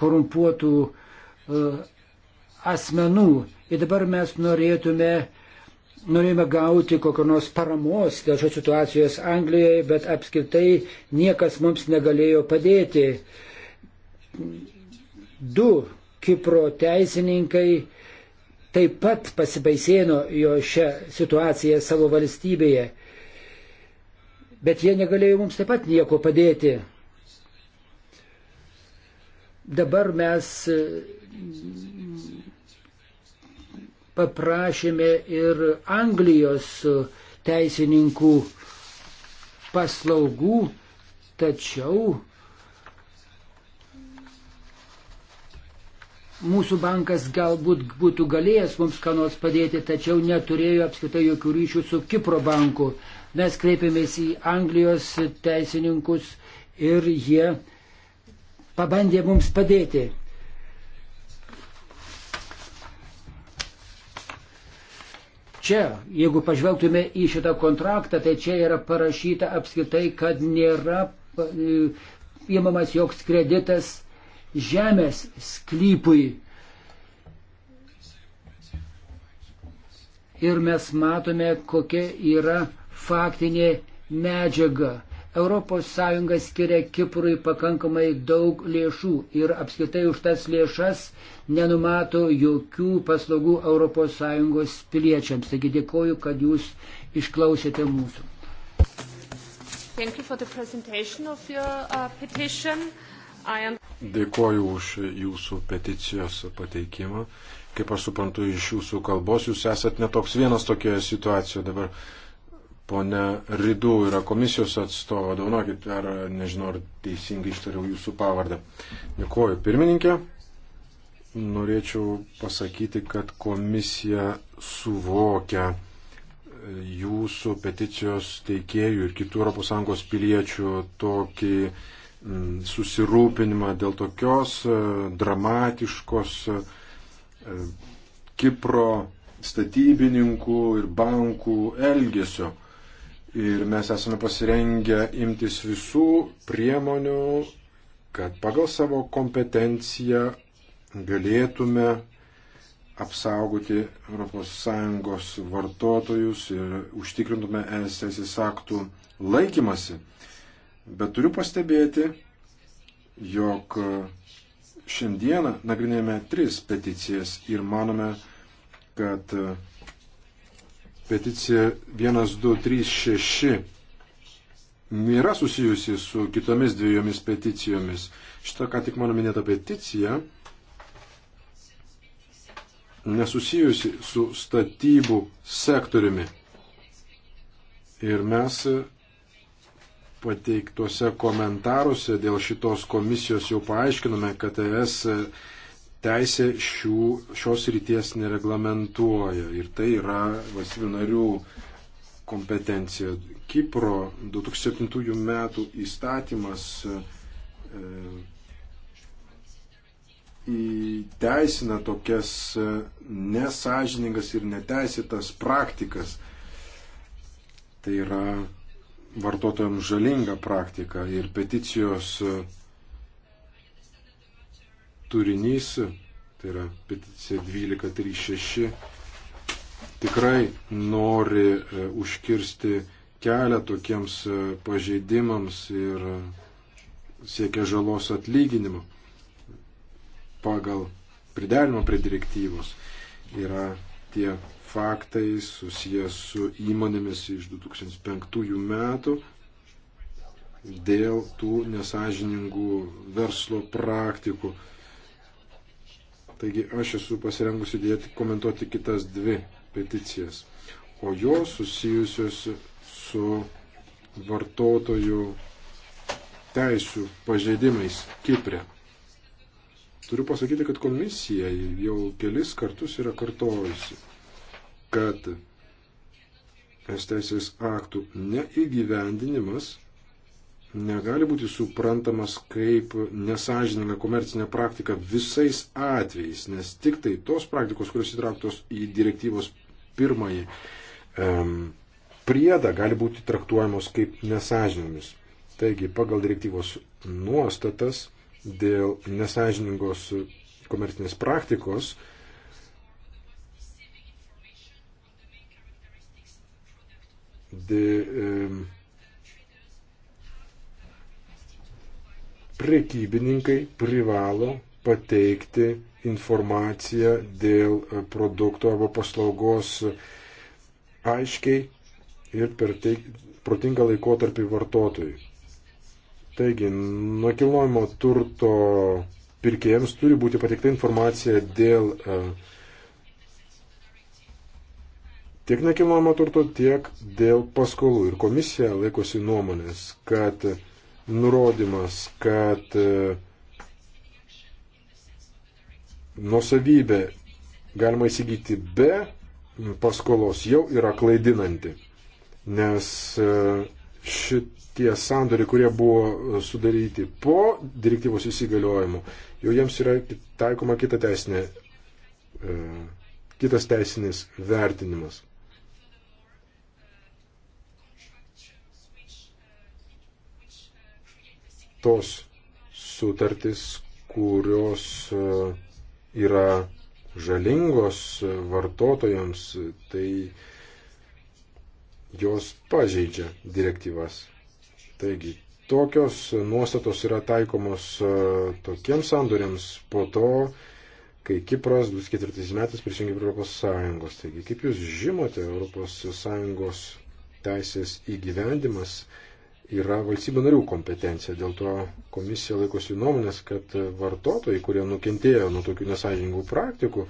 korumpuotų uh, asmenų ir dabar mes norėtume, norėjome gauti kokio nors paramos dėl šios situacijos Anglijoje, bet apskritai niekas mums negalėjo padėti. Du Kipro teisininkai taip pat pasibaisėno jo šią situaciją savo valstybėje bet jie negalėjo mums taip pat nieko padėti. Dabar mes e, paprašėme ir Anglijos teisininkų paslaugų, tačiau mūsų bankas galbūt būtų galėjęs mums ką nors padėti, tačiau neturėjo apskritai jokių ryšių su Kipro banku. Mes kreipėmės į Anglijos teisininkus ir jie pabandė mums padėti. Čia, jeigu pažvelgtume į šitą kontraktą, tai čia yra parašyta apskritai, kad nėra įmamas e, joks kreditas žemės sklypui. Ir mes matome, kokia yra faktinė medžiaga. ES skiria Kiprui pakankamai daug lėšų ir apskritai už tas lėšas nenumato jokių paslaugų ES piliečiams. Taigi dėkoju, kad jūs išklausėte mūsų. Uh, am... Dėkoju už jūsų peticijos pateikimą. Kaip aš suprantu iš jūsų kalbos, jūs esat netoks vienas tokioje situacijoje dabar Pone Ridų yra komisijos atstovo, daunokit, ar nežinau, ar teisingai ištariau jūsų pavardę. Dėkuoju, pirmininkė. Norėčiau pasakyti, kad komisija suvokia jūsų peticijos teikėjų ir kitų ES piliečių tokį mm, susirūpinimą dėl tokios e, dramatiškos e, Kipro statybininkų ir bankų elgesio. Ir mes esame pasirengę imtis visų priemonių, kad pagal savo kompetenciją galėtume apsaugoti ES vartotojus ir užtikrintume ES teisės aktų laikymasi. Bet turiu pastebėti, jog šiandieną nagrinėjame tris peticijas ir manome, kad peticija 1236 nėra susijusi su kitomis dviejomis peticijomis. Šitą ką tik mano minėta peticija nesusijusi su statybų sektoriumi. Ir mes pateiktuose komentaruose dėl šitos komisijos jau paaiškinome, kad ES teisė šių, šios ryties nereglamentuoja ir tai yra valstybių narių kompetencija. Kipro 2007 metų įstatymas e, įteisina tokias e, nesažiningas ir neteisėtas praktikas. Tai yra vartotojams žalinga praktika ir peticijos e, turinys, tai yra peticija 1236, tikrai nori e, užkirsti kelią tokiems e, pažeidimams ir e, siekia žalos atlyginimo pagal pridarimą prie direktyvos. Yra tie faktai susijęs su įmonėmis iš 2005 metų dėl tų nesažiningų verslo praktikų Taigi aš esu pasirengusi dėti, komentuoti kitas dvi peticijas, o jos susijusios su vartotojų teisų pažeidimais Kiprė. Turiu pasakyti, kad komisija jau kelis kartus yra kartojusi, kad es teisės aktų neįgyvendinimas negali būti suprantamas kaip nesažininga komercinė praktika visais atvejais, nes tik tai tos praktikos, kurios įtrauktos į direktyvos pirmąjį um, priedą, gali būti traktuojamos kaip nesažinomis. Taigi, pagal direktyvos nuostatas dėl nesažiningos komercinės praktikos dėl, um, prekybininkai privalo pateikti informaciją dėl e, produkto arba paslaugos e, aiškiai ir per teik, protingą laikotarpį vartotojui. Taigi, nekilnojamo turto pirkėjams turi būti pateikta informacija dėl e, tiek nekilnojamo turto, tiek dėl paskolų. Ir komisija laikosi nuomonės, kad nurodymas, kad e, nusavybę galima įsigyti be paskolos jau yra klaidinanti, nes e, šitie sandoriai, kurie buvo sudaryti po direktyvos įsigaliojimo, jau jiems yra taikoma kita teisinė, e, kitas teisinis vertinimas. tos sutartys, kurios e, yra žalingos vartotojams, tai jos pažeidžia direktyvas. Taigi, tokios nuostatos yra taikomos e, tokiems sandoriams po to, kai Kipras 24 metais prisijungė prie Europos Sąjungos. Taigi, kaip jūs žinote, Europos Sąjungos teisės įgyvendimas yra valstybių narių kompetencija. Dėl to komisija laikosi nuomonės, kad vartotojai, kurie nukentėjo nuo tokių nesažiningų praktikų,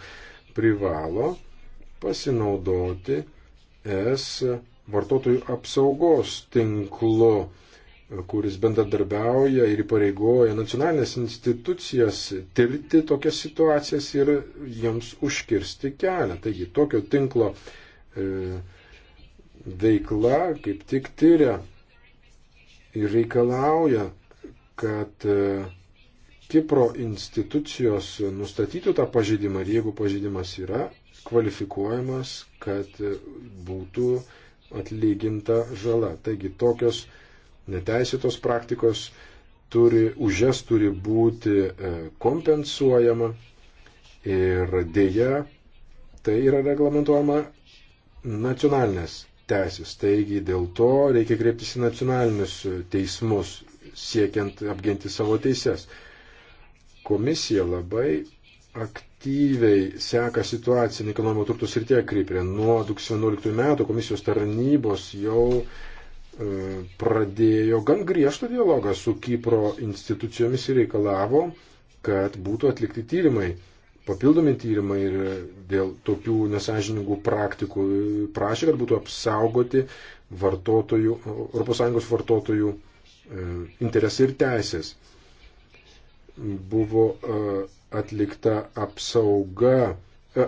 privalo pasinaudoti es vartotojų apsaugos tinklu, kuris bendradarbiauja ir įpareigoja nacionalinės institucijas tirti tokias situacijas ir jiems užkirsti kelią. Taigi tokio tinklo e, veikla kaip tik tyria ir reikalauja, kad e, Kipro institucijos nustatytų tą pažeidimą ir jeigu pažeidimas yra kvalifikuojamas, kad būtų atlyginta žala. Taigi tokios neteisėtos praktikos turi, už jas turi būti e, kompensuojama ir dėja tai yra reglamentuojama nacionalinės tęsis. Taigi dėl to reikia kreiptis į nacionalinius teismus, siekiant apginti savo teises. Komisija labai aktyviai seka situaciją nekilnojamo turto srityje Krypė. Nuo 2011 metų komisijos tarnybos jau e, pradėjo gan griežtą dialogą su Kipro institucijomis ir reikalavo, kad būtų atlikti tyrimai papildomi tyrimai ir dėl tokių nesažiningų praktikų prašė, kad būtų apsaugoti vartotojų, ES vartotojų e, interesai ir teisės. Buvo e, atlikta apsauga, e,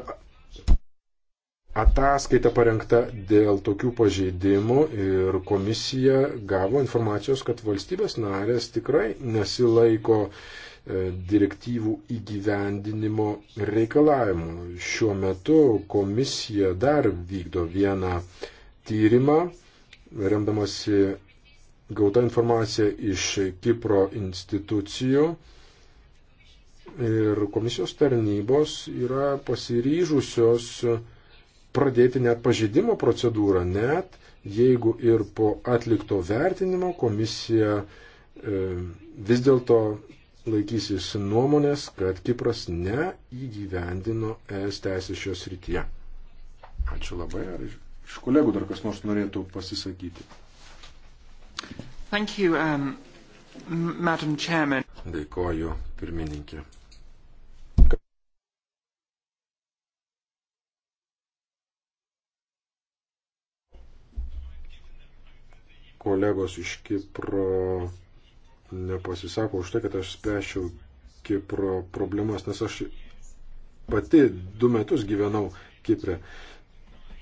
ataskaita parengta dėl tokių pažeidimų ir komisija gavo informacijos, kad valstybės narės tikrai nesilaiko uh, E, direktyvų įgyvendinimo reikalavimų. Šiuo metu komisija dar vykdo vieną tyrimą, remdamasi gauta informacija iš Kipro institucijų. Ir komisijos tarnybos yra pasiryžusios pradėti net pažeidimo procedūrą, net jeigu ir po atlikto vertinimo komisija e, vis dėlto laikysis nuomonės, kad Kipras neįgyvendino ES teisės šios rytyje. Ačiū labai. Ar iš kolegų dar kas nors norėtų pasisakyti? Thank you, um, Madam Chairman. Dėkoju, pirmininkė. Kolegos iš Kipro nepasisako už tai, kad aš spręšiau Kipro problemas, nes aš pati du metus gyvenau Kiprė.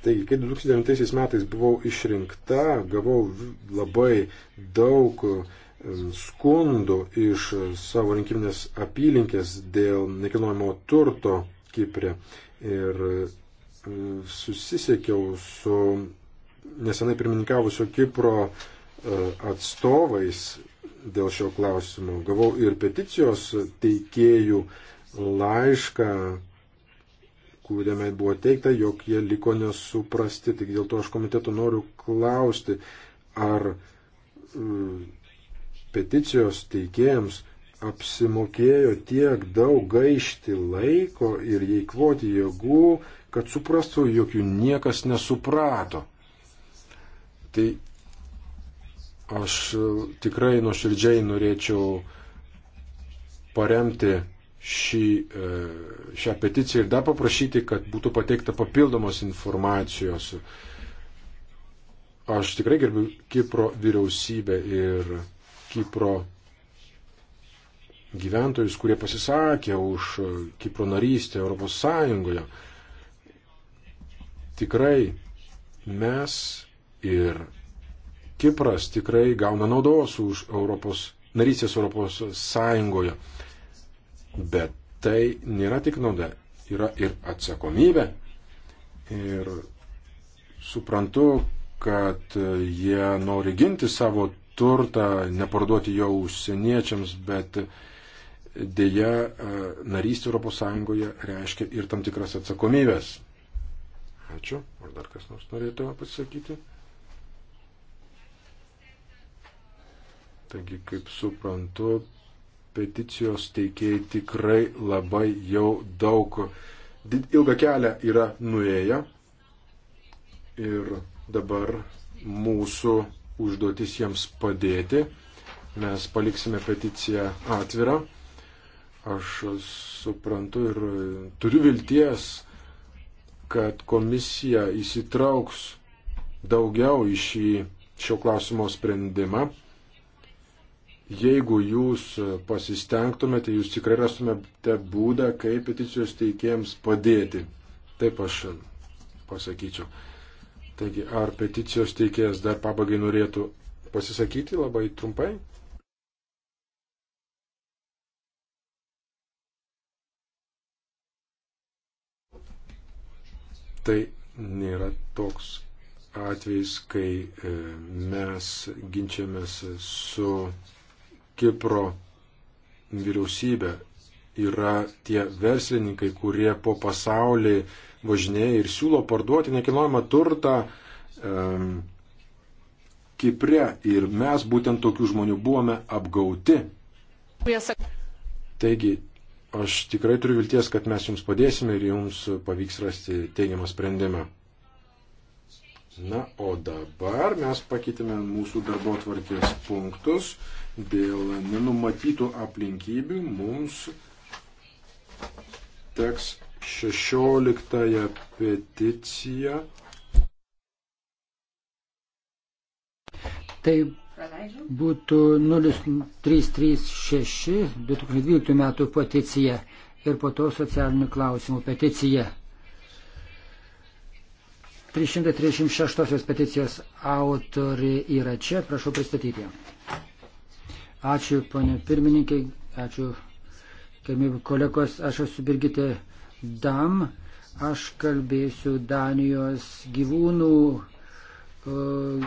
Taigi, kai 2009 metais buvau išrinkta, gavau labai daug skundų iš savo rinkiminės apylinkės dėl nekilnojamo turto Kiprė. Ir susisiekiau su nesenai pirmininkavusiu Kipro e, atstovais dėl šio klausimo. Gavau ir peticijos teikėjų laišką, kuriame buvo teikta, jog jie liko nesuprasti. Tik dėl to aš komiteto noriu klausti, ar e, peticijos teikėjams apsimokėjo tiek daug gaišti laiko ir įkvoti jėgų, kad suprastų, jog jų niekas nesuprato. Tai Aš e, tikrai nuoširdžiai norėčiau paremti šį, e, šią peticiją ir dar paprašyti, kad būtų pateikta papildomos informacijos. Aš tikrai gerbiu Kipro vyriausybę ir Kipro gyventojus, kurie pasisakė už Kipro narystę Europos Sąjungoje. Tikrai mes ir Kipras tikrai gauna naudos už Europos, narysės Europos Sąjungoje. Bet tai nėra tik nauda, yra ir atsakomybė. Ir suprantu, kad jie nori ginti savo turtą, neparduoti jo užsieniečiams, bet dėja e, narystė Europos Sąjungoje reiškia ir tam tikras atsakomybės. Ačiū. Ar dar kas nors norėtų pasakyti? Taigi, kaip suprantu, peticijos teikėjai tikrai labai jau daug ilgą kelią yra nuėję. Ir dabar mūsų užduotis jiems padėti. Mes paliksime peticiją atvirą. Aš suprantu ir turiu vilties, kad komisija įsitrauks daugiau į šį šio klausimo sprendimą. Jeigu jūs pasistengtumėte, jūs tikrai rastumėte būdą, kaip peticijos teikėjams padėti. Taip aš pasakyčiau. Taigi, ar peticijos teikėjas dar pabaigai norėtų pasisakyti labai trumpai? Tai nėra toks atvejs, kai e, mes ginčiamės su Kipro vyriausybę yra tie verslininkai, kurie po pasaulį važinėja ir siūlo parduoti nekilnojamą turtą um, Kipre. Ir mes būtent tokių žmonių buvome apgauti. Taigi, aš tikrai turiu vilties, kad mes jums padėsime ir jums pavyks rasti teigiamą sprendimą. Na, o dabar mes pakeitėme mūsų darbo tvarkės punktus dėl nenumatytų aplinkybių. Mums teks 16 peticiją. Tai būtų 0336 2012 metų peticija ir po to socialinių klausimų peticija. 336 peticijos autori yra čia, prašau pristatyti ją. Ačiū, ponė pirmininkė, ačiū, kaimybų kolegos, aš esu Birgitė Dam, aš kalbėsiu Danijos gyvūnų uh,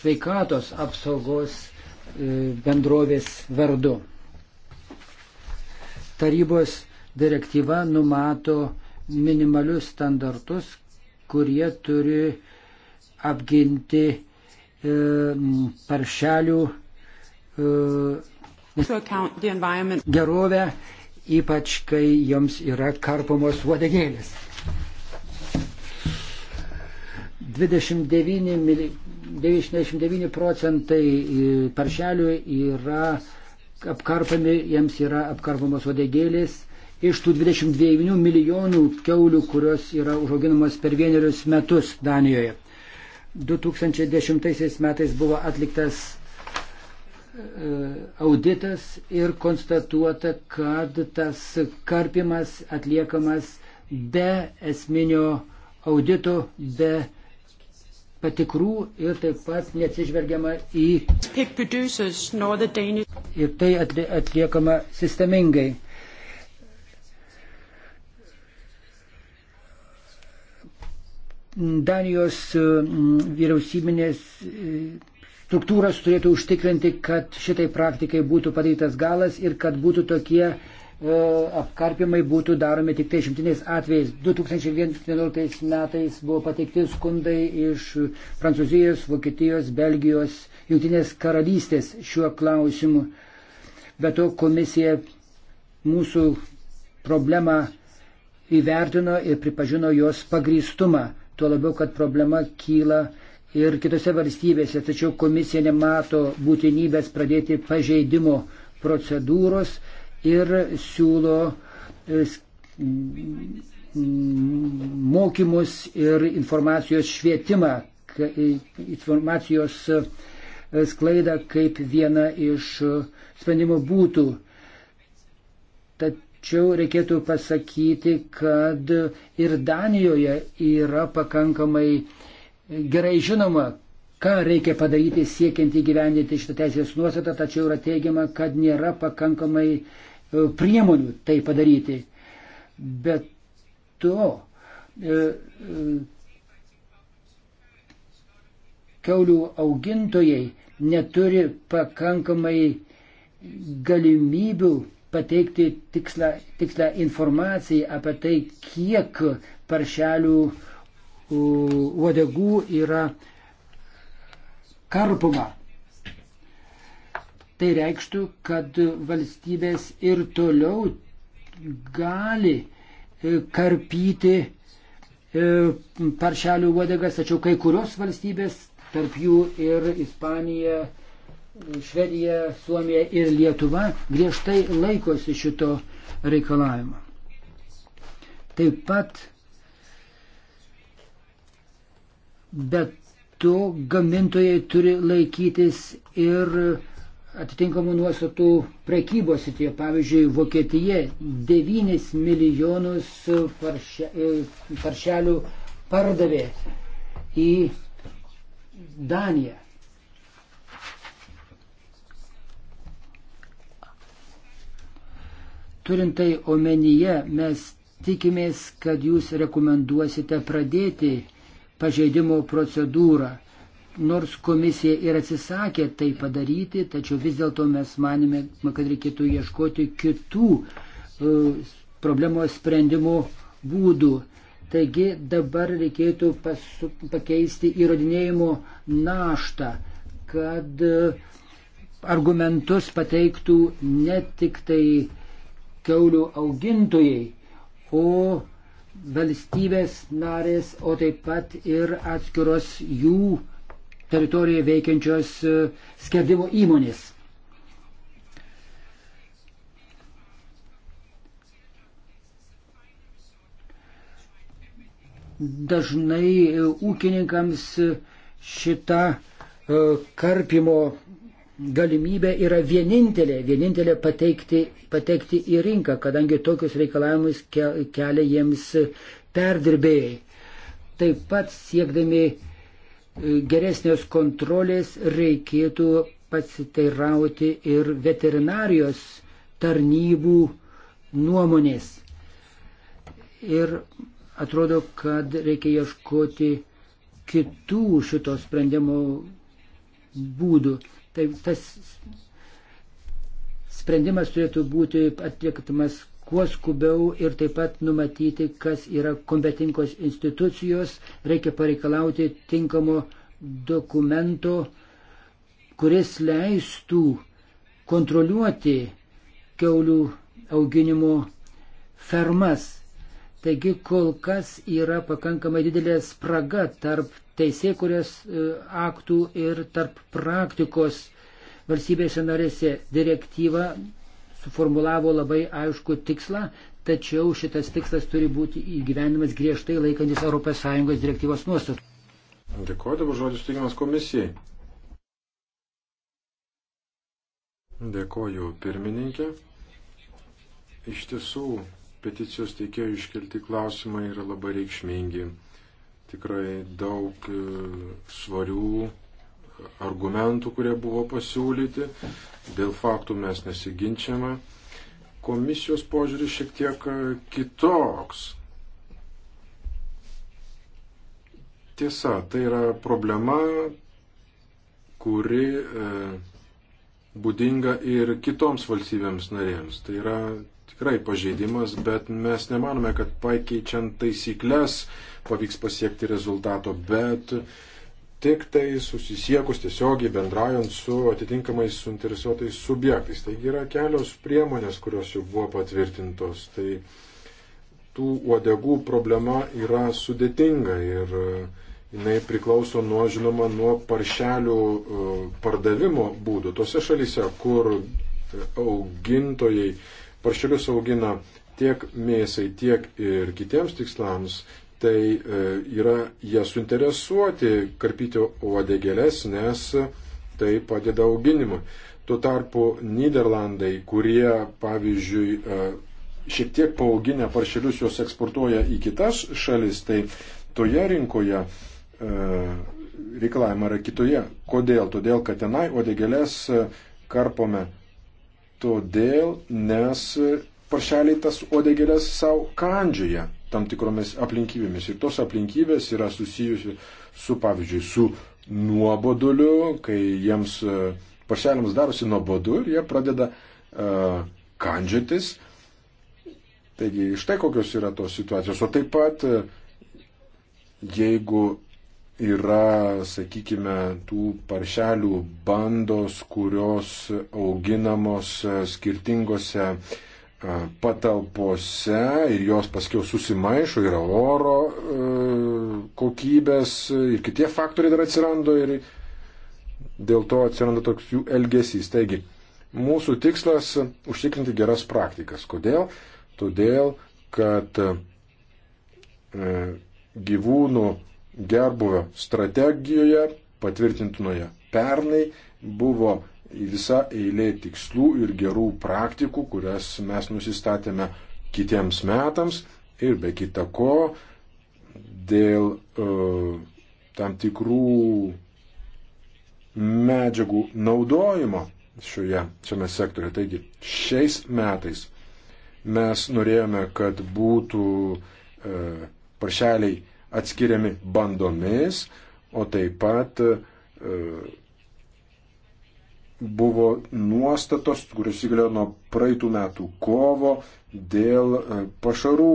sveikatos apsaugos uh, bendrovės vardu. Tarybos direktyva numato minimalius standartus, kurie turi apginti e, paršelių e, gerovę, ypač kai joms yra karpomos uodegėlės. 29, mili, 99 procentai e, paršelių yra apkarpami, jiems yra apkarpamos uodegėlės, iš tų 22 milijonų keulių, kurios yra užauginamos per vienerius metus Danijoje. 2010 metais buvo atliktas e, auditas ir konstatuota, kad tas karpimas atliekamas be esminio audito, be patikrų ir taip pat neatsižvelgiama į. Ir tai atliekama sistemingai. Danijos e, vyriausybinės e, struktūros turėtų užtikrinti, kad šitai praktikai būtų padarytas galas ir kad būtų tokie e, apkarpimai būtų daromi tik tai šimtiniais atvejais. 2011 metais buvo pateikti skundai iš Prancūzijos, Vokietijos, Belgijos, Junktinės karalystės šiuo klausimu. Be to komisija mūsų problemą įvertino ir pripažino jos pagrįstumą tuo labiau, kad problema kyla ir kitose valstybėse, tačiau komisija nemato būtinybės pradėti pažeidimo procedūros ir siūlo e, mokymus ir informacijos švietimą, informacijos e, sklaidą kaip viena iš e, sprendimo būtų. Tačiau reikėtų pasakyti, kad ir Danijoje yra pakankamai gerai žinoma, ką reikia padaryti siekiant įgyvendinti šitą teisės nuostatą, tačiau yra teigiama, kad nėra pakankamai e, priemonių tai padaryti. Bet to e, e, keulių augintojai neturi pakankamai galimybių pateikti tikslą, tikslą informaciją apie tai, kiek paršelių uodegų yra karpuma. Tai reikštų, kad valstybės ir toliau gali e, karpyti e, paršelių uodegas, tačiau kai kurios valstybės, tarp jų ir Ispanija, Švedija, Suomija ir Lietuva griežtai laikosi šito reikalavimo. Taip pat bet to gamintojai turi laikytis ir atitinkamų nuostatų prekybos įtie. Pavyzdžiui, Vokietija 9 milijonus parše, paršelių pardavė į Daniją. Turint tai omenyje, mes tikimės, kad jūs rekomenduosite pradėti pažeidimo procedūrą. Nors komisija ir atsisakė tai padaryti, tačiau vis dėlto mes manime, kad reikėtų ieškoti kitų uh, problemos sprendimo būdų. Taigi dabar reikėtų pasu, pakeisti įrodinėjimo naštą, kad e, argumentus pateiktų ne tik tai uh, keulių augintojai, o valstybės narės, o taip pat ir atskiros jų teritorijoje veikiančios e, skerdimo įmonės. Dažnai e, ūkininkams e, šita karpimo galimybė yra vienintelė, vienintelė pateikti, pateikti į rinką, kadangi tokius reikalavimus kelia jiems perdirbėjai. Taip pat siekdami e, geresnės kontrolės reikėtų pasiteirauti ir veterinarijos tarnybų nuomonės. Ir atrodo, kad reikia ieškoti kitų šito sprendimo būdų tai tas sprendimas turėtų būti atliektamas kuo skubiau ir taip pat numatyti, kas yra kompetingos institucijos, reikia pareikalauti tinkamo dokumento, kuris leistų kontroliuoti keulių auginimo fermas. Taigi kol kas yra pakankamai didelė spraga tarp teisėkurios e, aktų ir tarp praktikos valstybėse narėse direktyva suformulavo labai aišku tikslą, tačiau šitas tikslas turi būti įgyvenimas griežtai laikantis ES direktyvos nuostatų. Dėkuoju, dabar žodis teikiamas komisijai. Dėkuoju, pirmininkė. Iš tiesų, peticijos teikėjų iškelti klausimai yra labai reikšmingi tikrai daug e, svarių e, argumentų, kurie buvo pasiūlyti. Dėl faktų mes nesiginčiame. Komisijos požiūris šiek tiek e, kitoks. Tiesa, tai yra problema, kuri e, būdinga ir kitoms valstybėms narėms. Tai yra tikrai pažeidimas, bet mes nemanome, kad pakeičiant taisyklės pavyks pasiekti rezultato, bet tik tai susisiekus tiesiogiai bendraujant su atitinkamais suinteresuotais subjektais. Taigi yra kelios priemonės, kurios jau buvo patvirtintos. Tai tų uodegų problema yra sudėtinga ir e, jinai priklauso nuo, žinoma, nuo paršelių e, pardavimo būdų. Tose šalyse, kur e, augintojai paršelius augina tiek mėsai, tiek ir kitiems tikslams, tai e, yra jie suinteresuoti karpyti uodegėlės, nes tai padeda auginimui. Tuo tarpu Niderlandai, kurie, pavyzdžiui, e, šiek tiek paauginę paršelius juos eksportuoja į kitas šalis, tai toje rinkoje e, reikalavimai yra kitoje. Kodėl? Todėl, kad tenai odegelės karpome. Todėl, nes paršeliai tas odegelės savo kandžioje tam tikromis aplinkybėmis. Ir tos aplinkybės yra susijusi su, pavyzdžiui, su nuoboduliu, kai jiems e, pašelėms darosi nuobodu ir jie pradeda uh, kandžiotis. Taigi, štai kokios yra tos situacijos. O taip pat, e, jeigu yra, sakykime, tų paršelių bandos, kurios auginamos skirtingose uh, E, patalpose ir jos paskiau susimaišo, yra oro e, kokybės ir kitie faktoriai dar atsiranda ir dėl to atsiranda toks jų elgesys. Taigi, mūsų tikslas užtikrinti geras praktikas. Kodėl? Todėl, kad e, gyvūnų gerbuvio strategijoje patvirtintinoje pernai buvo į visą eilę tikslų ir gerų praktikų, kurias mes nusistatėme kitiems metams ir be kita ko dėl e, tam tikrų medžiagų naudojimo šioje, šiame sektoriu. Taigi šiais metais mes norėjome, kad būtų e, paršeliai atskiriami bandomis, o taip pat e, buvo nuostatos, kurios įgaliojo nuo praeitų metų kovo dėl e, pašarų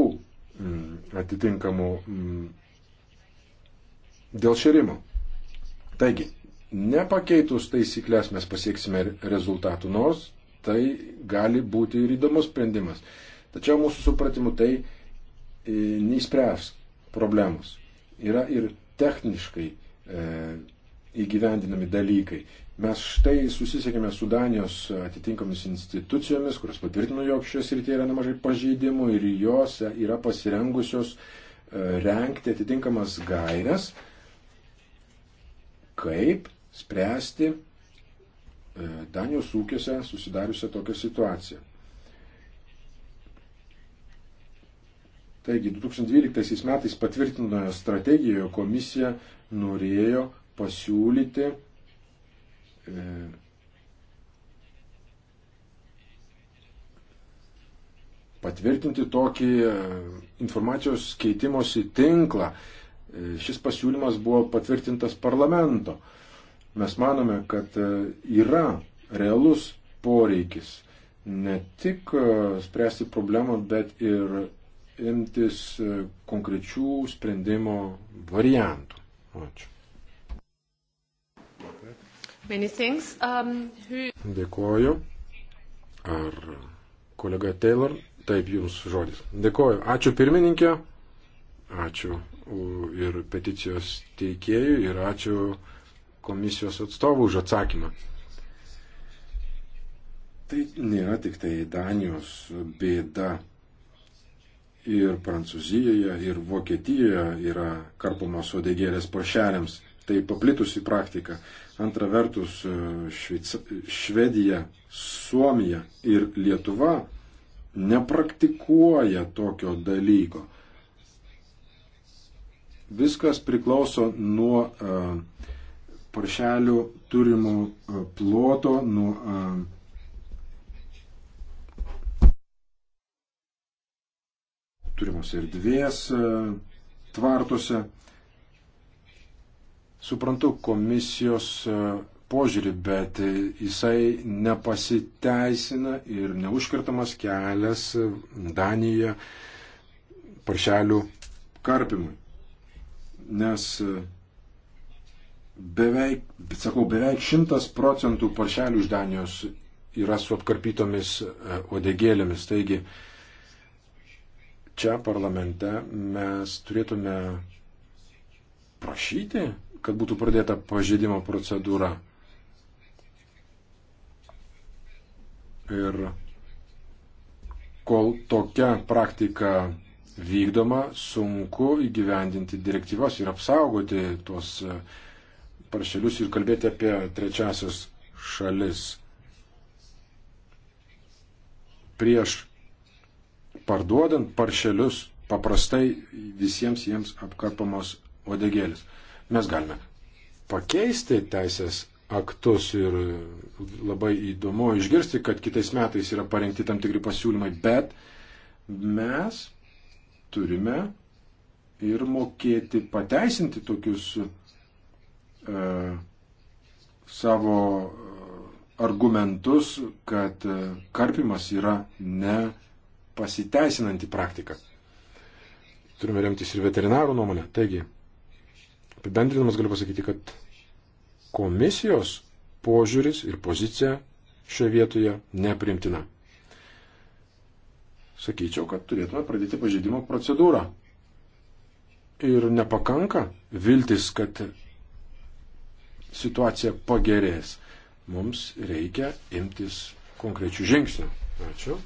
mm, atitinkamų mm, dėl šerimo. Taigi, nepakeitus taisyklės mes pasieksime rezultatų, nors tai gali būti ir įdomus sprendimas. Tačiau mūsų supratimu tai e, neįspręs problemos. Yra ir techniškai e, įgyvendinami dalykai. Mes štai susisiekėme su Danijos atitinkamis institucijomis, kurios patvirtino, jog šios rytyje yra nemažai pažeidimų ir jos yra pasirengusios e, renkti atitinkamas gairias, kaip spręsti e, Danijos ūkiuose susidariusią tokią situaciją. Taigi 2012 metais patvirtinoje strategijoje komisija norėjo pasiūlyti E, patvirtinti tokį e, informacijos keitimosi tinklą. E, šis pasiūlymas buvo patvirtintas parlamento. Mes manome, kad yra realus poreikis ne tik spręsti problemą, bet ir imtis konkrečių sprendimo variantų. Ačiū. Um, who... Dėkuoju. Ar kolega Taylor? Taip, jums žodis. Dėkuoju. Ačiū pirmininkė. Ačiū ir peticijos teikėjų ir ačiū komisijos atstovų už atsakymą. Tai nėra tik tai Danijos bėda. Ir Prancūzijoje, ir Vokietijoje yra karpomos odegėlės pašeriams. Tai paplitusi praktika. Antra vertus, e, Šveica, Švedija, Suomija ir Lietuva nepraktikuoja tokio dalyko. Viskas priklauso nuo uh, paršelių turimų uh, ploto, nuo uh, turimos erdvės tvartuose. Suprantu komisijos e, požiūrį, bet e, jisai nepasiteisina ir neužkirtamas kelias e, Danija paršelių karpimui. Nes beveik, sakau, beveik šimtas procentų paršelių iš Danijos yra su apkarpytomis odegėlėmis. Taigi čia parlamente mes turėtume prašyti kad būtų pradėta pažeidimo procedūra. Ir kol tokia praktika vykdoma, sunku įgyvendinti direktyvas ir apsaugoti tuos e, paršelius ir kalbėti apie trečiasias šalis. Prieš parduodant paršelius paprastai visiems jiems apkarpamos odegėlis. Mes galime pakeisti teisės aktus ir labai įdomu išgirsti, kad kitais metais yra parengti tam tikri pasiūlymai, bet mes turime ir mokėti pateisinti tokius e, savo e, argumentus, kad e, karpimas yra nepasiteisinanti praktika. Turime remtis ir veterinarų nuomonę. Taigi, Apibendrinamas galiu pasakyti, kad komisijos požiūris ir pozicija šioje vietoje neprimtina. Sakyčiau, kad turėtume pradėti pažeidimo procedūrą. Ir nepakanka viltis, kad situacija pagerės. Mums reikia imtis konkrečių žingsnių. Ačiū.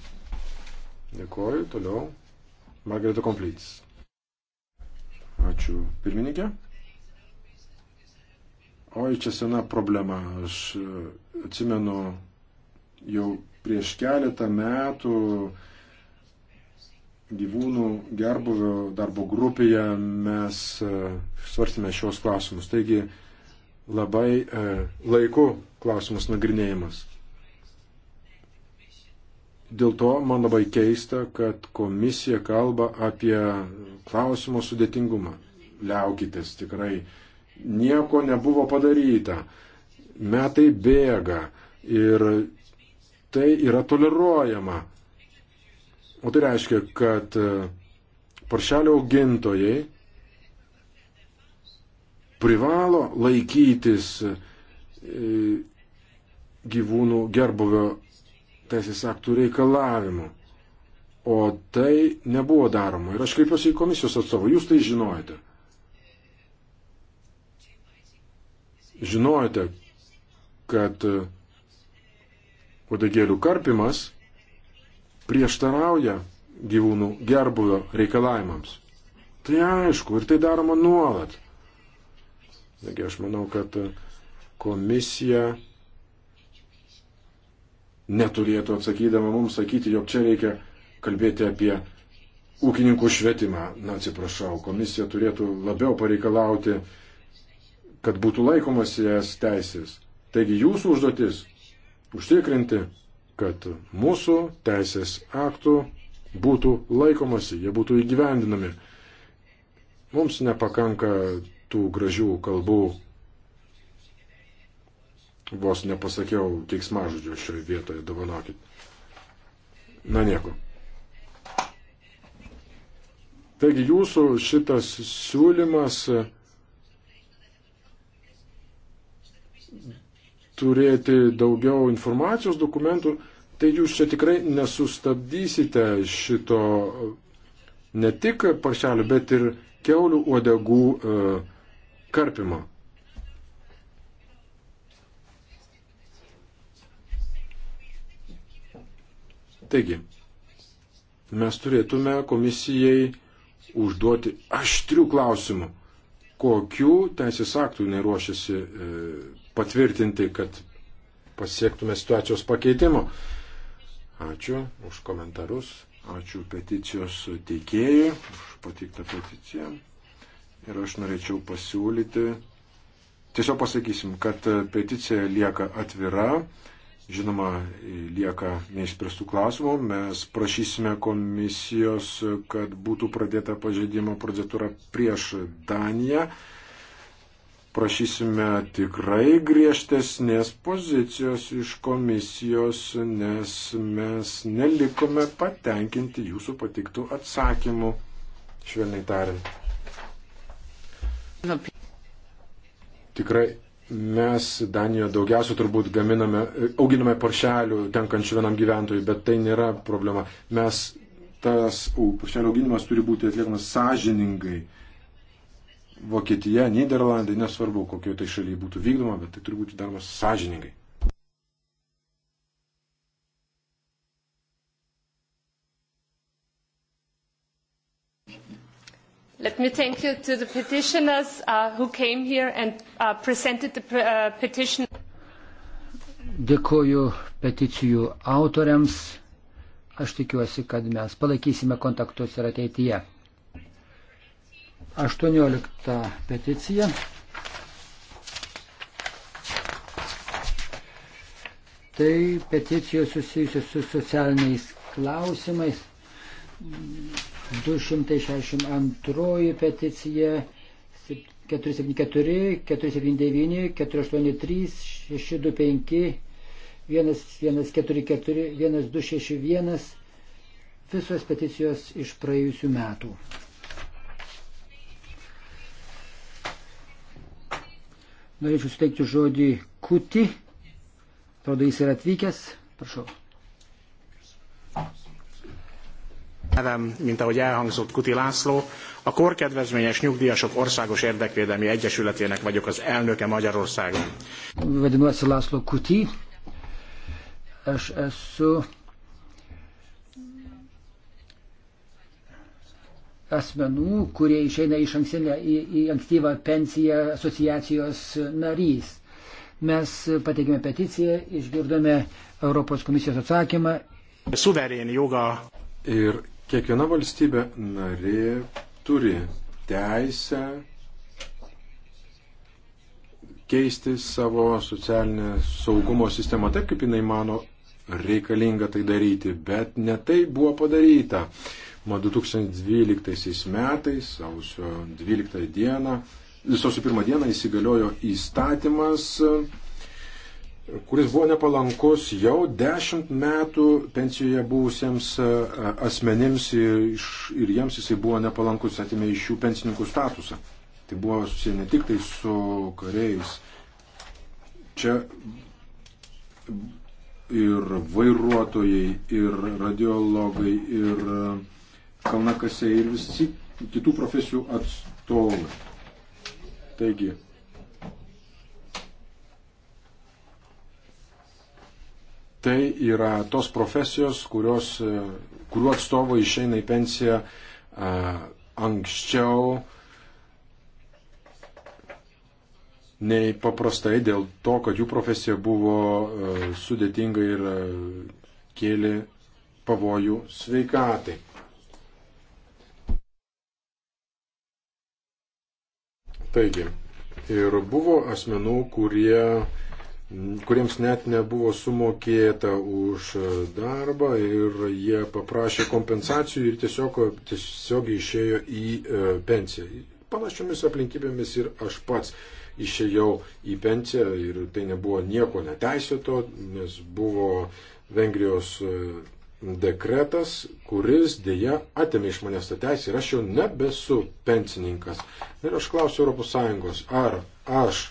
Dėkuoju. Toliau. Margarita Komplytis. Ačiū pirmininkė. Oi, čia sena problema. Aš e, atsimenu jau prieš keletą metų gyvūnų gerbuvio darbo grupėje mes e, svarstėme šios klausimus. Taigi labai e, laiku klausimus nagrinėjimas. Dėl to man labai keista, kad komisija kalba apie klausimo sudėtingumą. Liaukitės tikrai nieko nebuvo padaryta. Metai bėga ir tai yra toleruojama. O tai reiškia, kad e, paršelio augintojai privalo laikytis e, gyvūnų gerbuvio teisės aktų reikalavimų. O tai nebuvo daroma. Ir aš kreipiuosi į komisijos atstovą, jūs tai žinojate. žinojote, kad e, uodegėlių karpimas prieštarauja gyvūnų gerbuvio reikalavimams. Tai aišku, ir tai daroma nuolat. Taigi aš manau, kad e, komisija neturėtų atsakydama mums sakyti, jog čia reikia kalbėti apie ūkininkų švietimą. Na, atsiprašau, komisija turėtų labiau pareikalauti kad būtų laikomas jas teisės. Taigi jūsų užduotis - užtikrinti, kad mūsų teisės aktų būtų laikomasi, jie būtų įgyvendinami. Mums nepakanka tų gražių kalbų. Vos nepasakiau keiksmažodžio šioje vietoje, davanokit. Na nieko. Taigi jūsų šitas siūlymas turėti daugiau informacijos dokumentų, tai jūs čia tikrai nesustabdysite šito ne tik paršelių, bet ir keulių uodegų e, karpimo. Taigi, mes turėtume komisijai užduoti aštrių klausimų, kokių teisės aktų neruošiasi e, patvirtinti, kad pasiektume situacijos pakeitimo. Ačiū už komentarus, ačiū peticijos teikėjai už patiktą peticiją. Ir aš norėčiau pasiūlyti, tiesiog pasakysim, kad peticija lieka atvira, žinoma, lieka neišspręstų klausimų. Mes prašysime komisijos, kad būtų pradėta pažeidimo procedūra prieš Daniją prašysime tikrai griežtesnės pozicijos iš komisijos, nes mes nelikome patenkinti jūsų patiktų atsakymų, švelniai tariant. Tikrai mes Danijoje daugiausia turbūt gaminame, auginame paršelių tenkančių vienam gyventojui, bet tai nėra problema. Mes tas paršelių auginimas turi būti atliekamas sąžiningai Vokietija, Niderlandai, nesvarbu, kokioje tai šalyje būtų vykdoma, bet tai turi būti darbas sąžiningai. Let me thank you to the petitioners uh, who came here and uh, presented the pre uh, petition. Dėkoju peticijų autoriams. Aš tikiuosi, kad mes palaikysime kontaktus ir ateityje. 18 peticija. Tai peticijos susijusios su socialiniais klausimais. 262 peticija 474, 479, 483, 625, 1144, 1261. Visos peticijos iš praėjusių metų. Norėčiau suteikti žodį Kuti. Atrodo, jis yra atvykęs. Prašau. nevem, mint ahogy elhangzott Kuti László. A Korkedvezményes Nyugdíjasok Országos Érdekvédelmi Egyesületének vagyok az elnöke Magyarországon. Vadinuosi László Kuti. Aš esu asmenų, kurie išeina iš anksinę, į, į ankstyvą pensiją asociacijos narys. Mes pateikėme peticiją, išgirdome Europos komisijos atsakymą. Suverėnį jogą. Ir kiekviena valstybė narė turi teisę keisti savo socialinę saugumo sistemą taip, kaip jinai mano reikalinga tai daryti, bet netai buvo padaryta. Uh, Nuo 2012 metais, sausio 12 dieną, sausio 1 dieną įsigaliojo įstatymas, kuris buvo nepalankus jau 10 metų pensijoje buvusiems e, asmenims ir jiems jisai buvo nepalankus, atimė iš jų pensininkų statusą. Tai buvo susiję ne tik tai su kareiviais. Čia ir vairuotojai, ir radiologai, ir kalnakasiai ir visi kitų profesijų atstovai. Taigi, tai yra tos profesijos, kurios, e, kurių atstovai išeina į pensiją a, e, anksčiau nei paprastai dėl to, kad jų profesija buvo a, e, sudėtinga ir a, kėlė pavojų sveikatai. Taigi, ir buvo asmenų, kurie, kuriems net nebuvo sumokėta už darbą ir jie paprašė kompensacijų ir tiesiog, tiesiog išėjo į e, pensiją. Panašiomis aplinkybėmis ir aš pats išėjau į pensiją ir tai nebuvo nieko neteisėto, nes buvo Vengrijos e, dekretas, kuris dėja atėmė iš manęs tą teisę ir aš jau nebesu pensininkas. Ir aš klausiu ES, ar aš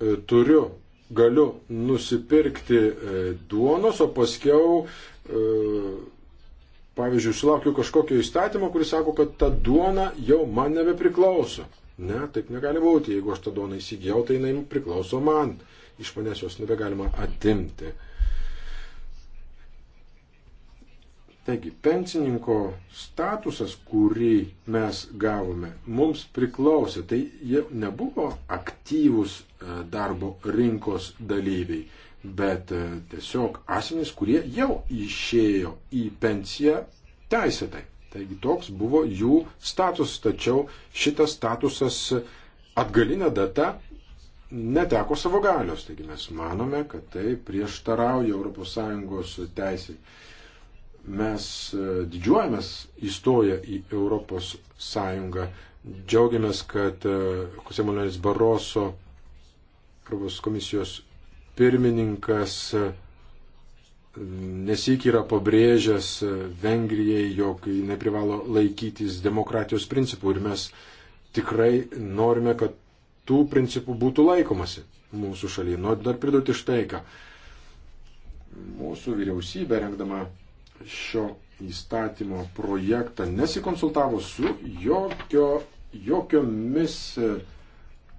e, turiu, galiu nusipirkti e, duonos, o paskiau, e, pavyzdžiui, sulaukiu kažkokio įstatymo, kuris sako, kad ta duona jau man nebepriklauso. Ne, taip negali būti. Jeigu aš tą duoną įsigijau, tai jinai priklauso man. Uh, iš manęs jos nebegalima atimti. Taigi, pensininko statusas, kurį mes gavome, mums priklausė. Tai jie nebuvo aktyvus e, darbo rinkos dalyviai, bet e, tiesiog asmenys, kurie jau išėjo į pensiją teisėtai. Taigi toks buvo jų statusas, tačiau šitas statusas atgalinė data neteko savo galios. Taigi mes manome, kad tai prieštarauja ES teisai. Mes e, didžiuojamės įstoję į ES, džiaugiamės, kad Kusė e, Manuelis Baroso, Europos komisijos pirmininkas, e, nesik yra pabrėžęs Vengrijai, jog jinai privalo laikytis demokratijos principų ir mes tikrai norime, kad tų principų būtų laikomasi mūsų šalyje. Noriu dar pridurti štai ką. Mūsų vyriausybė, rengdama šio įstatymo projektą, nesikonsultavo su jokio, jokiomis e,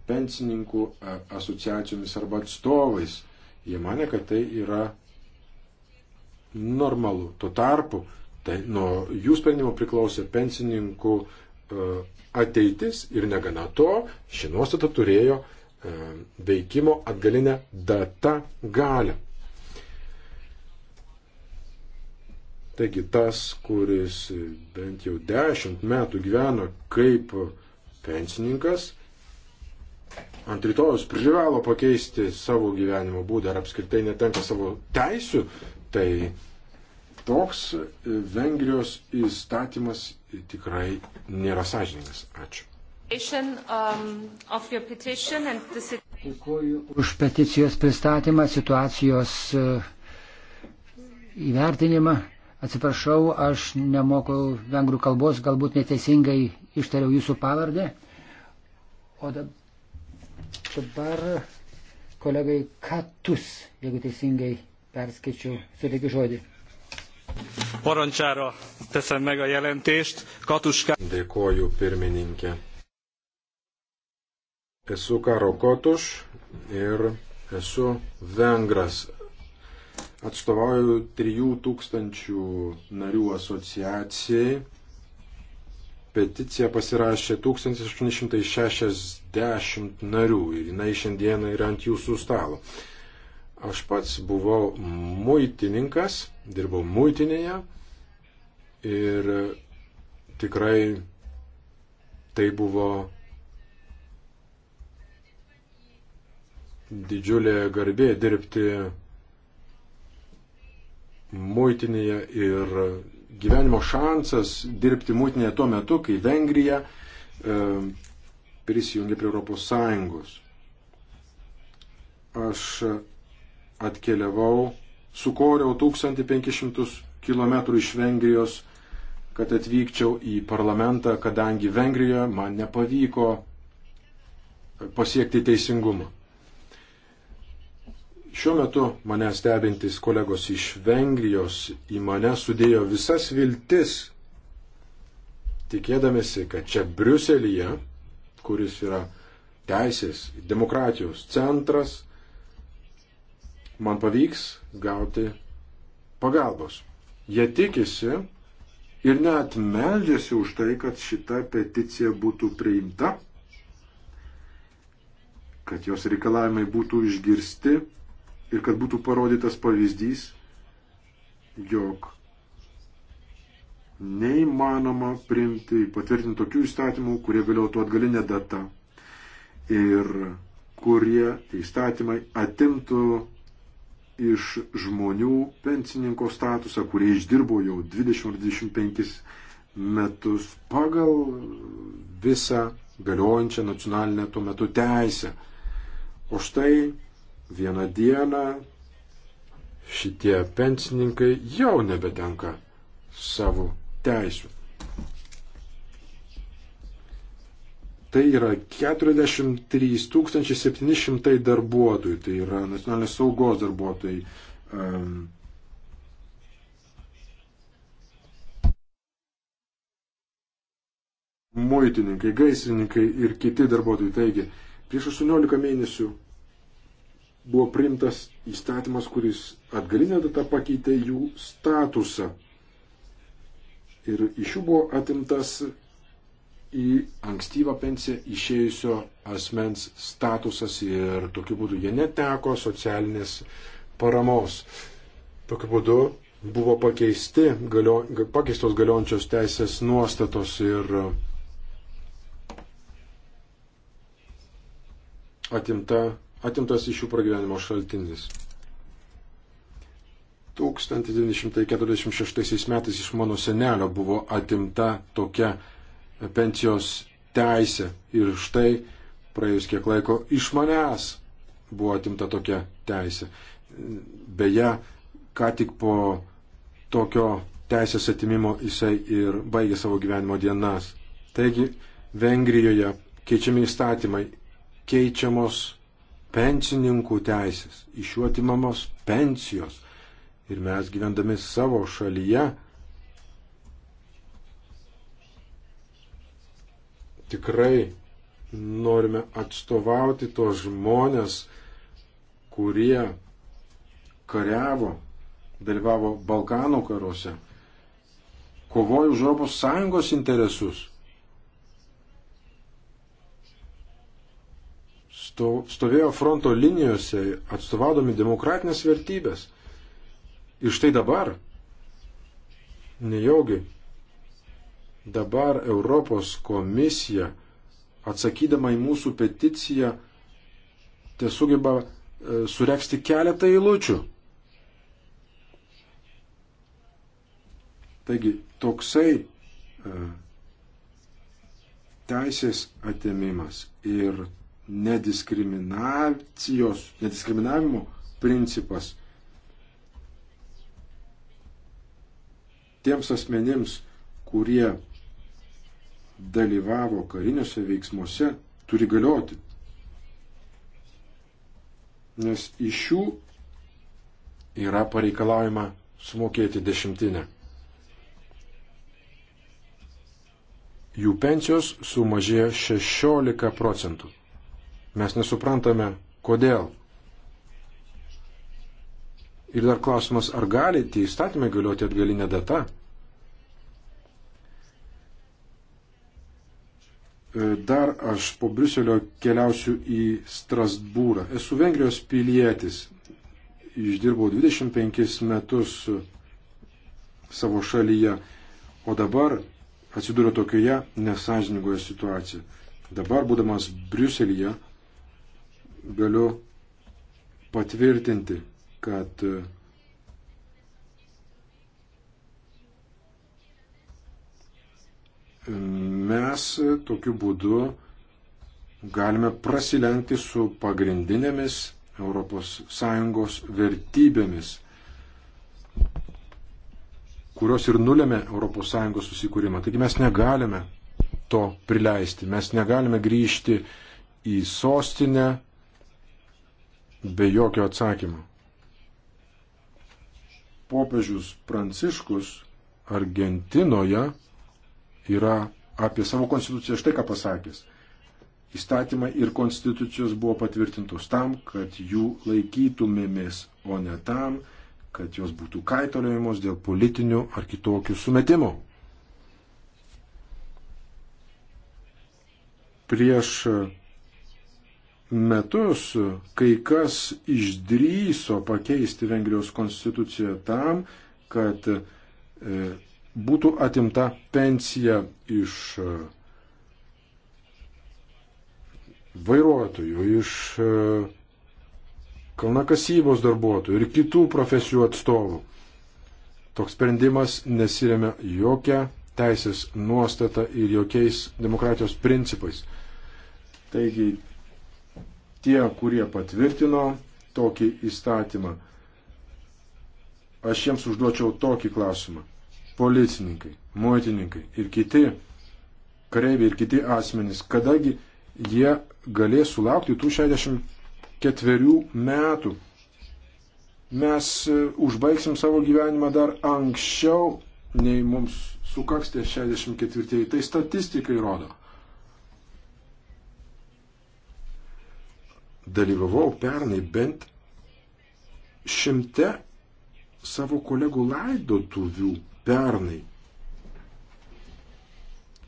pensininkų e, asociacijomis arba atstovais. Jie mane, kad tai yra normalu. Tuo tarpu, tai nuo jų sprendimo priklausė pensininkų e, ateitis ir negana to, ši nuostata turėjo e, veikimo atgalinę datą galę. Taigi tas, kuris bent jau dešimt metų gyvena kaip pensininkas, ant rytojus privalo pakeisti savo gyvenimo būdą ar apskritai netenka savo teisių, tai toks Vengrijos įstatymas tikrai nėra sąžiningas. Ačiū. Um, Dėkuoju už peticijos pristatymą, situacijos uh, įvertinimą. Atsiprašau, aš nemoku vengrų kalbos, galbūt neteisingai ištariau jūsų pavardę. O dabar kolegai Katus, jeigu teisingai perskaičiu, suteikiu žodį. Parancsára teszem meg a jelentést. Katuská. Dėkoju, pirmininkė. Esu Karo Kotuš ir esu Vengras. Atstovauju 3000 narių asociacijai. Peticiją pasirašė 1860 narių ir jinai šiandieną yra ant jūsų stalo. Aš pats buvau muitininkas, dirbau muitinėje ir tikrai tai buvo didžiulė garbė dirbti muitinėje ir gyvenimo šansas dirbti muitinėje tuo metu, kai Vengrija e, prisijungė prie Europos Sąjungos. Aš atkeliavau, sukoriau 1500 km iš Vengrijos, kad atvykčiau į parlamentą, kadangi Vengrijoje man nepavyko pasiekti teisingumą. Šiuo metu mane stebintys kolegos iš Vengrijos į mane sudėjo visas viltis, tikėdamėsi, kad čia Briuselyje, kuris yra teisės, demokratijos centras, man pavyks gauti pagalbos. Jie tikisi ir net meldėsi už tai, kad šita peticija būtų priimta, kad jos reikalavimai būtų išgirsti ir kad būtų parodytas pavyzdys, jog neįmanoma priimti, patvirtinti tokių įstatymų, kurie galiotų atgalinę datą ir kurie įstatymai atimtų iš žmonių pensininko statusą, kurie išdirbo jau 20-25 metus pagal visą galiojančią nacionalinę tuo metu teisę. O štai vieną dieną šitie pensininkai jau nebetenka savo teisų. Tai yra 43 700 darbuotojų, tai yra nacionalinės saugos darbuotojai. Um, muitininkai, gaisrininkai ir kiti darbuotojai. Taigi, prieš 18 mėnesių buvo priimtas įstatymas, kuris atgalinę datą pakeitė jų statusą. Ir iš jų buvo atimtas į ankstyvą pensiją išėjusio asmens statusas ir tokiu būdu jie neteko socialinės paramos. Tokiu būdu buvo pakeisti, galio, pakeistos galiojančios teisės nuostatos ir atimta, atimtas iš jų pragyvenimo šaltinis. 1946 metais iš mano senelio buvo atimta tokia pensijos teisę. Ir štai praėjus kiek laiko iš manęs buvo atimta tokia teisė. Beje, ką tik po tokio teisės atimimo jisai ir baigė savo gyvenimo dienas. Taigi, Vengrijoje keičiami įstatymai, keičiamos pensininkų teisės, iš jų atimamos pensijos. Ir mes gyvendami savo šalyje tikrai norime atstovauti tos žmonės, kurie kariavo, dalyvavo Balkanų karuose, kovojo už Europos Sąjungos interesus. Stovėjo fronto linijose, atstovaudomi demokratinės vertybės. Ir štai dabar, nejaugi, Dabar Europos komisija, atsakydama į mūsų peticiją, tiesugeba e, sureksti keletą eilučių. Taigi toksai e, teisės atėmimas ir nediskriminacijos, nediskriminavimo principas tiems asmenims, kurie dalyvavo kariniuose veiksmuose, turi galioti. Nes iš jų yra pareikalaujama sumokėti dešimtinę. Jų pensijos sumažėjo 16 procentų. Mes nesuprantame, kodėl. Ir dar klausimas, ar gali tie įstatymai galioti atgalinę datą? E, dar aš po Briuselio keliausiu į Strasbūrą. Esu Vengrijos pilietis. Išdirbau 25 metus savo šalyje, o dabar atsidūriau tokioje nesažiningoje situacijoje. Dabar, būdamas Briuselyje, galiu patvirtinti, kad mes tokiu būdu galime prasilenkti su pagrindinėmis ES vertybėmis, kurios ir nulėmė ES susikūrimą. Taigi mes negalime to prileisti, mes negalime grįžti į sostinę be jokio atsakymo. Popežius Pranciškus Argentinoje yra apie savo konstituciją štai ką pasakęs. Įstatymai ir konstitucijos buvo patvirtintos tam, kad jų laikytumėmės, o ne tam, kad jos būtų kaitoliojamos dėl politinių ar kitokių sumetimų. Prieš metus kai kas išdryso pakeisti Vengrijos konstituciją tam, kad e, būtų atimta pensija iš e, vairuotojų, iš e, kalnakasybos darbuotojų ir kitų profesijų atstovų. Toks sprendimas nesiremia jokia teisės nuostata ir jokiais demokratijos principais. Taigi tie, kurie patvirtino tokį įstatymą, aš jiems užduočiau tokį klausimą policininkai, muitininkai ir kiti kareiviai ir kiti asmenys, kadangi jie galės sulaukti tų 64 metų. Mes e, užbaigsim savo gyvenimą dar anksčiau, nei mums sukaks tie 64. Tai statistikai rodo. Dalyvavau pernai bent šimte savo kolegų laidotuvių pernai.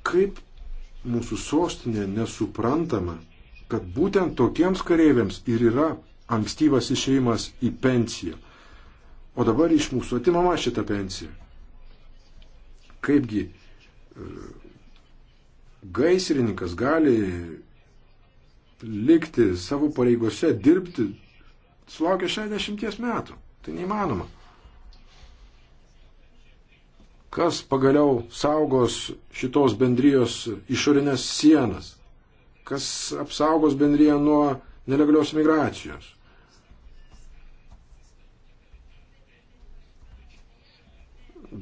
Kaip mūsų sostinė nesuprantama, kad būtent tokiems kareiviams ir yra ankstyvas išeimas į pensiją. O dabar iš mūsų atimama šita pensija. Kaipgi e, gaisrininkas gali likti savo pareigose, dirbti, sulaukia 60 metų. Tai neįmanoma. Kas pagaliau saugos šitos bendrijos išorinės sienas? Kas apsaugos bendriją nuo nelegalios migracijos?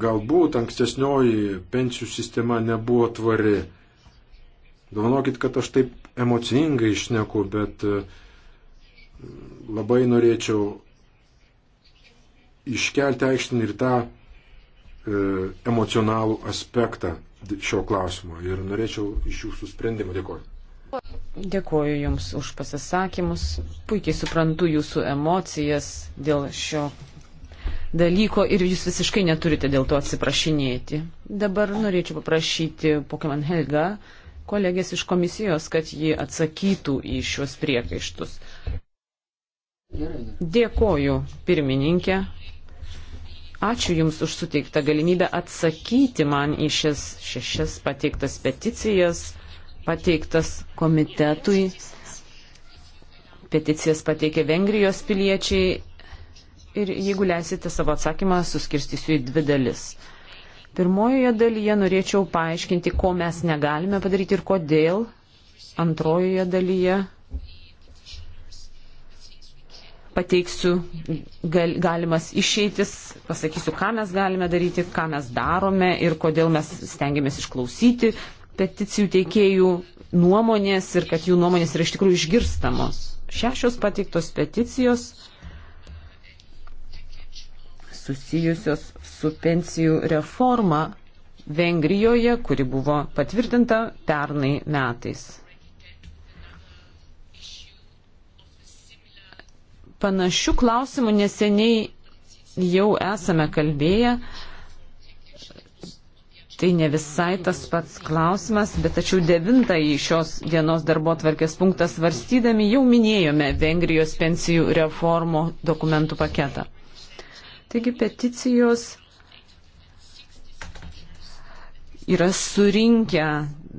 Galbūt ankstesnioji pensijų sistema nebuvo tvari. Dovanokit, kad aš taip emocingai išneku, bet e, labai norėčiau iškelti aikštin ir tą E, emocionalų aspektą šio klausimo ir norėčiau iš jūsų sprendimo dėkoti. Dėkuoju Jums už pasisakymus. Puikiai suprantu Jūsų emocijas dėl šio dalyko ir Jūs visiškai neturite dėl to atsiprašinėti. Dabar norėčiau paprašyti Pokemon Helga kolegės iš komisijos, kad ji atsakytų į šiuos priekaištus. Dėkuoju pirmininkė, Ačiū Jums už suteiktą galimybę atsakyti man į šias šešias pateiktas peticijas, pateiktas komitetui. Peticijas pateikė Vengrijos piliečiai ir jeigu leisite savo atsakymą, suskirstysiu į dvi dalis. Pirmojoje dalyje norėčiau paaiškinti, ko mes negalime padaryti ir kodėl. Antrojoje dalyje pateiksiu gal, galimas išeitis pasakysiu, ką mes galime daryti, ką mes darome ir kodėl mes stengiamės išklausyti peticijų teikėjų nuomonės ir kad jų nuomonės yra iš tikrųjų išgirstamos. Šešios pateiktos peticijos susijusios su pensijų reforma Vengrijoje, kuri buvo patvirtinta pernai metais. Panašių klausimų neseniai jau esame kalbėję. Tai ne visai tas pats klausimas, bet tačiau devintąjį šios dienos darbo tvarkės punktą svarstydami jau minėjome Vengrijos pensijų reformo dokumentų paketą. Taigi peticijos yra surinkę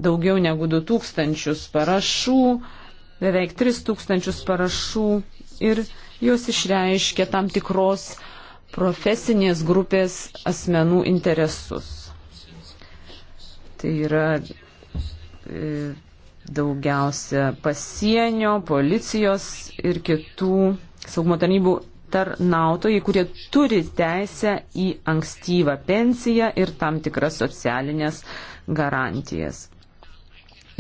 daugiau negu 2000 parašų, beveik 3000 parašų ir jos išreiškia tam tikros profesinės grupės asmenų interesus. Tai yra e, daugiausia pasienio, policijos ir kitų saugumo tarnybų tarnautojai, kurie turi teisę į ankstyvą pensiją ir tam tikras socialinės garantijas.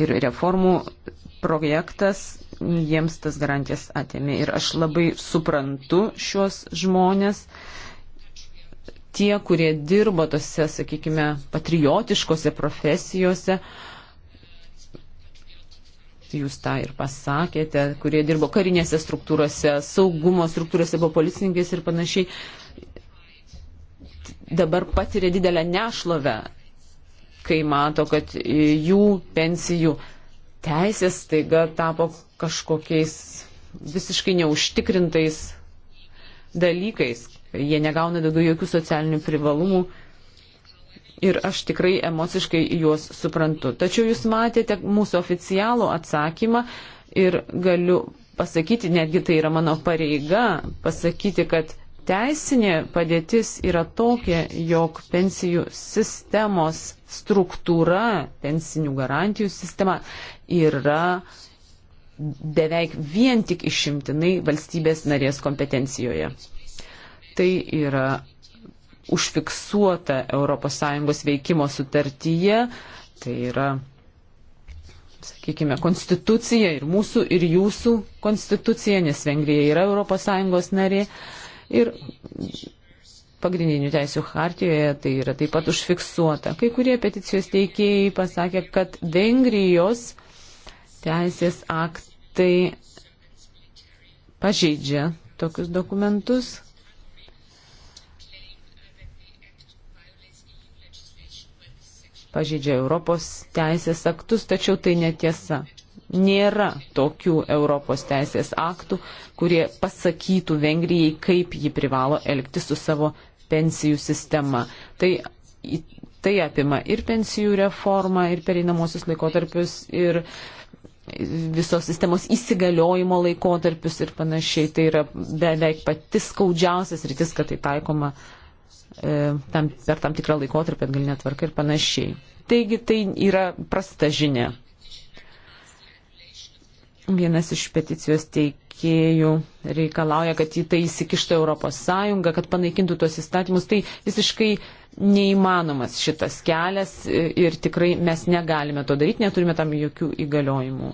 Ir reformų projektas jiems tas garantijas atėmė. Ir aš labai suprantu šios žmonės, tie, kurie dirbo tose, sakykime, patriotiškose profesijose, jūs tą ir pasakėte, kurie dirbo karinėse struktūrose, saugumo struktūrose, buvo policininkais ir panašiai, dabar patiria didelę nešlovę, kai mato, kad jų pensijų teisės taiga tapo kažkokiais visiškai neužtikrintais dalykais. Jie negauna daugiau jokių socialinių privalumų. Ir aš tikrai emociškai juos suprantu. Tačiau jūs matėte mūsų oficialų atsakymą ir galiu pasakyti, netgi tai yra mano pareiga, pasakyti, kad teisinė padėtis yra tokia, jog pensijų sistemos struktūra, pensinių garantijų sistema yra beveik vien tik išimtinai valstybės narės kompetencijoje. Tai yra užfiksuota ES veikimo sutartyje, tai yra, sakykime, konstitucija ir mūsų ir jūsų konstitucija, nes Vengrija yra ES narė. Ir pagrindinių teisų hartijoje tai yra taip pat užfiksuota. Kai kurie peticijos teikėjai pasakė, kad Vengrijos teisės aktai pažeidžia tokius dokumentus. Pažeidžia Europos teisės aktus, tačiau tai netiesa. Nėra tokių Europos teisės aktų, kurie pasakytų Vengrijai, kaip ji privalo elgti su savo pensijų sistema. Tai, tai apima ir pensijų reformą, ir pereinamosius laikotarpius, ir uh, visos sistemos įsigaliojimo laikotarpius ir panašiai. Tai yra beveik pati skaudžiausias rytis, kad tai taikoma e, tam, per tam tikrą laikotarpį atgalinę tvarką ir panašiai. Taigi tai yra prasta žinia. Vienas iš peticijos teikėjų reikalauja, kad į tai įsikištų ES, kad panaikintų tuos įstatymus. Tai visiškai neįmanomas šitas kelias ir tikrai mes negalime to daryti, neturime tam jokių įgaliojimų.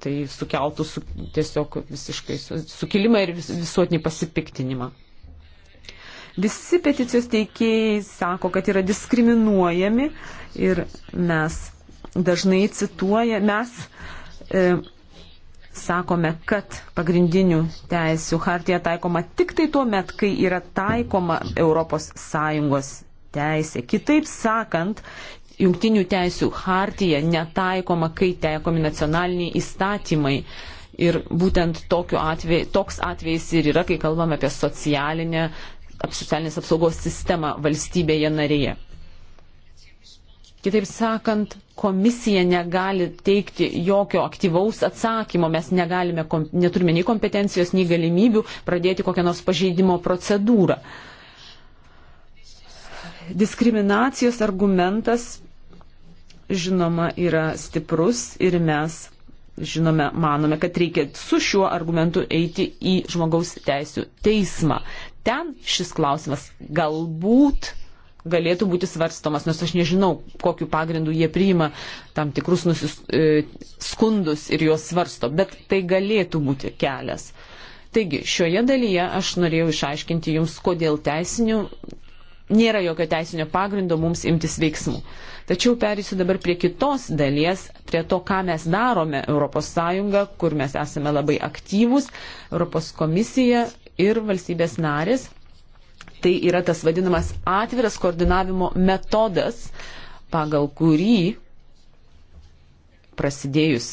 Tai sukeltų su, tiesiog visiškai sukilimą ir visuotinį pasipiktinimą. Visi peticijos teikėjai sako, kad yra diskriminuojami ir mes dažnai cituoja, mes e, sakome, kad pagrindinių teisių hartija taikoma tik tai tuo met, kai yra taikoma ES teisė. Kitaip sakant, jungtinių teisių hartija netaikoma, kai taikomi nacionaliniai įstatymai. Ir būtent atvej, toks atvejis ir yra, kai kalbame apie socialinę, socialinės apsaugos sistemą valstybėje narėje. Kitaip sakant, komisija negali teikti jokio aktyvaus atsakymo, mes negalime, neturime nei kompetencijos, nei galimybių pradėti kokią nors pažeidimo procedūrą. Uh, diskriminacijos argumentas, žinoma, yra stiprus ir mes, žinome, manome, kad reikia su šiuo argumentu eiti į žmogaus teisų teismą. Ten šis klausimas galbūt galėtų būti svarstomas, nes aš nežinau, kokiu pagrindu jie priima tam tikrus nusis, e, skundus ir juos svarsto, bet tai galėtų būti kelias. Taigi, šioje dalyje aš norėjau išaiškinti jums, kodėl teisinių nėra jokio teisinio pagrindo mums imtis veiksmų. Tačiau perėsiu dabar prie kitos dalies, prie to, ką mes darome ES, kur mes esame labai aktyvūs, ES komisija ir valstybės narės. Tai yra tas vadinamas atviras koordinavimo metodas, pagal kurį prasidėjus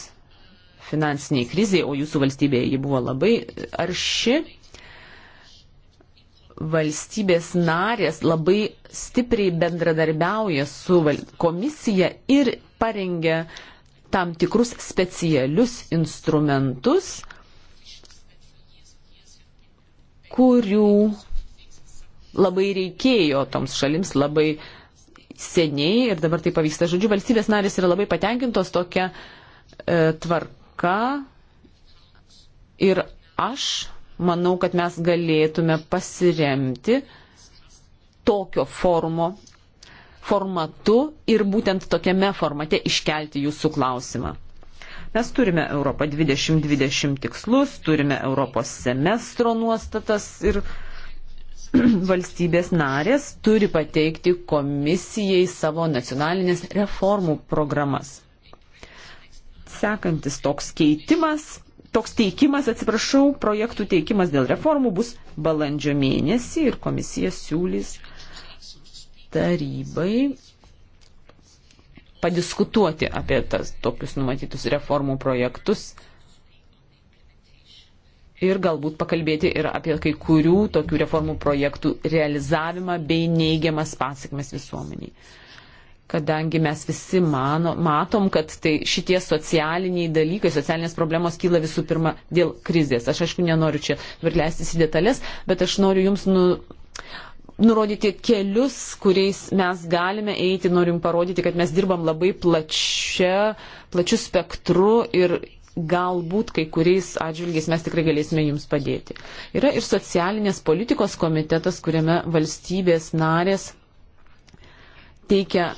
finansiniai kriziai, o jūsų valstybėje ji buvo labai arši, valstybės narės labai stipriai bendradarbiauja su komisija ir parengia tam tikrus specialius instrumentus, kurių labai reikėjo toms šalims labai seniai ir dabar tai pavyksta. Žodžiu, valstybės narės yra labai patenkintos tokia e, tvarka ir aš manau, kad mes galėtume pasiremti tokio formo formatu ir būtent tokiame formate iškelti jūsų klausimą. Mes turime Europą 2020 tikslus, turime Europos semestro nuostatas ir valstybės narės turi pateikti komisijai savo nacionalinės reformų programas. Sekantis toks keitimas toks teikimas, atsiprašau, projektų teikimas dėl reformų bus balandžio mėnesį ir komisija siūlys tarybai padiskutuoti apie tas tokius numatytus reformų projektus ir galbūt pakalbėti ir apie kai kurių tokių reformų projektų realizavimą bei neigiamas pasiekmes visuomeniai kadangi mes visi mano, matom, kad tai šitie socialiniai dalykai, socialinės problemos kyla visų pirma dėl krizės. Aš aišku nenoriu čia dabar leistis į detalės, bet aš noriu jums nu, nurodyti kelius, kuriais mes galime eiti, norim parodyti, kad mes dirbam labai plačia, plačiu spektru ir galbūt kai kuriais atžvilgiais mes tikrai galėsime jums padėti. Yra ir socialinės politikos komitetas, kuriame valstybės narės teikia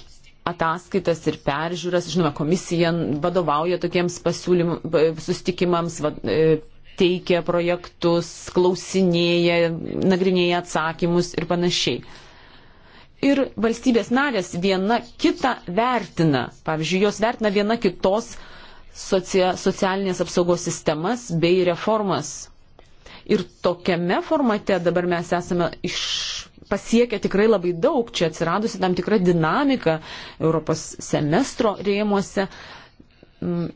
ataskaitas ir peržiūras. Žinoma, komisija vadovauja tokiems e, sustikimams, va, e, teikia projektus, klausinėja, nagrinėja atsakymus ir panašiai. Ir valstybės narės viena kitą vertina. Pavyzdžiui, jos vertina viena kitos socia socialinės apsaugos sistemas bei reformas. Ir tokiame formate dabar mes esame iš pasiekia tikrai labai daug, čia atsiradusi tam tikra dinamika Europos semestro rėmuose. Mm,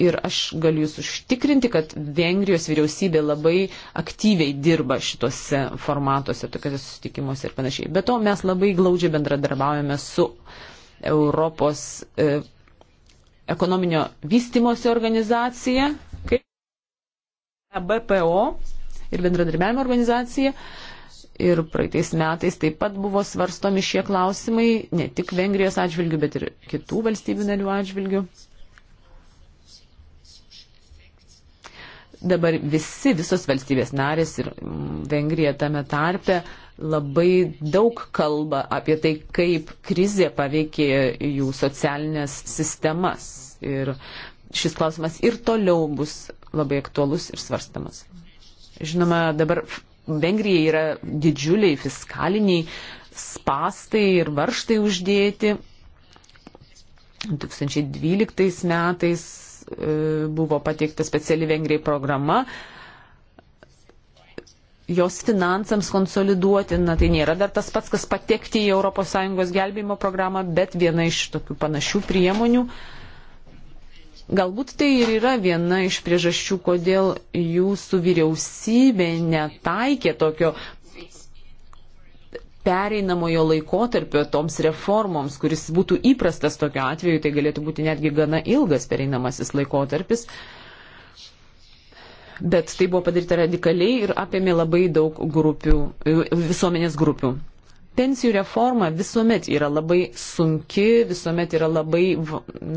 ir aš galiu jūs užtikrinti, kad Vengrijos vyriausybė labai aktyviai dirba šituose formatuose, tokiuose susitikimuose ir panašiai. Be to mes labai glaudžiai bendradarbiaujame su Europos e, ekonominio vystimosi organizacija, kaip BPO ir bendradarbiavimo organizacija. E, ir praeitais metais taip pat buvo svarstomi šie klausimai, ne tik Vengrijos atžvilgių, bet ir kitų valstybių narių atžvilgių. Dabar visi, visos valstybės narės ir mm, Vengrija tame tarpe labai daug kalba apie tai, kaip krizė paveikė jų socialinės sistemas. Ir šis klausimas ir toliau bus labai aktuolus ir svarstamas. Žinoma, dabar Vengrijai yra didžiuliai fiskaliniai spastai ir varštai uždėti. 2012 metais e, buvo pateikta speciali Vengrijai programa, jos finansams konsoliduoti, na tai nėra dar tas pats, kas patekti į ES gelbėjimo programą, bet viena iš tokių panašių priemonių. Uh, Galbūt tai ir yra viena iš priežasčių, kodėl jūsų vyriausybė netaikė tokio pereinamojo laikotarpio toms reformoms, kuris būtų įprastas tokiu atveju, tai galėtų būti netgi gana ilgas pereinamasis laikotarpis. Bet tai buvo padaryta radikaliai ir apėmė labai daug grupių, visuomenės grupių. Pensijų reforma visuomet yra labai sunki, visuomet yra labai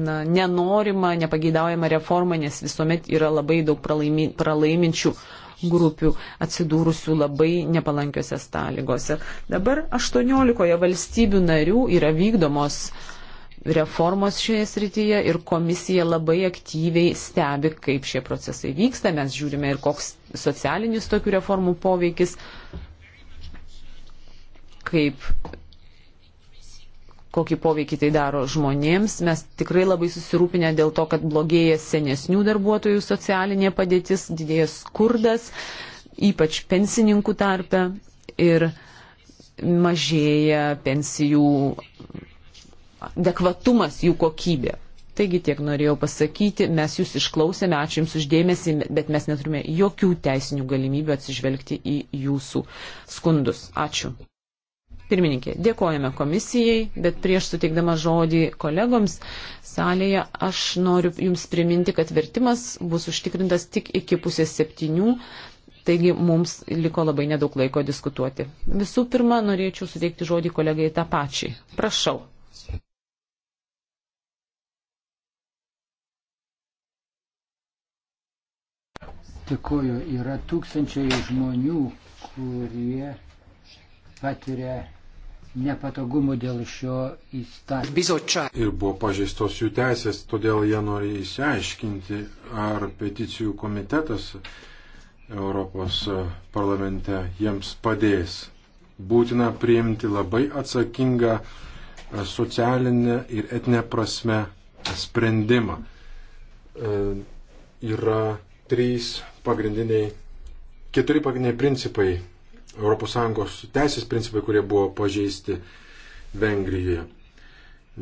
na, nenorima, nepageidaujama reforma, nes visuomet yra labai daug pralaimi, pralaiminčių grupių atsidūrusių labai nepalankiose sąlygose. Dabar 18 valstybių narių yra vykdomos reformos šioje srityje ir komisija labai aktyviai stebi, kaip šie procesai vyksta. Mes žiūrime ir koks socialinis tokių reformų poveikis kaip kokį poveikį tai daro žmonėms. Mes tikrai labai susirūpinę dėl to, kad blogėja senesnių darbuotojų socialinė padėtis, didėja skurdas, ypač pensininkų tarpe ir mažėja pensijų adekvatumas, jų kokybė. Taigi tiek norėjau pasakyti, mes jūs išklausėme, ačiū Jums uždėmesi, bet mes neturime jokių teisinių galimybių atsižvelgti į Jūsų skundus. Ačiū. Pirmininkė, dėkojame komisijai, bet prieš suteikdama žodį kolegoms salėje aš noriu Jums priminti, kad vertimas bus užtikrintas tik iki pusės septynių, taigi mums liko labai nedaug laiko diskutuoti. Visų pirma, norėčiau suteikti žodį kolegai tą pačią. Prašau. Tikoju, yra tūkstančiai žmonių, kurie patiria nepatogumų dėl šio įstatymo. Ir buvo pažeistos jų teisės, todėl jie nori įsiaiškinti, ar peticijų komitetas Europos parlamente jiems padės. Būtina priimti labai atsakingą socialinę ir etinę prasme sprendimą. E, yra trys pagrindiniai, keturi pagrindiniai principai ES teisės principai, kurie buvo pažeisti Vengrijoje.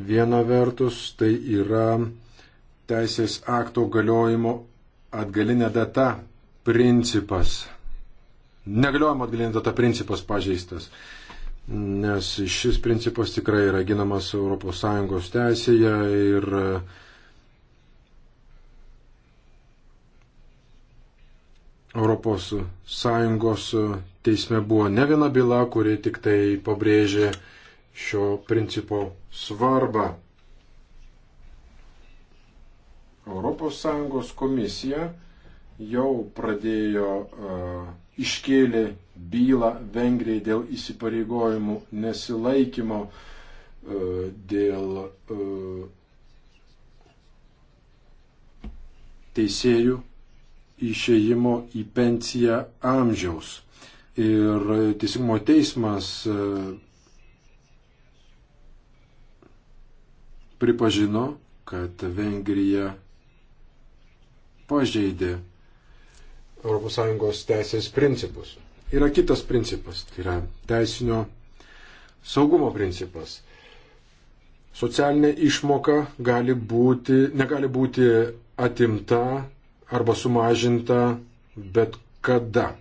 Viena vertus tai yra teisės akto galiojimo atgalinė data principas. Negaliojimo atgalinė data principas pažeistas, nes šis principas tikrai yra ginamas ES teisėje ir ES teisme buvo ne viena byla, kuri tik tai pabrėžė šio principo svarbą. ES komisija jau pradėjo uh, iškėlė bylą Vengrijai dėl įsipareigojimų nesilaikymo, uh, dėl uh, teisėjų išėjimo į pensiją amžiaus. Ir teisingumo teismas e, pripažino, kad Vengrija pažeidė ES teisės principus. Yra kitas principas, tai yra teisinio saugumo principas. Socialinė išmoka gali būti, negali būti atimta arba sumažinta bet kada.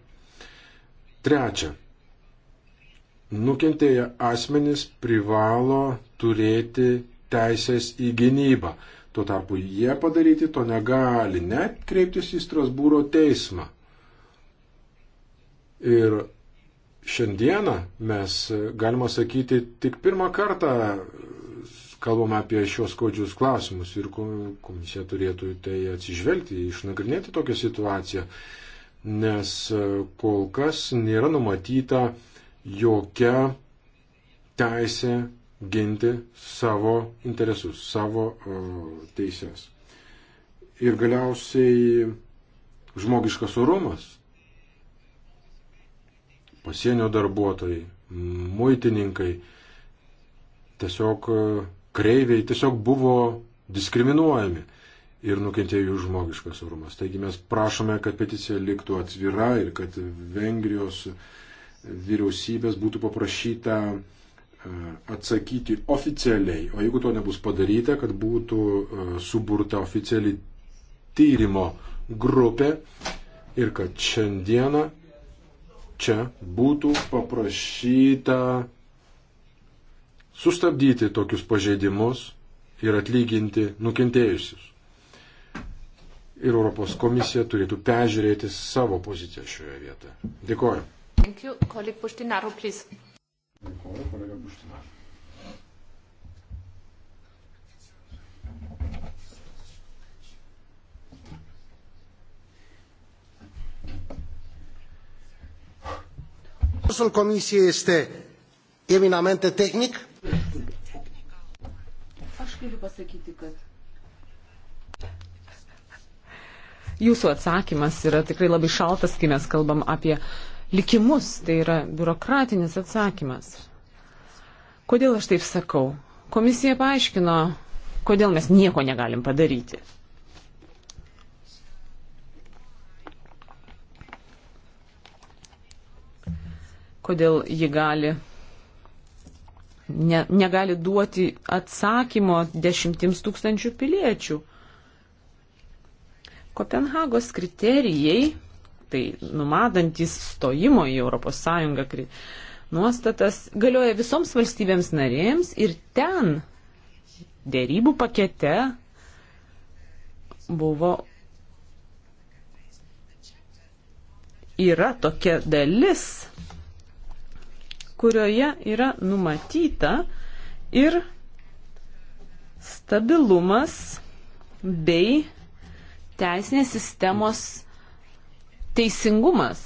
Trečia. Nukentėję asmenys privalo turėti teisės į gynybą. Tuo tarpu jie padaryti to negali, net kreiptis į Strasbūro teismą. Ir šiandieną mes, galima sakyti, tik pirmą kartą kalbam apie šios kodžius klausimus ir komisija turėtų tai atsižvelgti, išnagrinėti tokią situaciją, nes e, kol kas nėra numatyta jokia teisė ginti savo interesus, savo e, teises. Ir galiausiai žmogiškas orumas, pasienio darbuotojai, muitininkai, tiesiog e, kreiviai tiesiog buvo diskriminuojami ir nukentėjo jų žmogiškas orumas. Taigi mes prašome, kad peticija liktų atvira ir kad Vengrijos vyriausybės būtų paprašyta e, atsakyti oficialiai, o jeigu to nebus padaryta, kad būtų e, suburta oficiali tyrimo grupė ir kad šiandieną čia būtų paprašyta sustabdyti tokius pažeidimus ir atlyginti nukentėjusius. Ir Europos komisija turėtų peržiūrėti savo poziciją šioje vietoje. Dėkoju. Dėkoju, kolega Puštinaru. Răspunsul Comisiei este eminamente tehnic Aš galiu pasakyti, kad. Jūsų atsakymas yra tikrai labai šaltas, kai mes kalbam apie likimus, tai yra biurokratinis atsakymas. Kodėl aš taip sakau? Komisija paaiškino, kodėl mes nieko negalim padaryti. Kodėl ji gali ne, negali duoti atsakymo dešimtims tūkstančių piliečių. Kopenhagos kriterijai, tai numadantis stojimo į ES nuostatas, galioja visoms valstybėms narėms ir ten dėrybų pakete buvo yra tokia dalis kurioje yra numatyta ir stabilumas bei teisinės sistemos teisingumas.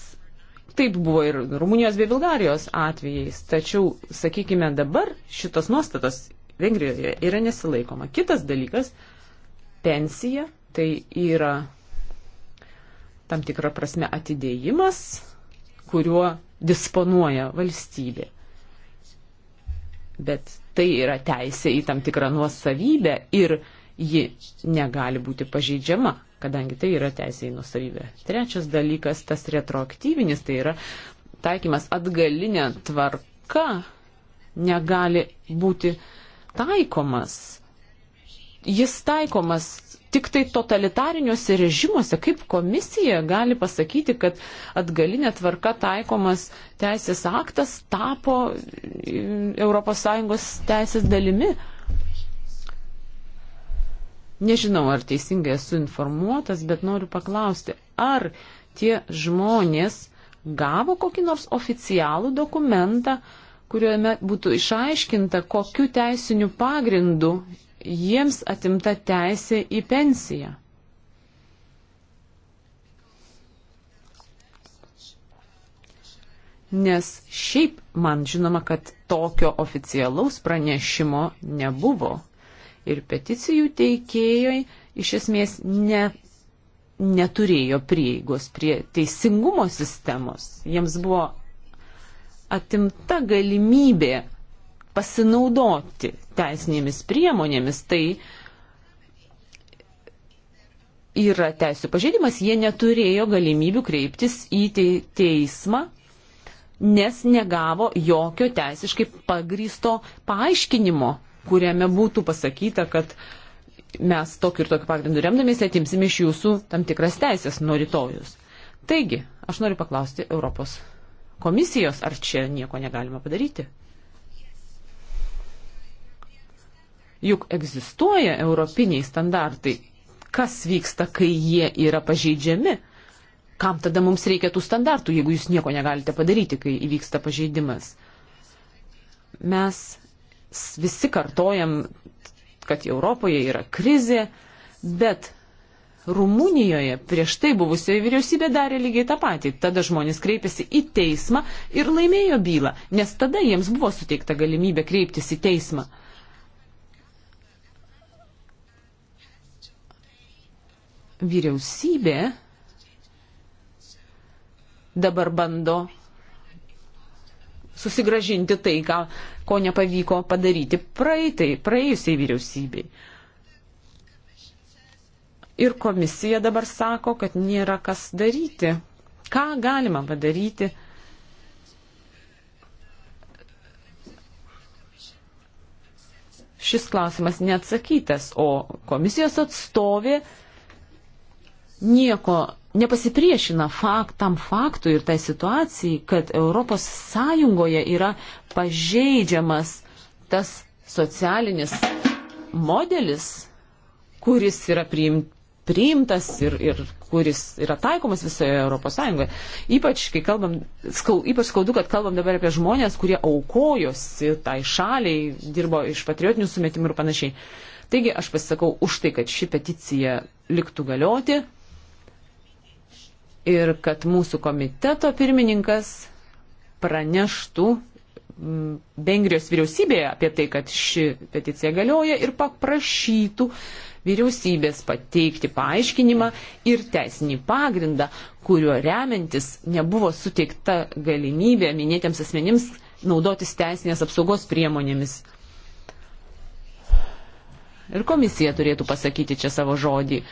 Taip buvo ir Rumunijos bei Bulgarijos atvejais, tačiau, sakykime, dabar šitos nuostatos Vengrijoje yra nesilaikoma. Kitas dalykas - pensija, tai yra tam tikra prasme atidėjimas, kuriuo disponuoja valstybė. Bet tai yra teisė į tam tikrą nuosavybę ir ji negali būti pažeidžiama, kadangi tai yra teisė į nuosavybę. Trečias dalykas, tas retroaktyvinis, tai yra taikymas atgalinė tvarka negali būti taikomas. Jis taikomas tik tai totalitariniuose režimuose, kaip komisija gali pasakyti, kad atgalinė tvarka taikomas teisės aktas tapo mm, ES teisės dalimi. Nežinau, ar teisingai esu informuotas, bet noriu paklausti, ar tie žmonės gavo kokį nors oficialų dokumentą, kuriuo būtų išaiškinta, kokiu teisiniu pagrindu jiems atimta teisė į pensiją. Nes šiaip man žinoma, kad tokio oficialaus pranešimo nebuvo. Ir peticijų teikėjai iš esmės ne, neturėjo prieigos prie teisingumo sistemos. Jiems buvo atimta galimybė pasinaudoti teisinėmis priemonėmis, tai yra teisų pažeidimas, jie neturėjo galimybių kreiptis į teismą, nes negavo jokio teisiškai pagrysto paaiškinimo, kuriame būtų pasakyta, kad mes tokiu ir tokiu pagrindu remdamiesi atimsime iš jūsų tam tikras teisės nuo rytojus. Taigi, aš noriu paklausti Europos komisijos, ar čia nieko negalima padaryti? Juk egzistuoja europiniai standartai. Kas vyksta, kai jie yra pažeidžiami? Kam tada mums reikia tų standartų, jeigu jūs nieko negalite padaryti, kai įvyksta pažeidimas? Mes visi kartojam, kad Europoje yra krizė, bet Rumunijoje prieš tai buvusioje vyriausybė darė lygiai tą patį. Tada žmonės kreipėsi į teismą ir laimėjo bylą, nes tada jiems buvo suteikta galimybė kreiptis į teismą. vyriausybė dabar bando susigražinti tai, ką, ko nepavyko padaryti praeitai, praėjusiai vyriausybei. Ir komisija dabar sako, kad nėra kas daryti. Ką galima padaryti? Šis klausimas neatsakytas, o komisijos atstovė nieko nepasipriešina faktam faktui ir tai situacijai, kad ES yra pažeidžiamas tas socialinis modelis, kuris yra priim, priimtas ir, ir kuris yra taikomas visoje ES. Ypač, kalbam, skau, ypač skaudu, kad kalbam dabar apie žmonės, kurie aukojosi tai šaliai, dirbo iš patriotinių sumetimų ir panašiai. Taigi aš pasisakau už tai, kad ši peticija liktų galioti, ir kad mūsų komiteto pirmininkas praneštų Vengrijos vyriausybėje apie tai, kad ši peticija galioja ir paprašytų vyriausybės pateikti paaiškinimą ir teisinį pagrindą, kuriuo remiantis nebuvo suteikta galimybė minėtiems asmenims naudotis teisinės apsaugos priemonėmis. Ir komisija turėtų pasakyti čia savo žodį.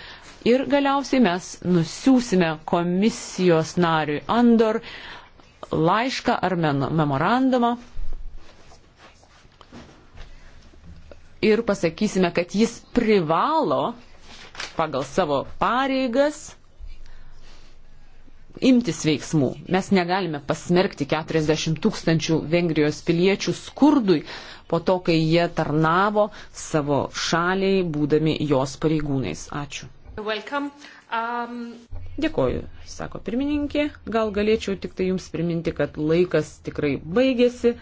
Ir galiausiai mes nusiųsime komisijos nariui Andor laišką ar memorandumą ir pasakysime, kad jis privalo pagal savo pareigas imtis veiksmų. Mes negalime pasmerkti 40 tūkstančių Vengrijos piliečių skurdui po to, kai jie tarnavo savo šaliai, būdami jos pareigūnais. Ačiū. Welcome. Um... Dėkoju, sako pirmininkė. Gal galėčiau tik tai jums priminti, kad laikas tikrai baigėsi.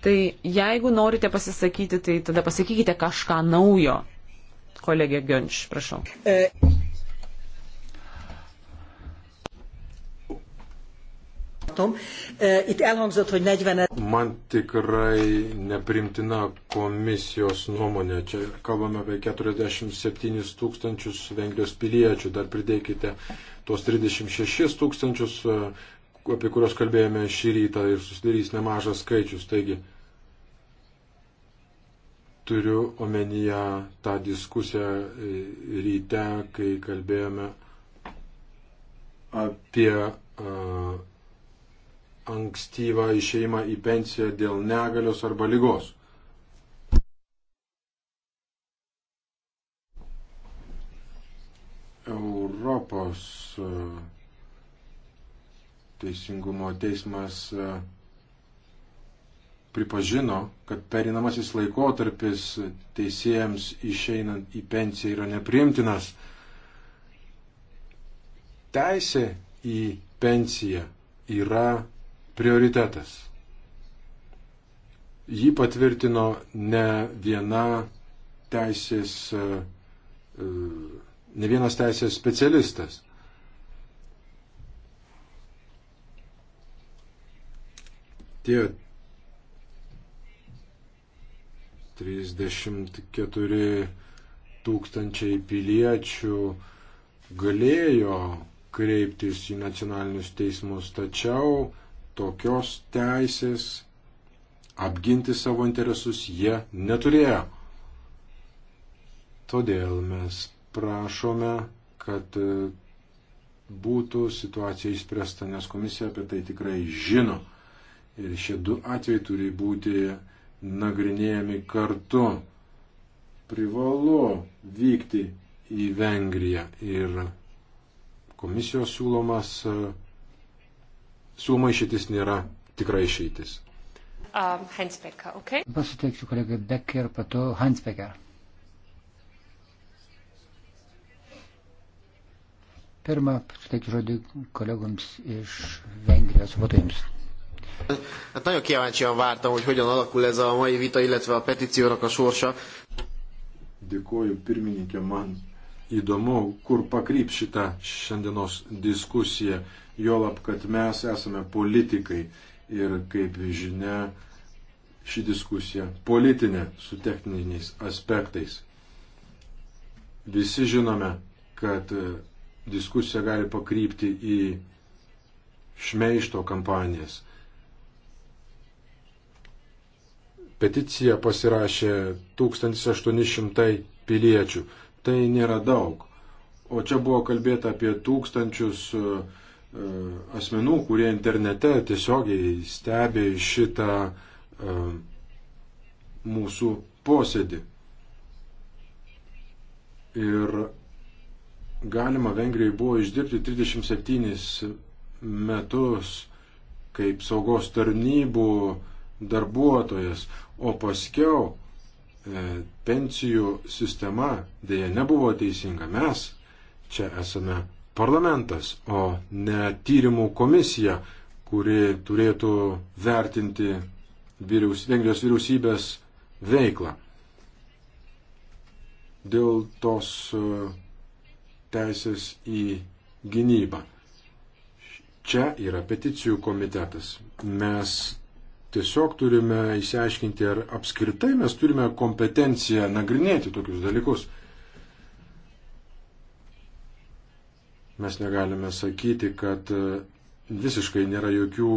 Tai jeigu norite pasisakyti, tai tada pasakykite kažką naujo. Kolegė Gönč, prašau. Uh. tartom. E, itt elhangzott, hogy 40 Man tikrai neprimtina komisijos nuomonė. Čia kalbame apie 47 tūkstančius Vengrijos piliečių. Dar pridėkite tuos 36 tūkstančius, e, apie kuriuos kalbėjome šį rytą ir susidarys nemažas skaičius. Taigi, turiu omenyje tą diskusiją e, ryte, kai kalbėjome apie uh, ankstyvą išeimą į pensiją dėl negalios arba lygos. Europos e, teisingumo teismas e, pripažino, kad perinamasis laikotarpis teisėjams išeinant į pensiją yra nepriimtinas. Teisė į pensiją yra prioritetas. Jį patvirtino ne viena teisės, e, e, ne vienas teisės specialistas. Tie 34 tūkstančiai piliečių galėjo kreiptis į nacionalinius teismus, tačiau tokios teisės apginti savo interesus jie neturėjo. Todėl mes prašome, kad e, būtų situacija įspręsta, nes komisija apie tai tikrai žino. Ir šie du atvejai turi būti nagrinėjami kartu. Privalu vykti į Vengriją ir komisijos siūlomas e, siūloma išeitis nėra tikra išeitis. Um, Hansbecker, okay. Pasiteiksiu kolegai Becker, pato Hansbecker. Pirmą suteikiu žodį kolegoms iš Vengrijos votojams. Hát nagyon kíváncsian vártam, hogy hogyan alakul ez a mai vita, illetve a petíciónak a sorsa. Dėkuoju pirmininkė, man įdomu, kur pakryp šitą šiandienos diskusiją. Jolab, kad mes esame politikai ir, kaip žinia, ši diskusija politinė su techniniais aspektais. Visi žinome, kad e, diskusija gali pakrypti į šmeišto kampanijas. Peticiją pasirašė 1800 piliečių. Tai nėra daug. O čia buvo kalbėta apie tūkstančius uh, E, asmenų, kurie internete tiesiogiai stebi šitą e, mūsų posėdį. Ir galima Vengrijai buvo išdirbti 37 metus kaip saugos tarnybų darbuotojas, o paskiau e, pensijų sistema dėja nebuvo teisinga. Mes čia esame parlamentas, o ne tyrimų komisija, kuri turėtų vertinti vyriaus, Vengrijos vyriausybės veiklą. Dėl tos e, teisės į gynybą. Čia yra peticijų komitetas. Mes tiesiog turime įsiaiškinti, ar apskritai mes turime kompetenciją nagrinėti tokius dalykus. Mes negalime sakyti, kad e, visiškai nėra jokių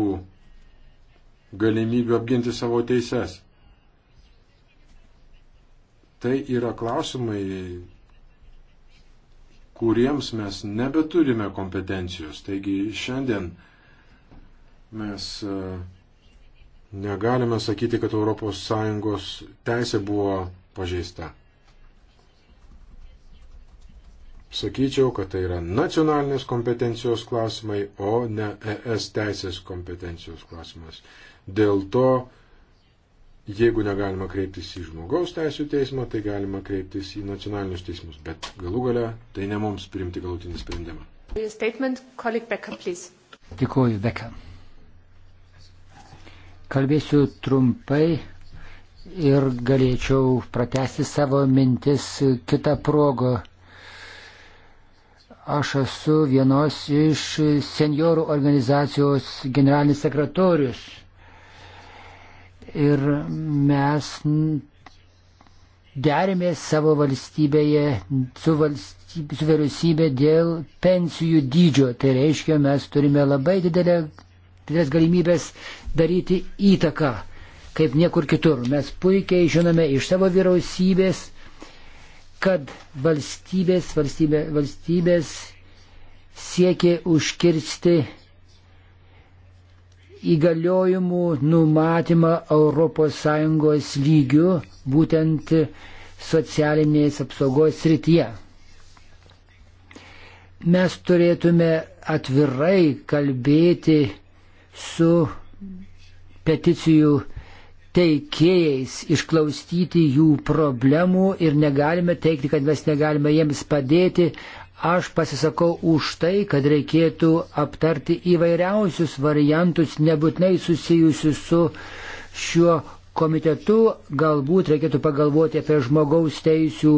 galimybių apginti savo teises. Tai yra klausimai, kuriems mes nebeturime kompetencijos. Taigi šiandien mes e, negalime sakyti, kad ES teisė buvo pažeista. sakyčiau, kad tai yra nacionalinės kompetencijos klausimai, o ne ES teisės kompetencijos klausimas. Dėl to, jeigu negalima kreiptis į žmogaus teisų teismą, tai galima kreiptis į nacionalinius teismus, bet galų gale tai ne mums priimti galutinį sprendimą. Dėkuoju, Beka. Kalbėsiu trumpai ir galėčiau pratesti savo mintis kitą progą Aš esu vienos iš seniorų organizacijos generalinis sekretorius. Ir mes derėmės savo valstybėje su, valstybė, su vyriausybė dėl pensijų dydžio. Tai reiškia, mes turime labai didelę, didelės galimybės daryti įtaką, kaip niekur kitur. Mes puikiai žinome iš savo vyriausybės, kad valstybės, valstybė, valstybės siekia užkirsti įgaliojimų numatymą ES lygių būtent socialinės apsaugos srityje. Mes turėtume atvirai kalbėti su peticijų teikėjais, išklausyti jų problemų ir negalime teikti, kad mes negalime jiems padėti. Aš pasisakau už tai, kad reikėtų aptarti įvairiausius variantus, nebūtinai susijusius su šiuo komitetu. Galbūt reikėtų pagalvoti apie žmogaus teisų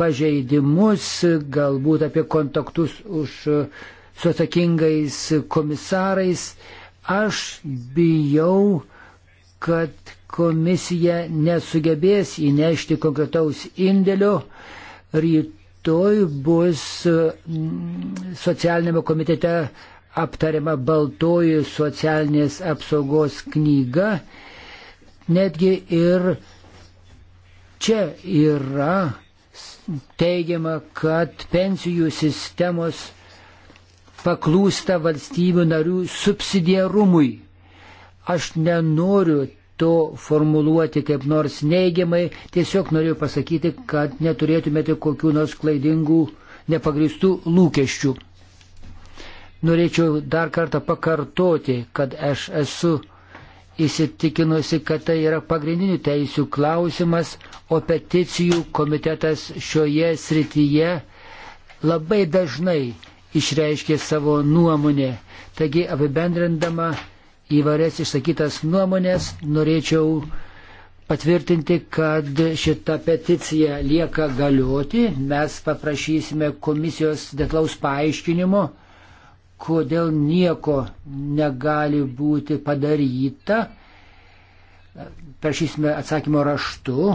pažeidimus, galbūt apie kontaktus už, su atsakingais komisarais. Aš bijau, kad komisija nesugebės įnešti konkretaus indėlio, rytoj bus mm, socialinėme komitete aptariama baltoji socialinės apsaugos knyga. Netgi ir čia yra teigiama, kad pensijų sistemos paklūsta valstybių narių subsidiarumui. Aš nenoriu to formuluoti kaip nors neigiamai, tiesiog noriu pasakyti, kad neturėtumėte kokių nors klaidingų, nepagristų lūkesčių. Norėčiau dar kartą pakartoti, kad aš esu įsitikinusi, kad tai yra pagrindinių teisių klausimas, o peticijų komitetas šioje srityje labai dažnai išreiškė savo nuomonę. Taigi apibendrindama įvarės išsakytas nuomonės, norėčiau patvirtinti, kad šita peticija lieka galioti. Mes paprašysime komisijos detlaus paaiškinimo, kodėl nieko negali būti padaryta. Prašysime atsakymo raštu.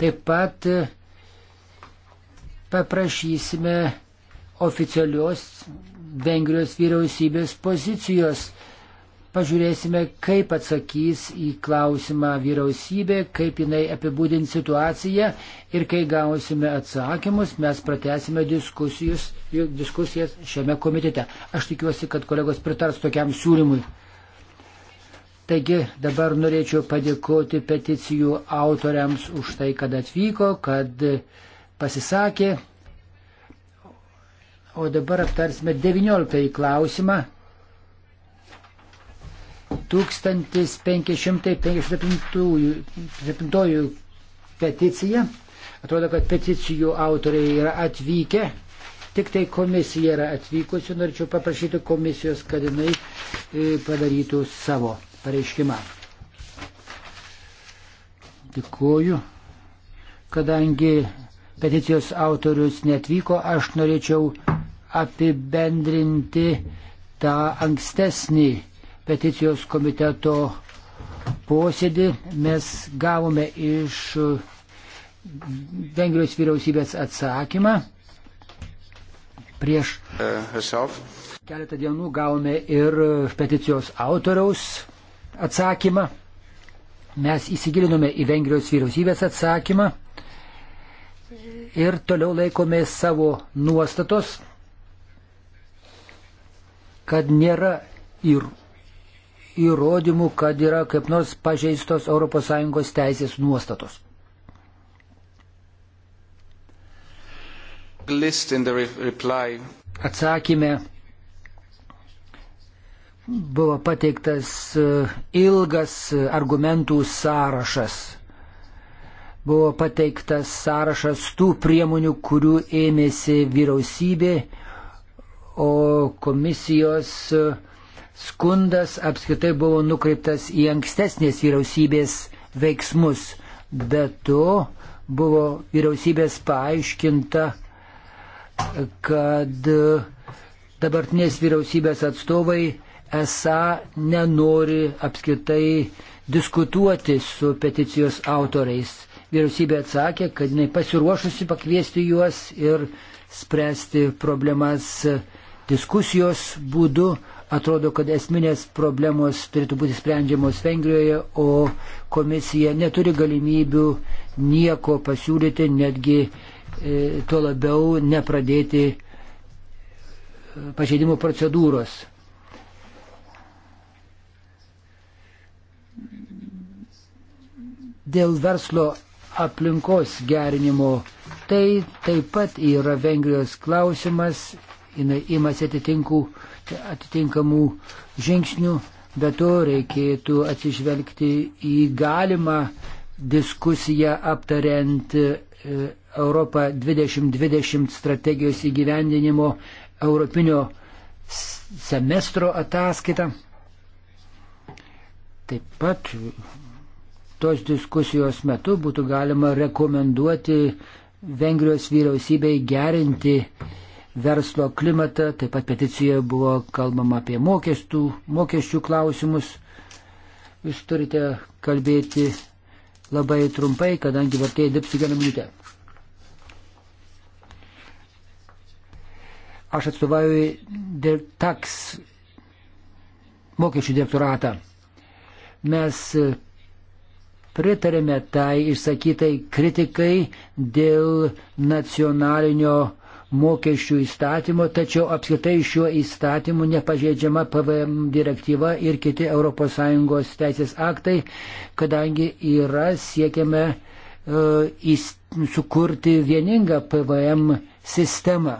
Taip pat paprašysime oficialios Vengrijos vyriausybės pozicijos. Pažiūrėsime, kaip atsakys į klausimą vyriausybė, kaip jinai apibūdins situaciją ir kai gausime atsakymus, mes pratesime diskusijas šiame komitete. Aš tikiuosi, kad kolegos pritars tokiam siūlymui. Taigi dabar norėčiau padėkoti peticijų autoriams už tai, kad atvyko, kad pasisakė. O dabar aptarsime 19 klausimą. 1557 peticija. Atrodo, kad peticijų autoriai yra atvykę. Tik tai komisija yra atvykusi. Norėčiau paprašyti komisijos, kad jinai e, padarytų savo pareiškimą. Dėkuoju. Kadangi peticijos autorius netvyko, aš norėčiau apibendrinti tą ankstesnį peticijos komiteto posėdį. Mes gavome iš Vengrijos vyriausybės atsakymą. Prieš keletą dienų gavome ir peticijos autoriaus atsakymą. Mes įsigilinome į Vengrijos vyriausybės atsakymą ir toliau laikomės savo nuostatos kad nėra ir įrodymų, kad yra kaip nors pažeistos ES teisės nuostatos. Atsakyme buvo pateiktas e, ilgas argumentų sąrašas. Buvo pateiktas sąrašas tų priemonių, kurių ėmėsi vyriausybė o komisijos skundas apskritai buvo nukreiptas į ankstesnės vyriausybės veiksmus. Be to buvo vyriausybės paaiškinta, kad dabartinės vyriausybės atstovai esą nenori apskritai diskutuoti su peticijos autoriais. Vyriausybė atsakė, kad jinai pasiruošusi pakviesti juos ir spręsti problemas diskusijos būdu. Atrodo, kad esminės problemos turėtų būti sprendžiamos Vengrijoje, o komisija neturi galimybių nieko pasiūlyti, netgi e, tuo labiau nepradėti e, pažeidimo procedūros. Dėl verslo aplinkos gerinimo tai taip pat yra Vengrijos klausimas jinai imasi atitinkamų žingsnių, bet to reikėtų atsižvelgti į galimą diskusiją aptariant e, Europą 2020 strategijos įgyvendinimo europinio semestro ataskaitą. Taip pat tos diskusijos metu būtų galima rekomenduoti Vengrijos vyriausybei gerinti verslo klimatą, taip pat peticijoje buvo kalbama apie mokestų, mokesčių klausimus. Jūs turite kalbėti labai trumpai, kadangi vertėjai dirbs vieną minutę. Aš atstovauju TAX mokesčių direktoratą. Mes pritarėme tai išsakytai kritikai dėl nacionalinio mokesčių įstatymo, tačiau apskritai šiuo įstatymu nepažeidžiama PVM direktyva ir kiti ES teisės aktai, kadangi yra siekiame uh, sukurti vieningą PVM sistemą.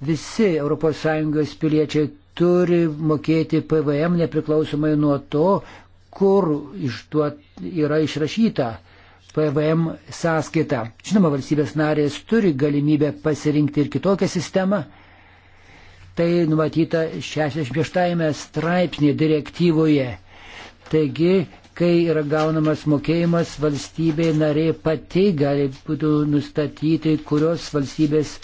Visi ES piliečiai turi mokėti PVM nepriklausomai nuo to, kur iš tuo yra išrašyta PVM sąskaitą. Žinoma, valstybės narės turi galimybę pasirinkti ir kitokią sistemą. Tai numatyta 66 straipsnė direktyvoje. Taigi, kai yra gaunamas mokėjimas, valstybė narė pati gali būtų nustatyti, kurios valstybės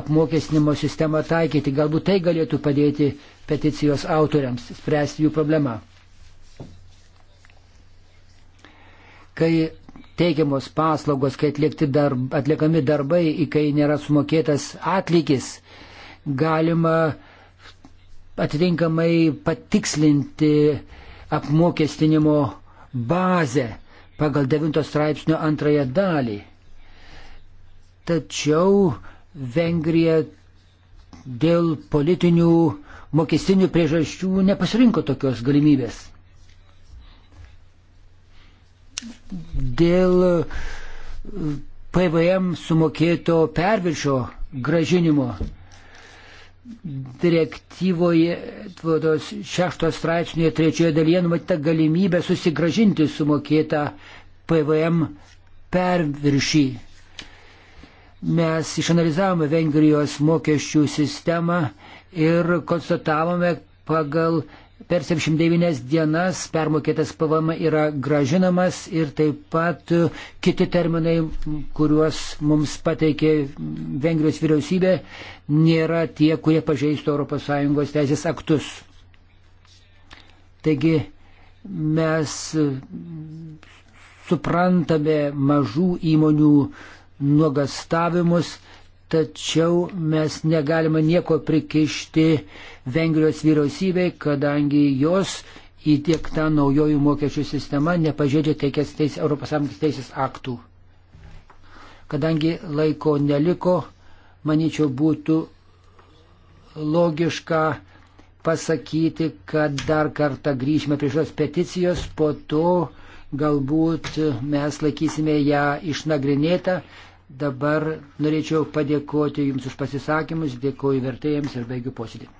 apmokestinimo sistemą taikyti. Galbūt tai galėtų padėti peticijos autoriams spręsti jų problemą. Kai teikiamos paslaugos, kai darb, atliekami darbai, kai nėra sumokėtas atlygis, galima atitinkamai patikslinti apmokestinimo bazę pagal 9 straipsnio antrąją dalį. Tačiau Vengrija dėl politinių mokestinių priežasčių nepasirinko tokios galimybės dėl e, PVM sumokėto perviršio gražinimo. Direktyvoje 6 straipsnėje 3 dalyje numatyta galimybė susigražinti sumokėtą PVM perviršį. Mes išanalizavome Vengrijos mokesčių sistemą ir konstatavome pagal per 79 dienas permokėtas PVM yra gražinamas ir taip pat e, kiti terminai, kuriuos mums pateikė Vengrijos vyriausybė, nėra tie, kurie pažeistų ES teisės aktus. Taigi mes e, suprantame mažų įmonių nuogastavimus, tačiau mes negalime nieko prikišti Vengrijos vyriausybei, kadangi jos įtiekta naujojų mokesčių sistema nepažeidžia teis, ES teisės aktų. Kadangi laiko neliko, manyčiau būtų logiška pasakyti, kad dar kartą grįžime prie šios peticijos, po to galbūt mes laikysime ją išnagrinėtą, Dabar norėčiau padėkoti Jums už pasisakymus, dėkoju vertėjams ir baigiu posėdį.